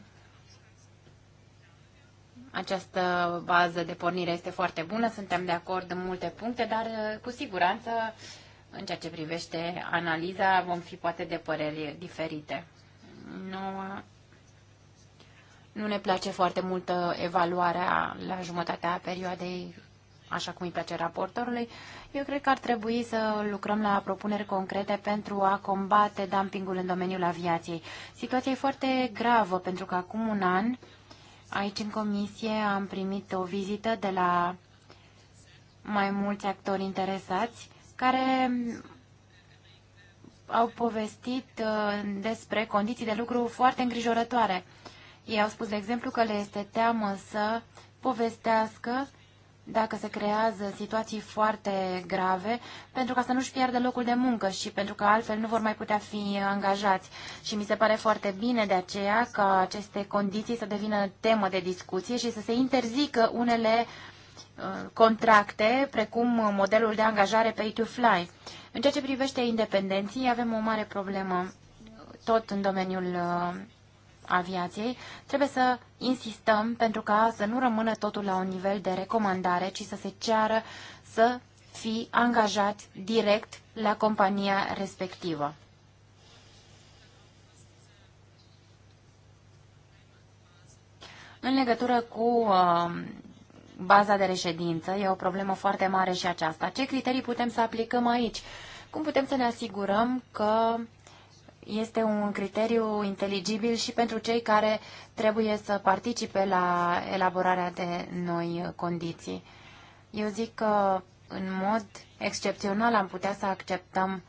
Această bază de pornire este foarte bună, suntem de acord în multe puncte, dar uh, cu siguranță în ceea ce privește analiza vom fi poate de păreri diferite. Nu, nu ne place foarte mult uh, evaluarea la jumătatea perioadei, așa cum îi place raportorului. Eu cred că ar trebui să lucrăm la propuneri concrete pentru a combate dumpingul în domeniul aviației. Situația e foarte gravă, pentru că acum un an Aici, în comisie, am primit o vizită de la mai mulți actori interesați care au povestit uh, despre condiții de lucru foarte îngrijorătoare. Ei au spus, de exemplu, că le este teamă să povestească dacă se creează situații foarte grave pentru ca să nu-și pierdă locul de muncă și pentru că altfel nu vor mai putea fi angajați. Și mi se pare foarte bine de aceea ca aceste condiții să devină temă de discuție și să se interzică unele uh, contracte, precum modelul de angajare pay to fly. În ceea ce privește independenții, avem o mare problemă tot în domeniul uh, aviației, trebuie să insistăm pentru ca să nu rămână totul la un nivel de recomandare, ci să se ceară să fii angajat direct la compania respectivă. În legătură cu uh, baza de reședință, e o problemă foarte mare și aceasta. Ce criterii putem să aplicăm aici? Cum putem să ne asigurăm că este un criteriu inteligibil și pentru cei care trebuie să participe la elaborarea de noi condiții. Eu zic că, în mod excepțional, am putea să acceptăm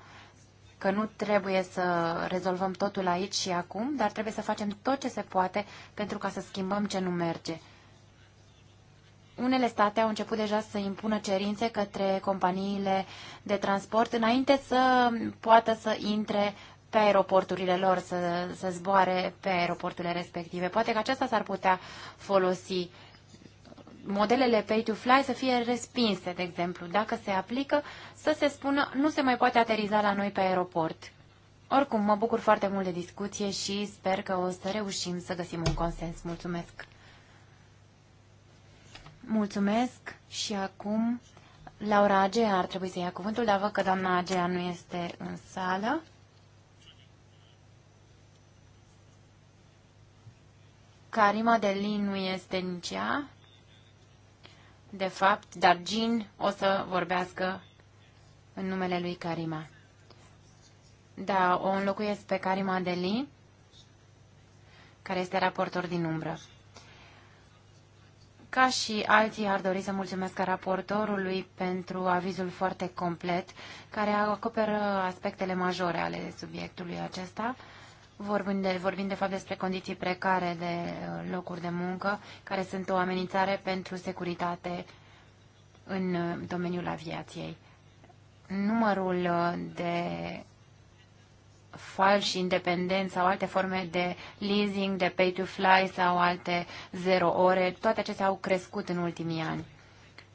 că nu trebuie să rezolvăm totul aici și acum, dar trebuie să facem tot ce se poate pentru ca să schimbăm ce nu merge. Unele state au început deja să impună cerințe către companiile de transport înainte să poată să intre pe aeroporturile lor să, să zboare pe aeroporturile respective. Poate că aceasta s-ar putea folosi modelele pay-to-fly să fie respinse, de exemplu, dacă se aplică, să se spună nu se mai poate ateriza la noi pe aeroport. Oricum, mă bucur foarte mult de discuție și sper că o să reușim să găsim un consens. Mulțumesc! Mulțumesc și acum Laura Agea ar trebui să ia cuvântul, dar văd că doamna Agea nu este în sală. de lin nu este nici ea, de fapt, dar Jean o să vorbească în numele lui Karima. Da, o înlocuiesc pe Karima lin, care este raportor din umbră. Ca și alții, ar dori să mulțumesc raportorului pentru avizul foarte complet, care acoperă aspectele majore ale subiectului acesta vorbind de, vorbind de fapt despre condiții precare de uh, locuri de muncă, care sunt o amenințare pentru securitate în uh, domeniul aviației. Numărul uh, de falși independenți sau alte forme de leasing, de pay to fly sau alte zero ore, toate acestea au crescut în ultimii ani.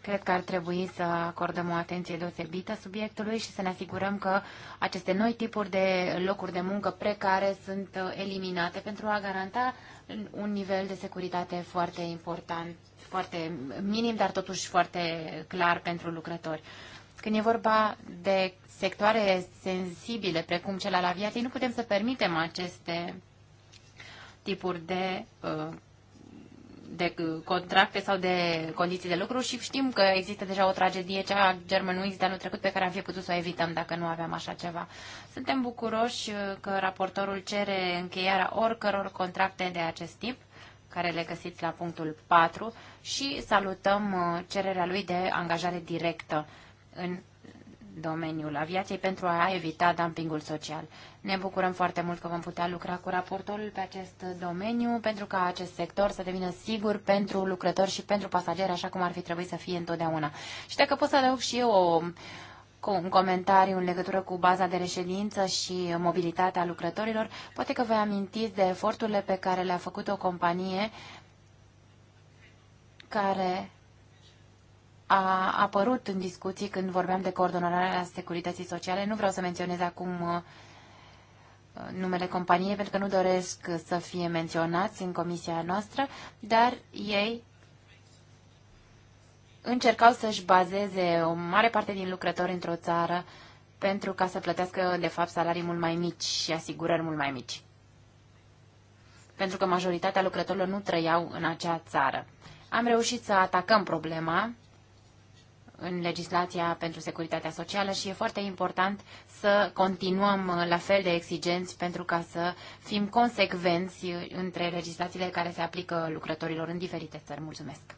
Cred că ar trebui să acordăm o atenție deosebită subiectului și să ne asigurăm că aceste noi tipuri de locuri de muncă precare sunt uh, eliminate pentru a garanta un nivel de securitate foarte important, foarte minim, dar totuși foarte clar pentru lucrători. Când e vorba de sectoare sensibile, precum cel al aviației, nu putem să permitem aceste tipuri de uh, de contracte sau de condiții de lucru și știm că există deja o tragedie, cea a Wings de anul trecut, pe care am fi putut să o evităm dacă nu aveam așa ceva. Suntem bucuroși uh, că raportorul cere încheierea oricăror contracte de acest tip, care le găsiți la punctul 4, și salutăm uh, cererea lui de angajare directă în domeniul aviației pentru a evita dumpingul social. Ne bucurăm foarte mult că vom putea lucra cu raportorul pe acest domeniu pentru ca acest sector să devină sigur pentru lucrători și pentru pasageri, așa cum ar fi trebuit să fie întotdeauna. Și dacă pot să adaug și eu o, un comentariu în legătură cu baza de reședință și mobilitatea lucrătorilor, poate că vă amintiți de eforturile pe care le-a făcut o companie care a apărut în discuții când vorbeam de coordonarea securității sociale. Nu vreau să menționez acum uh, numele companiei, pentru că nu doresc să fie menționați în comisia noastră, dar ei încercau să-și bazeze o mare parte din lucrători într-o țară pentru ca să plătească, de fapt, salarii mult mai mici și asigurări mult mai mici. Pentru că majoritatea lucrătorilor nu trăiau în acea țară. Am reușit să atacăm problema în legislația pentru securitatea socială și e foarte important să continuăm la fel de exigenți pentru ca să fim consecvenți între legislațiile care se aplică lucrătorilor în diferite țări. Mulțumesc!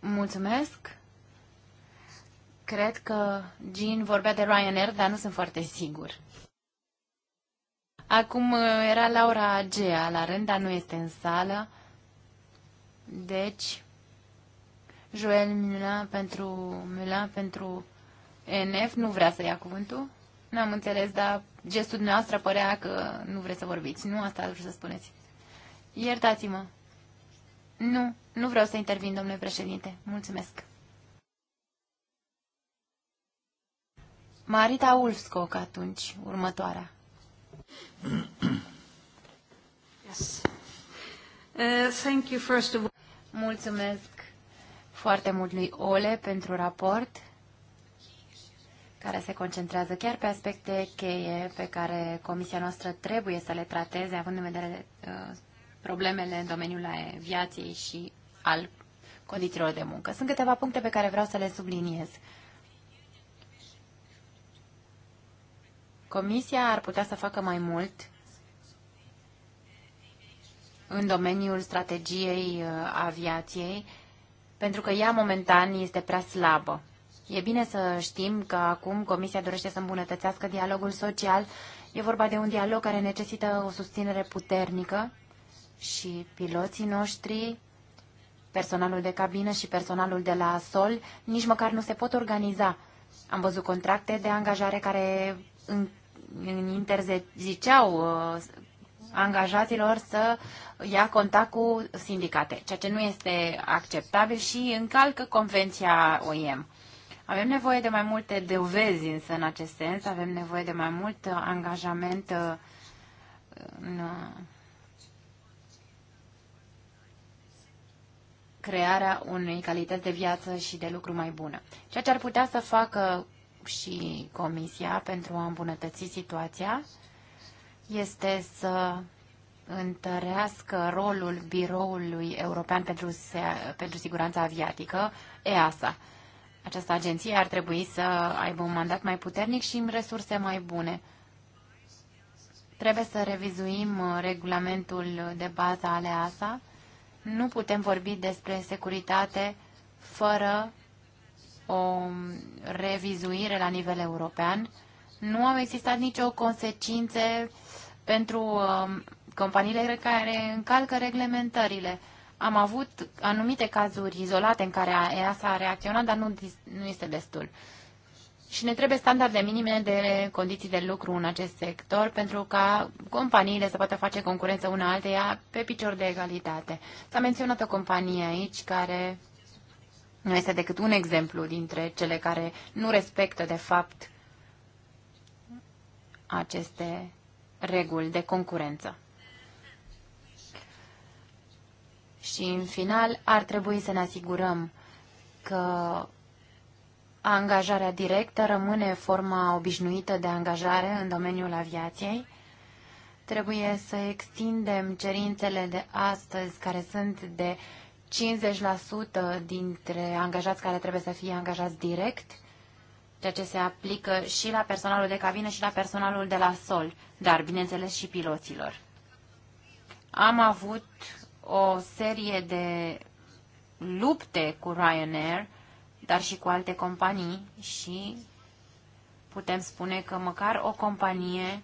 Mulțumesc! Cred că Jean vorbea de Ryanair, dar nu sunt foarte sigur. Acum uh, era Laura Agea la rând, dar nu este în sală. Deci, Joel Mula pentru, Mula pentru NF nu vrea să ia cuvântul. N-am înțeles, dar gestul dumneavoastră părea că nu vreți să vorbiți. Nu asta vreau să spuneți. Iertați-mă. Nu, nu vreau să intervin, domnule președinte. Mulțumesc. Marita Ulfscoc atunci, următoarea. Uh, Mulțumesc foarte mult lui Ole pentru raport care se concentrează chiar pe aspecte cheie pe care comisia noastră trebuie să le trateze, având în vedere uh, problemele în domeniul aviației și al condițiilor de muncă. Sunt câteva puncte pe care vreau să le subliniez. Uh, Comisia ar putea să facă mai mult în domeniul strategiei uh, aviației, pentru că ea momentan este prea slabă. E bine să știm că acum Comisia dorește să îmbunătățească dialogul social. E vorba de un dialog care necesită o susținere puternică și piloții noștri, personalul de cabină și personalul de la sol, nici măcar nu se pot organiza. Am văzut contracte de angajare care interziceau uh, angajaților să ia contact cu sindicate, ceea ce nu este acceptabil și încalcă convenția OIM. Avem nevoie de mai multe dovezi însă în acest sens, avem nevoie de mai mult angajament uh, în uh, crearea unei calități de viață și de lucru mai bună. Ceea ce ar putea să facă și Comisia pentru a îmbunătăți situația este să întărească rolul Biroului European pentru, pentru Siguranța Aviatică, EASA. Această agenție ar trebui să aibă un mandat mai puternic și resurse mai bune. Trebuie să revizuim uh, regulamentul de bază ale EASA. Nu putem vorbi despre securitate fără o revizuire la nivel european, nu au existat nicio consecințe pentru um, companiile care încalcă reglementările. Am avut anumite cazuri izolate în care EASA a reacționat, dar nu, nu este destul. Și ne trebuie standarde minime de condiții de lucru în acest sector pentru ca companiile să poată face concurență una alteia pe picior de egalitate. S-a menționat o companie aici care nu este decât un exemplu dintre cele care nu respectă, de fapt, aceste reguli de concurență. Și, în final, ar trebui să ne asigurăm că angajarea directă rămâne forma obișnuită de angajare în domeniul aviației. Trebuie să extindem cerințele de astăzi, care sunt de 50% dintre angajați care trebuie să fie angajați direct, ceea ce se aplică și la personalul de cabină și la personalul de la sol, dar, bineînțeles, și piloților. Am avut o serie de lupte cu Ryanair, dar și cu alte companii și putem spune că măcar o companie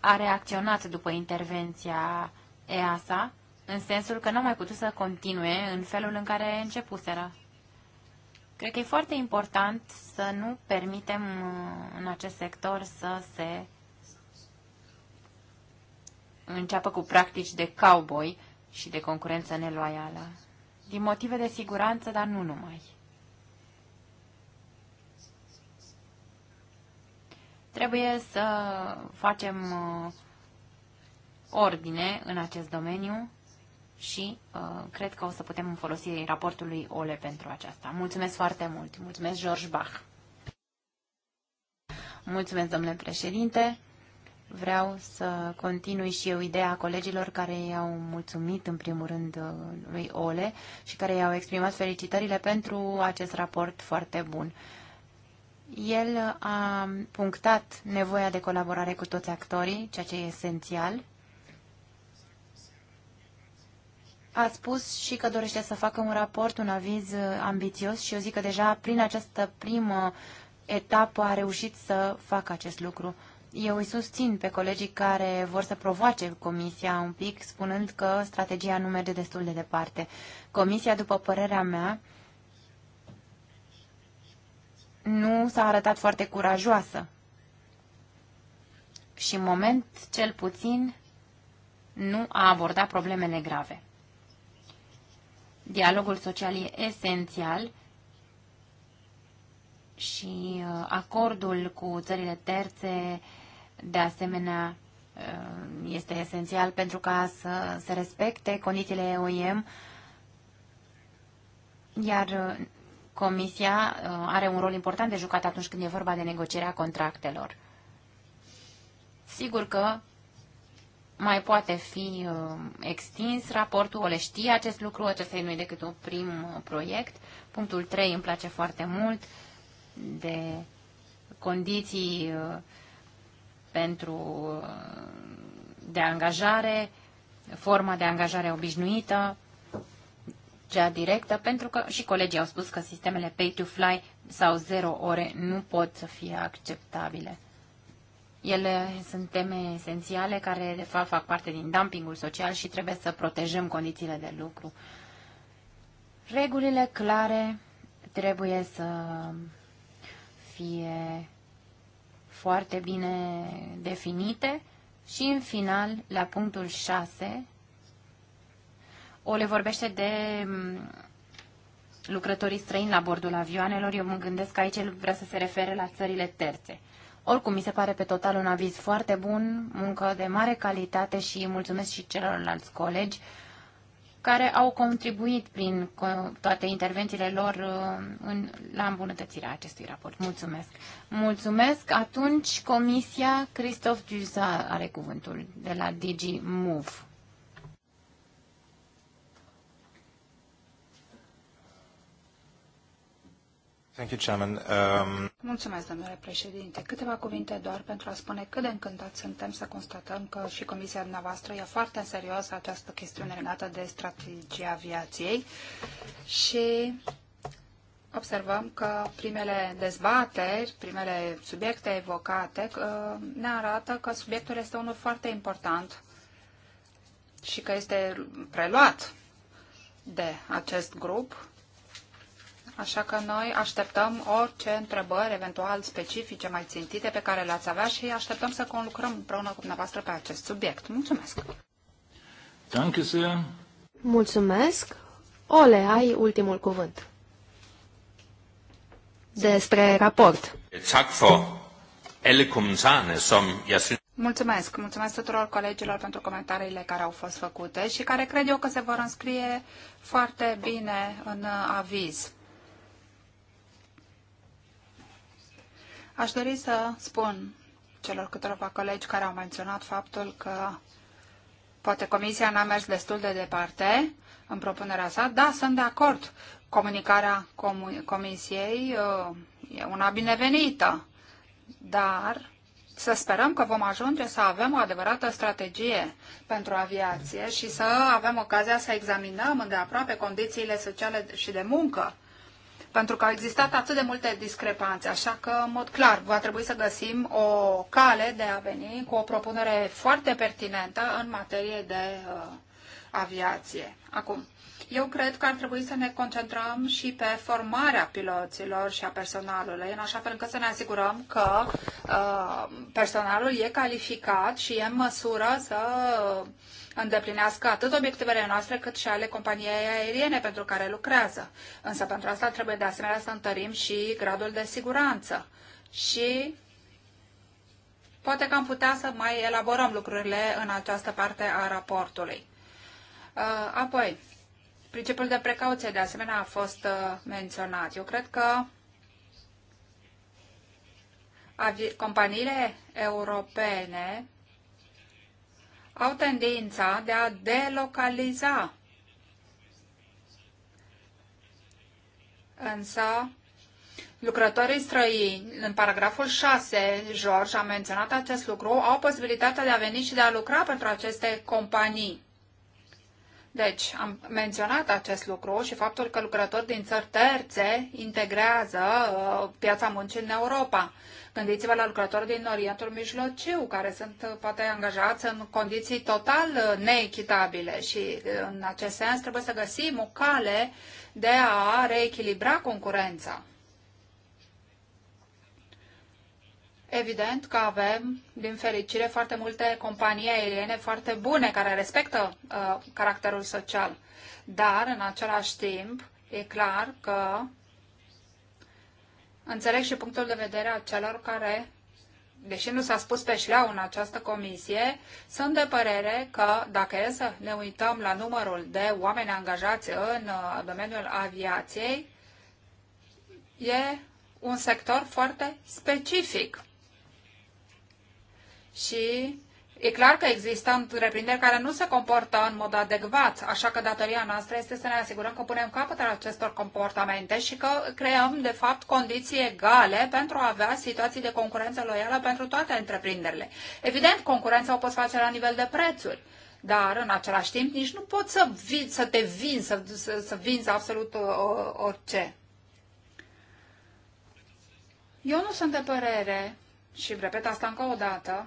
a reacționat după intervenția EASA în sensul că n-au mai putut să continue în felul în care începuseră. Cred că e foarte important să nu permitem uh, în acest sector să se înceapă cu practici de cowboy și de concurență neloială. Din motive de siguranță, dar nu numai. Trebuie să facem uh, ordine în acest domeniu și uh, cred că o să putem folosi raportul lui Ole pentru aceasta. Mulțumesc foarte mult. Mulțumesc, George Bach. Mulțumesc, domnule președinte. Vreau să continui și eu ideea colegilor care i-au mulțumit în primul rând uh, lui Ole și care i-au exprimat felicitările pentru acest raport foarte bun. El a punctat nevoia de colaborare cu toți actorii, ceea ce e esențial, a spus și că dorește să facă un raport, un aviz uh, ambițios și eu zic că deja prin această primă etapă a reușit să facă acest lucru. Eu îi susțin pe colegii care vor să provoace Comisia un pic, spunând că strategia nu merge destul de departe. Comisia, după părerea mea, nu s-a arătat foarte curajoasă. Și în moment, cel puțin, nu a abordat problemele grave. Dialogul social e esențial și uh, acordul cu țările terțe, de asemenea, uh, este esențial pentru ca să se respecte condițiile OIM, iar uh, Comisia are un rol important de jucat atunci când e vorba de negocierea contractelor. Sigur că mai poate fi uh, extins raportul, Ole știe acest lucru, acesta nu e decât un prim uh, proiect. Punctul 3 îmi place foarte mult de condiții uh, pentru de angajare, forma de angajare obișnuită, cea directă, pentru că și colegii au spus că sistemele pay to fly sau zero ore nu pot să fie acceptabile. Ele sunt teme esențiale care, de fapt, fac parte din dumpingul social și trebuie să protejăm condițiile de lucru. Regulile clare trebuie să fie foarte bine definite și, în final, la punctul 6, o le vorbește de mm, lucrătorii străini la bordul avioanelor. Eu mă gândesc că aici el vrea să se refere la țările terțe. Oricum, mi se pare pe total un aviz foarte bun, muncă de mare calitate și mulțumesc și celorlalți colegi care au contribuit prin toate intervențiile lor uh, în, la îmbunătățirea acestui raport. Mulțumesc! Mulțumesc! Atunci, Comisia Christophe Duza are cuvântul de la DG Move. Thank you, Chairman. Um... Mulțumesc, domnule președinte. Câteva cuvinte doar pentru a spune cât de încântat suntem să constatăm că și Comisia dumneavoastră ia foarte în serios această chestiune legată de strategia aviației și observăm că primele dezbateri, primele subiecte evocate ne arată că subiectul este unul foarte important și că este preluat de acest grup Așa că noi așteptăm orice întrebări eventual specifice mai țintite pe care le-ați avea și așteptăm să conlucrăm împreună cu dumneavoastră pe acest subiect. Mulțumesc! Danke sehr. Mulțumesc! Ole, ai ultimul cuvânt. Despre raport. Mulțumesc! Mulțumesc tuturor colegilor pentru comentariile care au fost făcute și care cred eu că se vor înscrie foarte bine în aviz. Aș dori să spun celor câteva colegi care au menționat faptul că poate Comisia n-a mers destul de departe în propunerea sa. Da, sunt de acord. Comunicarea com Comisiei uh, e una binevenită, dar să sperăm că vom ajunge să avem o adevărată strategie pentru aviație și să avem ocazia să examinăm îndeaproape condițiile sociale și de muncă pentru că au existat atât de multe discrepanțe, așa că, în mod clar, va trebui să găsim o cale de a veni cu o propunere foarte pertinentă în materie de uh, aviație. Acum, eu cred că ar trebui să ne concentrăm și pe formarea piloților și a personalului, în așa fel încât să ne asigurăm că uh, personalul e calificat și e în măsură să îndeplinească atât obiectivele noastre cât și ale companiei aeriene pentru care lucrează. Însă pentru asta trebuie de asemenea să întărim și gradul de siguranță. Și poate că am putea să mai elaborăm lucrurile în această parte a raportului. Uh, apoi, principiul de precauție de asemenea a fost uh, menționat. Eu cred că companiile europene au tendința de a delocaliza. Însă, lucrătorii străini, în paragraful 6, George a menționat acest lucru, au posibilitatea de a veni și de a lucra pentru aceste companii. Deci, am menționat acest lucru și faptul că lucrători din țări terțe integrează uh, piața muncii în Europa. Gândiți-vă la lucrători din Orientul Mijlociu, care sunt uh, poate angajați în condiții total uh, neechitabile și uh, în acest sens trebuie să găsim o cale de a reechilibra concurența. Evident că avem, din fericire, foarte multe companii aeriene foarte bune care respectă uh, caracterul social. Dar, în același timp, e clar că Înțeleg și punctul de vedere al celor care, deși nu s-a spus pe șleau în această comisie, sunt de părere că, dacă e să ne uităm la numărul de oameni angajați în uh, domeniul aviației, e un sector foarte specific. Și E clar că există întreprinderi care nu se comportă în mod adecvat, așa că datoria noastră este să ne asigurăm că punem capăt al acestor comportamente și că creăm, de fapt, condiții egale pentru a avea situații de concurență loială pentru toate întreprinderile. Evident, concurența o poți face la nivel de prețuri, dar în același timp nici nu poți să, vin, să te vinzi, să, să, să vinzi absolut uh, uh, orice. Eu nu sunt de părere, și repet asta încă o dată,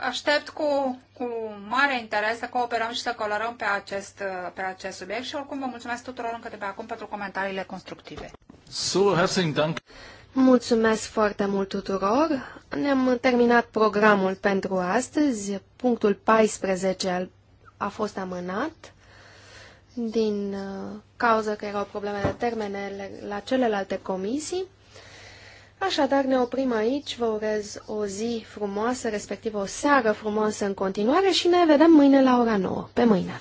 aștept cu, cu mare interes să cooperăm și să colorăm pe acest, uh, pe acest subiect și oricum vă mulțumesc tuturor încă de pe acum pentru comentariile constructive. So, Mulțumesc foarte mult tuturor. Ne-am terminat programul pentru astăzi. Punctul 14 a fost amânat din uh, cauza că erau probleme de termene la celelalte comisii. Așadar, ne oprim aici, vă urez o zi frumoasă, respectiv o seară frumoasă în continuare și ne vedem mâine la ora 9. Pe mâine!